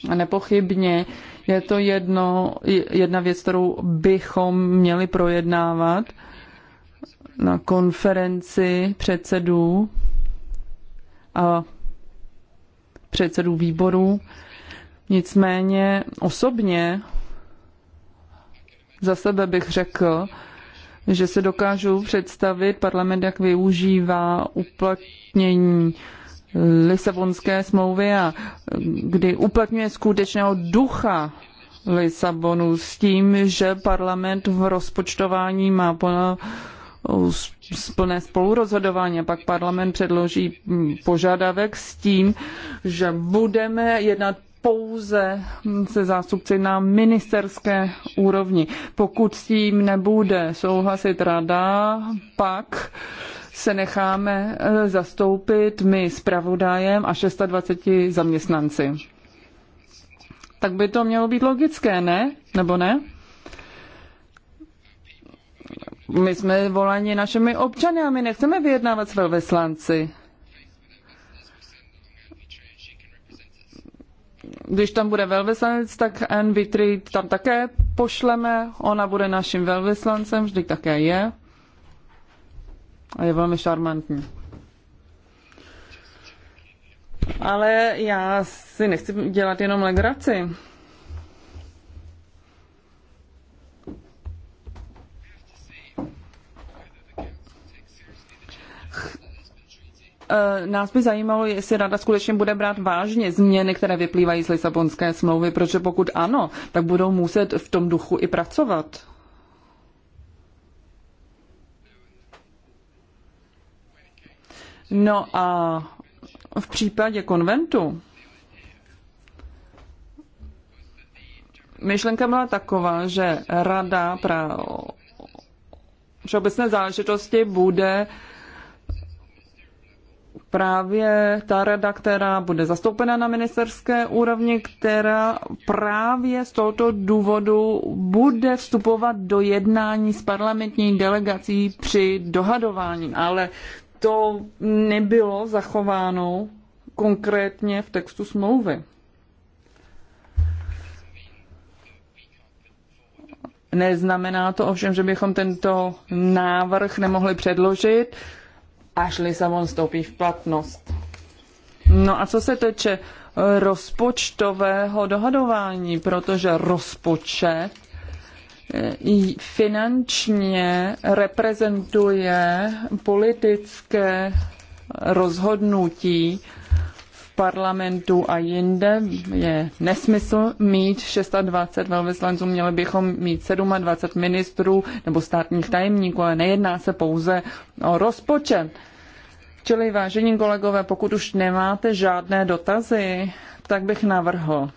A nepochybně je to jedno, jedna věc, kterou bychom měli projednávat na konferenci předsedů a předsedů výborů. Nicméně osobně za sebe bych řekl, že se dokážu představit parlament, jak využívá uplatnění Lisabonské smlouvy a kdy uplatňuje skutečného ducha Lisabonu s tím, že parlament v rozpočtování má plné spolurozhodování a pak parlament předloží požadavek s tím, že budeme jednat pouze se zástupci na ministerské úrovni. Pokud s tím nebude souhlasit rada, pak se necháme eh, zastoupit my s a 26 zaměstnanci. Tak by to mělo být logické, ne? Nebo ne? My jsme volani našimi občany a my nechceme vyjednávat s velvyslanci. když tam bude velvyslanec, tak Anne Vitry tam také pošleme. Ona bude naším velvyslancem, vždy také je. A je velmi šarmantní. Ale já si nechci dělat jenom legraci. Eh, nás by zajímalo, jestli rada skutečně bude brát vážně změny, které vyplývají z Lisabonské smlouvy, protože pokud ano, tak budou muset v tom duchu i pracovat. No a v případě konventu myšlenka byla taková, že rada pro všeobecné záležitosti bude uh, právě ta rada, která bude zastoupena na ministerské úrovni, která právě z tohoto důvodu bude vstupovat do jednání s parlamentní delegací při dohadování, ale to nebylo zachováno konkrétně v textu smlouvy. Neznamená to ovšem, že bychom tento návrh nemohli předložit až Lisabon vstoupí v platnost. No a co se týče eh, rozpočtového dohadování, protože rozpočet eh, finančně reprezentuje politické rozhodnutí parlamentu a jinde je nesmysl mít 26 velvyslanců, měli bychom mít 27 ministrů nebo státních tajemníků, ale nejedná se pouze o rozpočet. Čili vážení kolegové, pokud už nemáte žádné dotazy, tak bych navrhl,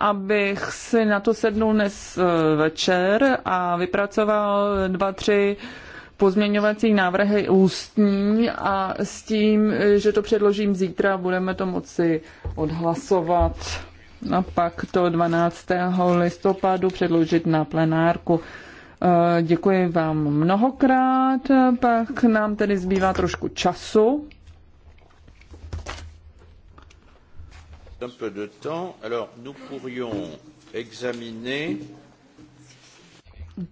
abych si na to sednul dnes eh, večer a vypracoval dva, tři pozměňovací návrhy ústní a s tím, že to předložím zítra, budeme to moci odhlasovat a pak to 12. listopadu předložit na plenárku. Eh, děkuji vám mnohokrát, pak nám tedy zbývá trošku času. un peu de temps. Alors, nous pourrions examiner...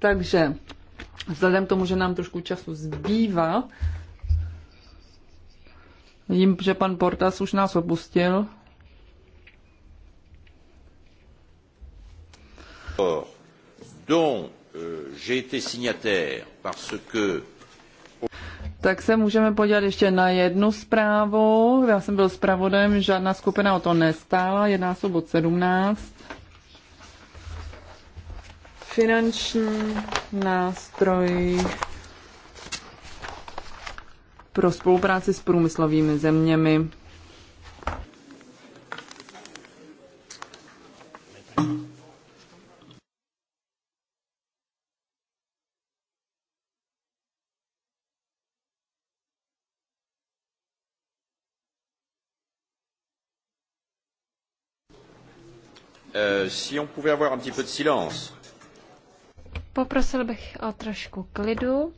Takže, vzhledem k tomu, že nám trošku času zbývá, vidím, že pan Portas už nás opustil. Dont euh, j'ai été signataire parce que tak se můžeme podívat ještě na jednu zprávu. Já jsem byl zpravodem, žádná skupina o to nestála, jedná se bod 17. Finanční nástroj pro spolupráci s průmyslovými zeměmi. Thank you. Euh, si on pouvait avoir un petit peu de silence. Poprosil bych o trošku klidu.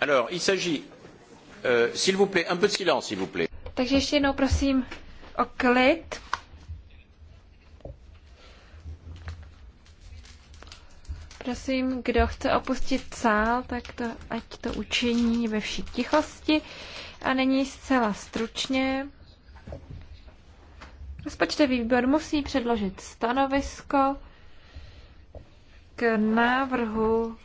Alors, il s'agit, euh, s'il vous plaît, un peu de silence, s'il vous plaît. Takže ještě jednou prosím o klid. Prosím, kdo chce opustit sál, tak to, ať to učiní ve vší tichosti. A není zcela stručně. Rozpočtový výbor musí předložit stanovisko k návrhu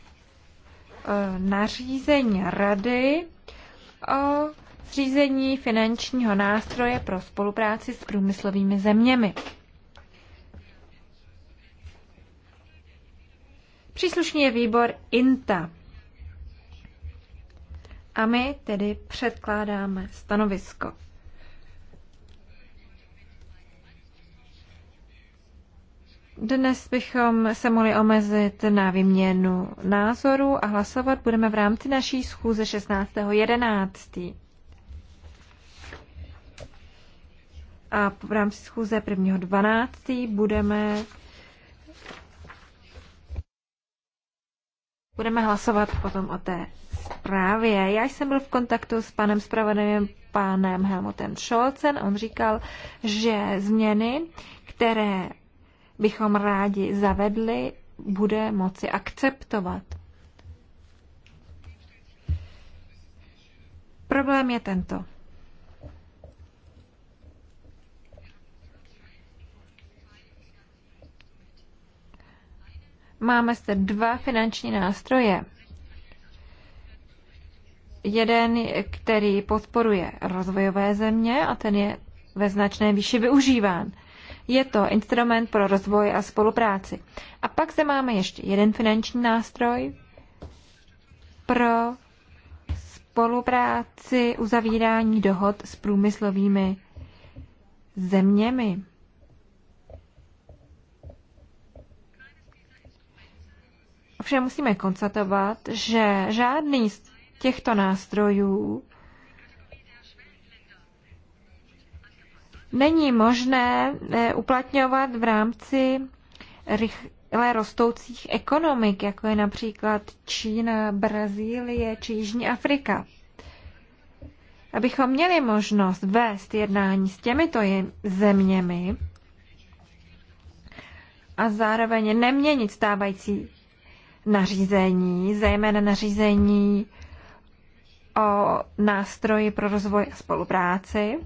e, nařízení rady o zřízení finančního nástroje pro spolupráci s průmyslovými zeměmi. Příslušný je výbor INTA. A my tedy předkládáme stanovisko. Dnes bychom se mohli omezit na výměnu názorů a hlasovat budeme v rámci naší schůze 16.11. a v rámci schůze 1.12. budeme budeme hlasovat potom o té zprávě. Já jsem byl v kontaktu s panem zpravodajem panem Helmutem Scholzen. On říkal, že změny, které bychom rádi zavedli, bude moci akceptovat. Problém je tento. Máme zde dva finanční nástroje. Jeden, který podporuje rozvojové země a ten je ve značné výši využíván. Je to instrument pro rozvoj a spolupráci. A pak zde máme ještě jeden finanční nástroj pro spolupráci uzavírání dohod s průmyslovými zeměmi. Ovšem musíme konstatovat, že žádný z těchto nástrojů není možné eh, uplatňovat v rámci rychle rostoucích ekonomik, jako je například Čína, Brazílie či Jižní Afrika. Abychom měli možnost vést jednání s těmito zeměmi a zároveň neměnit stávající nařízení, zejména nařízení o nástroji pro rozvoj a spolupráci.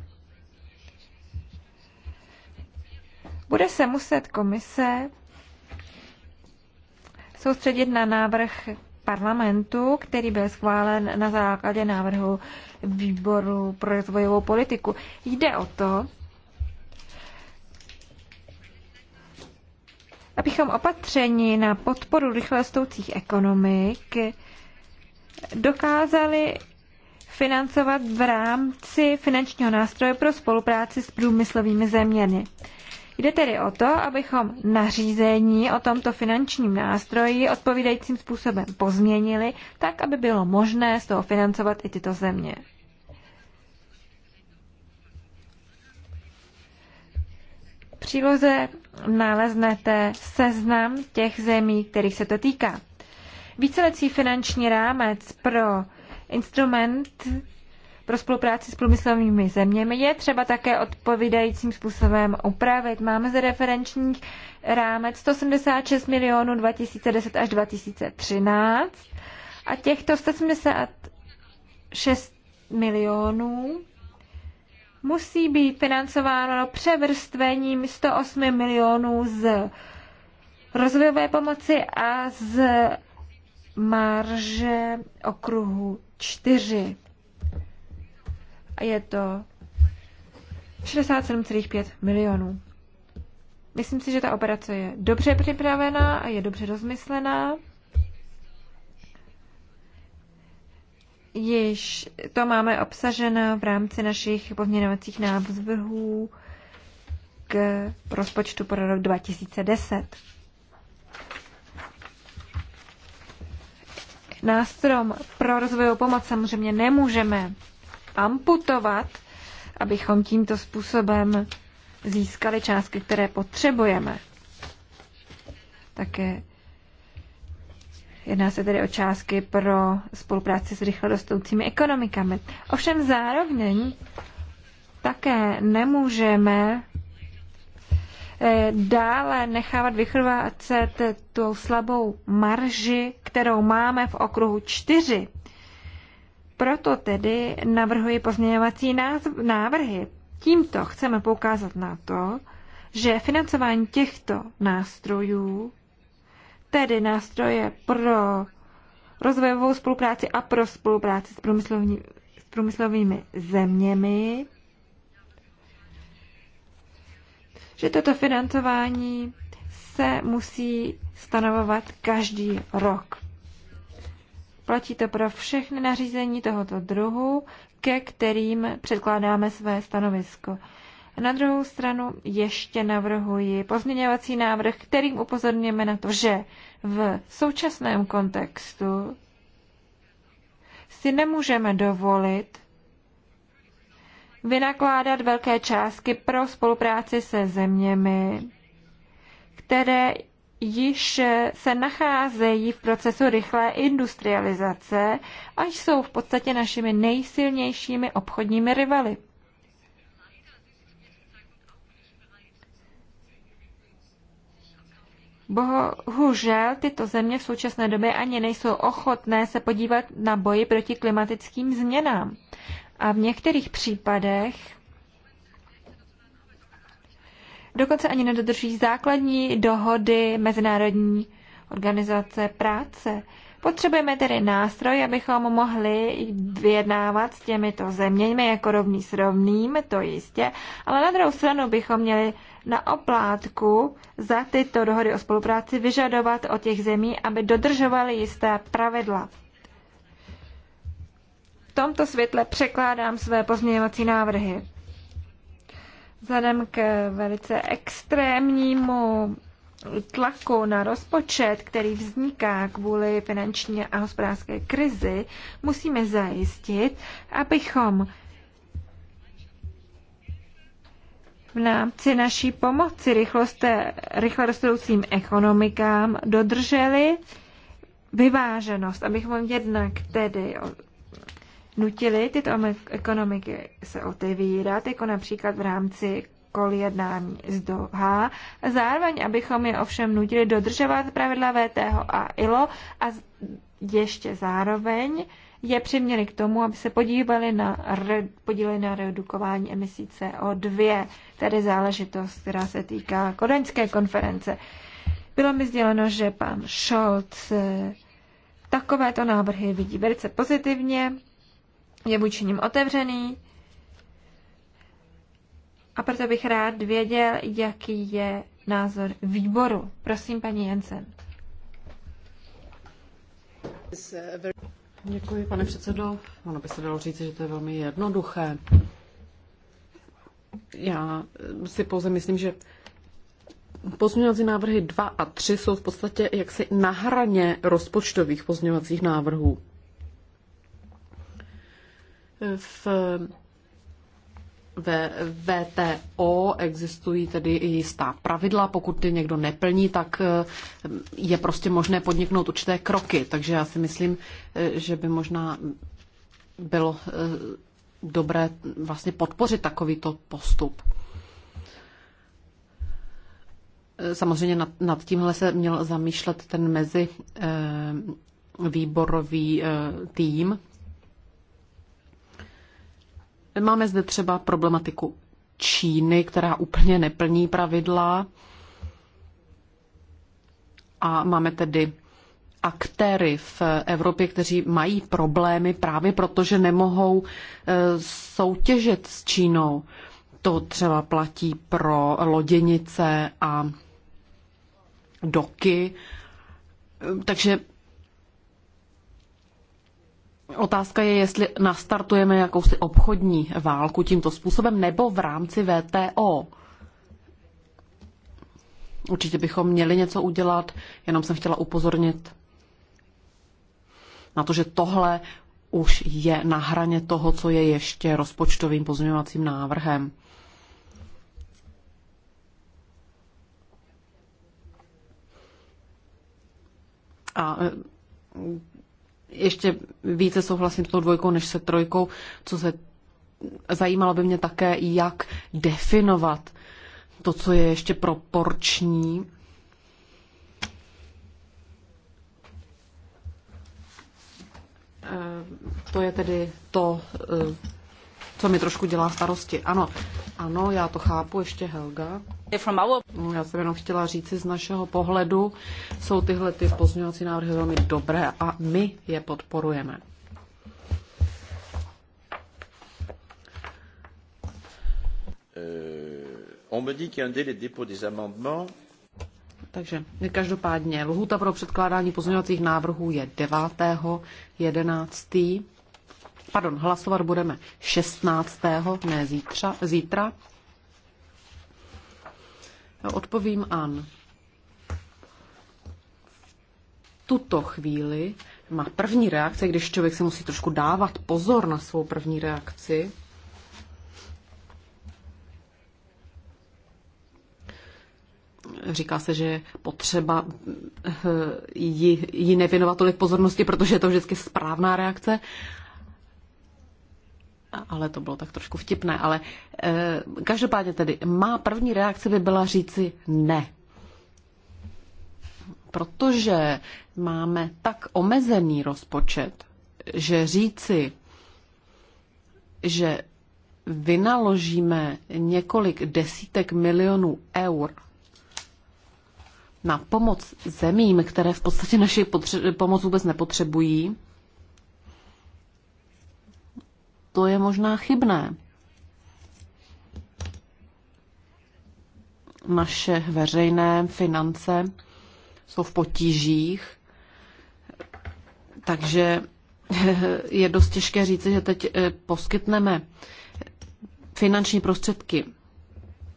Bude se muset komise soustředit na návrh parlamentu, který byl schválen na základě návrhu výboru pro rozvojovou politiku. Jde o to, abychom opatření na podporu rychle stoucích ekonomik dokázali financovat v rámci finančního nástroje pro spolupráci s průmyslovými zeměmi. Jde tedy o to, abychom nařízení o tomto finančním nástroji odpovídajícím způsobem pozměnili, tak aby bylo možné z toho financovat i tyto země. příloze naleznete seznam těch zemí, kterých se to týká. Vícelecí finanční rámec pro instrument pro spolupráci s průmyslovými zeměmi je třeba také odpovídajícím způsobem upravit. Máme zde referenční rámec 176 milionů 2010 až 2013 a těchto 176 milionů musí být financováno převrstvením 108 milionů z rozvojové pomoci a z marže okruhu 4. Je to 67,5 milionů. Myslím si, že ta operace je dobře připravená a je dobře rozmyslená. Již to máme obsaženo v rámci našich pozměňovacích návrhů k rozpočtu pro rok 2010. Nástrom pro rozvojovou pomoc samozřejmě nemůžeme amputovat, abychom tímto způsobem získali částky, které potřebujeme. Také Jedná se tedy o částky pro spolupráci s rychle rostoucími ekonomikami. Ovšem zároveň také nemůžeme eh, dále nechávat vychrvácet tu slabou marži, kterou máme v okruhu 4. Proto tedy navrhuji pozměňovací návrhy. Tímto chceme poukázat na to, že financování těchto nástrojů tedy nástroje pro rozvojovou spolupráci a pro spolupráci s, průmyslovní, s průmyslovými zeměmi, že toto financování se musí stanovovat každý rok. Platí to pro všechny nařízení tohoto druhu, ke kterým předkládáme své stanovisko. Na druhou stranu ještě navrhuji pozměňovací návrh, kterým upozorněme na to, že v současném kontextu si nemůžeme dovolit vynakládat velké částky pro spolupráci se zeměmi, které již se nacházejí v procesu rychlé industrializace a jsou v podstatě našimi nejsilnějšími obchodními rivaly. Bohužel tyto země v současné době ani nejsou ochotné se podívat na boji proti klimatickým změnám. A v některých případech dokonce ani nedodrží základní dohody Mezinárodní organizace práce. Potřebujeme tedy nástroj, abychom mohli vyjednávat s těmito zeměmi jako rovný s rovným, to jistě, ale na druhou stranu bychom měli na oplátku za tyto dohody o spolupráci vyžadovat od těch zemí, aby dodržovaly jisté pravidla. V tomto světle překládám své pozměňovací návrhy. Vzhledem k velice extrémnímu tlaku na rozpočet, který vzniká kvůli finanční a hospodářské krizi, musíme zajistit, abychom v rámci naší pomoci rychloste, rychle rostoucím ekonomikám dodrželi vyváženost, abychom jednak tedy nutili tyto ekonomiky se otevírat, jako například v rámci kol jednání z Doha, zároveň abychom je ovšem nutili dodržovat pravidla VTH a ILO a ještě zároveň je přiměli k tomu, aby se podívali na, podíleli na redukování emisí CO2, tedy záležitost, která se týká kodaňské konference. Bylo mi sděleno, že pan Scholz eh, takovéto návrhy vidí velice pozitivně, je vůči ním otevřený a proto bych rád věděl, jaký je názor výboru. Prosím, paní Jensen. Děkuji, pane předsedo. Ono by se dalo říct, že to je velmi jednoduché. Já si pouze myslím, že pozměňovací návrhy 2 a 3 jsou v podstatě jaksi na hraně rozpočtových pozměňovacích návrhů. V ve VTO existují tedy i jistá pravidla, pokud ty někdo neplní, tak eh, je prostě možné podniknout určité kroky. Takže já si myslím, eh, že by možná bylo eh, dobré vlastně podpořit takovýto postup. Samozřejmě nad, nad tímhle se měl zamýšlet ten mezi výborový tým, Máme zde třeba problematiku Číny, která úplně neplní pravidla. A máme tedy aktéry v Evropě, kteří mají problémy právě proto, že nemohou e, soutěžit s Čínou. To třeba platí pro loděnice a doky. E, takže Otázka je, jestli nastartujeme jakousi obchodní válku tímto způsobem nebo v rámci VTO. Určitě bychom měli něco udělat, jenom jsem chtěla upozornit na to, že tohle už je na hraně toho, co je ještě rozpočtovým pozměňovacím návrhem. A ještě více souhlasím s tou dvojkou než se trojkou, co se zajímalo by mě také, jak definovat to, co je ještě proporční. Eh, to je tedy to eh, co mi trošku dělá starosti. Ano, ano, já to chápu, ještě Helga. No, já jsem jenom chtěla říci, z našeho pohledu jsou tyhle ty pozměňovací návrhy velmi dobré a my je podporujeme. Euh, on me des Takže každopádně lhůta pro předkládání pozměňovacích návrhů je 9. 11 pardon, hlasovat budeme 16. ne zítra. zítra. Odpovím An. tuto chvíli má první reakce, když člověk si musí trošku dávat pozor na svou první reakci, říká se, že je potřeba eh, ji, ji nevěnovat tolik pozornosti, protože je to vždycky správná reakce, ale to bylo tak trošku vtipné, ale e, každopádně tedy má první reakce by byla říci ne. Protože máme tak omezený rozpočet, že říci, že vynaložíme několik desítek milionů eur na pomoc zemím, které v podstatě naši pomoc vůbec nepotřebují, to je možná chybné. Naše veřejné finance jsou v potížích, takže je dost těžké říci, že teď eh, poskytneme finanční prostředky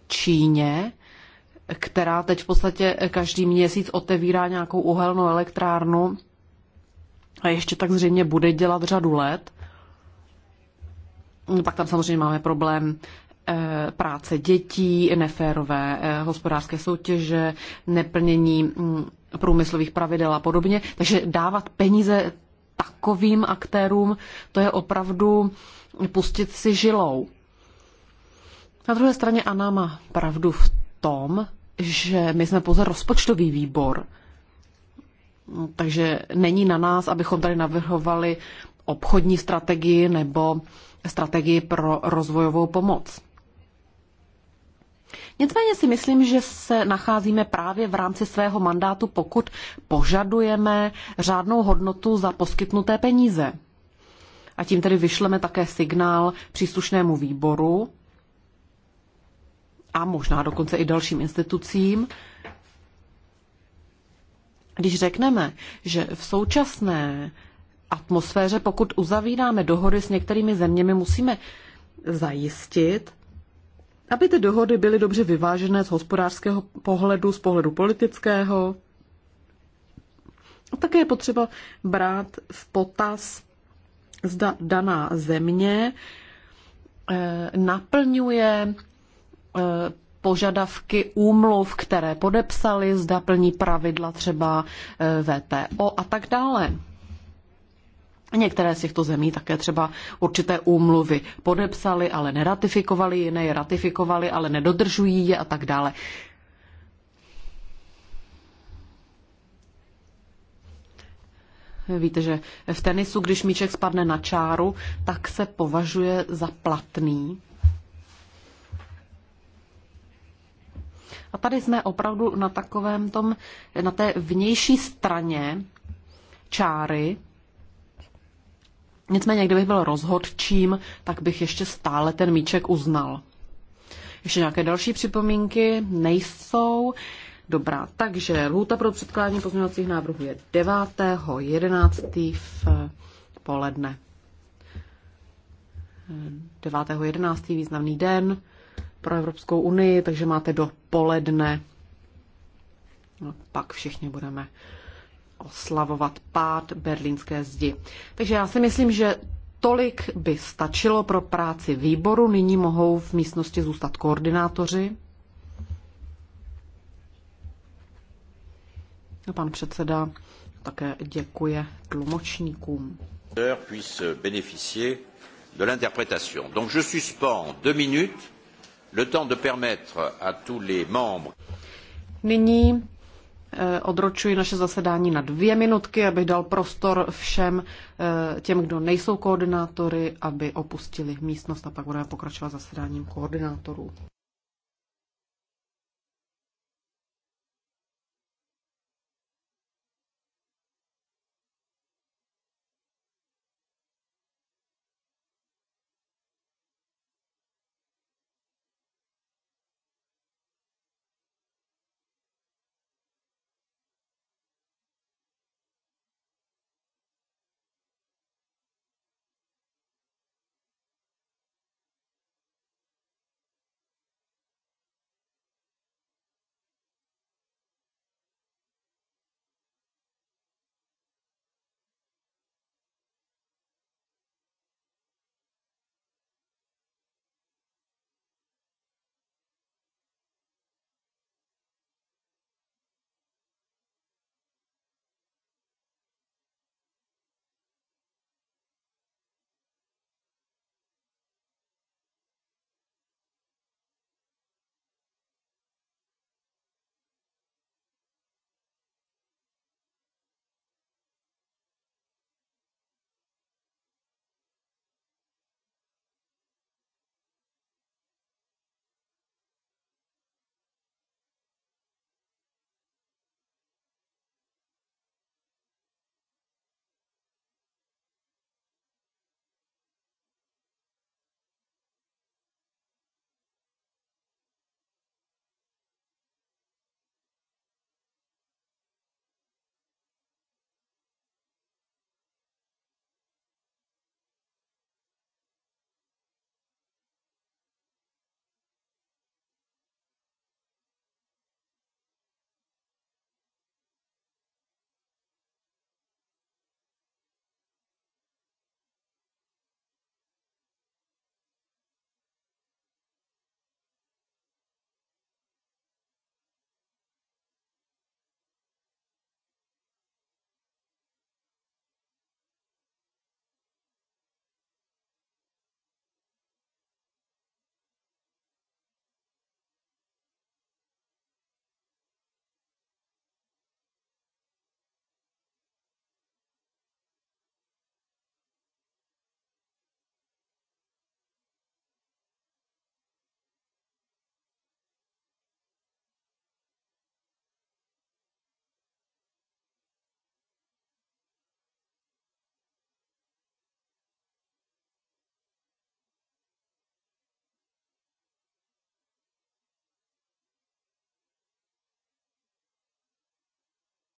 Číně, která teď v podstatě eh, každý měsíc otevírá nějakou uhelnou elektrárnu a ještě tak zřejmě bude dělat řadu let. Mm, pak tam samozřejmě máme problém eh, práce dětí, neférové eh, hospodářské soutěže, neplnění mm, průmyslových pravidel a podobně. Takže dávat peníze takovým aktérům, to je opravdu pustit si žilou. Na druhé straně Anna má pravdu v tom, že my jsme pouze rozpočtový výbor. Takže není na nás, abychom tady navrhovali obchodní strategii nebo strategii pro rozvojovou pomoc. Nicméně si myslím, že se nacházíme právě v rámci svého mandátu, pokud požadujeme řádnou hodnotu za poskytnuté peníze. A tím tedy vyšleme také signál příslušnému výboru a možná dokonce i dalším institucím, když řekneme, že v současné atmosféře, pokud uzavíráme dohody s některými zeměmi, musíme zajistit, aby ty dohody byly dobře vyvážené z hospodářského pohledu, z pohledu politického. A také je potřeba brát v potaz, zda daná země eh, naplňuje eh, požadavky úmluv, které podepsali, zda plní pravidla třeba eh, VTO a tak dále. Některé z těchto zemí také třeba určité úmluvy podepsali, ale neratifikovali, jiné je ratifikovali, ale nedodržují je a tak dále. Víte, že v tenisu, když míček spadne na čáru, tak se považuje za platný. A tady jsme opravdu na takovém tom, na té vnější straně čáry, Nicméně, kdybych byl rozhodčím, tak bych ještě stále ten míček uznal. Ještě nějaké další připomínky nejsou. Dobrá, takže lhůta pro předkládání pozměňovacích návrhů je 9.11. v eh, poledne. 9.11. Eh, významný den pro Evropskou unii, takže máte do poledne. No, pak všichni budeme oslavovat pád berlínské zdi. Takže já si myslím, že tolik by stačilo pro práci výboru. Nyní mohou v místnosti zůstat koordinátoři. A pan předseda také děkuje tlumočníkům. puisse bénéficier de l'interprétation. Donc je suspends deux minutes, le temps de permettre à tous les membres. Nyní Eh, odročuji naše zasedání na dvě minutky, abych dal prostor všem eh, těm, kdo nejsou koordinátory, aby opustili místnost a pak budeme pokračovat zasedáním koordinátorů.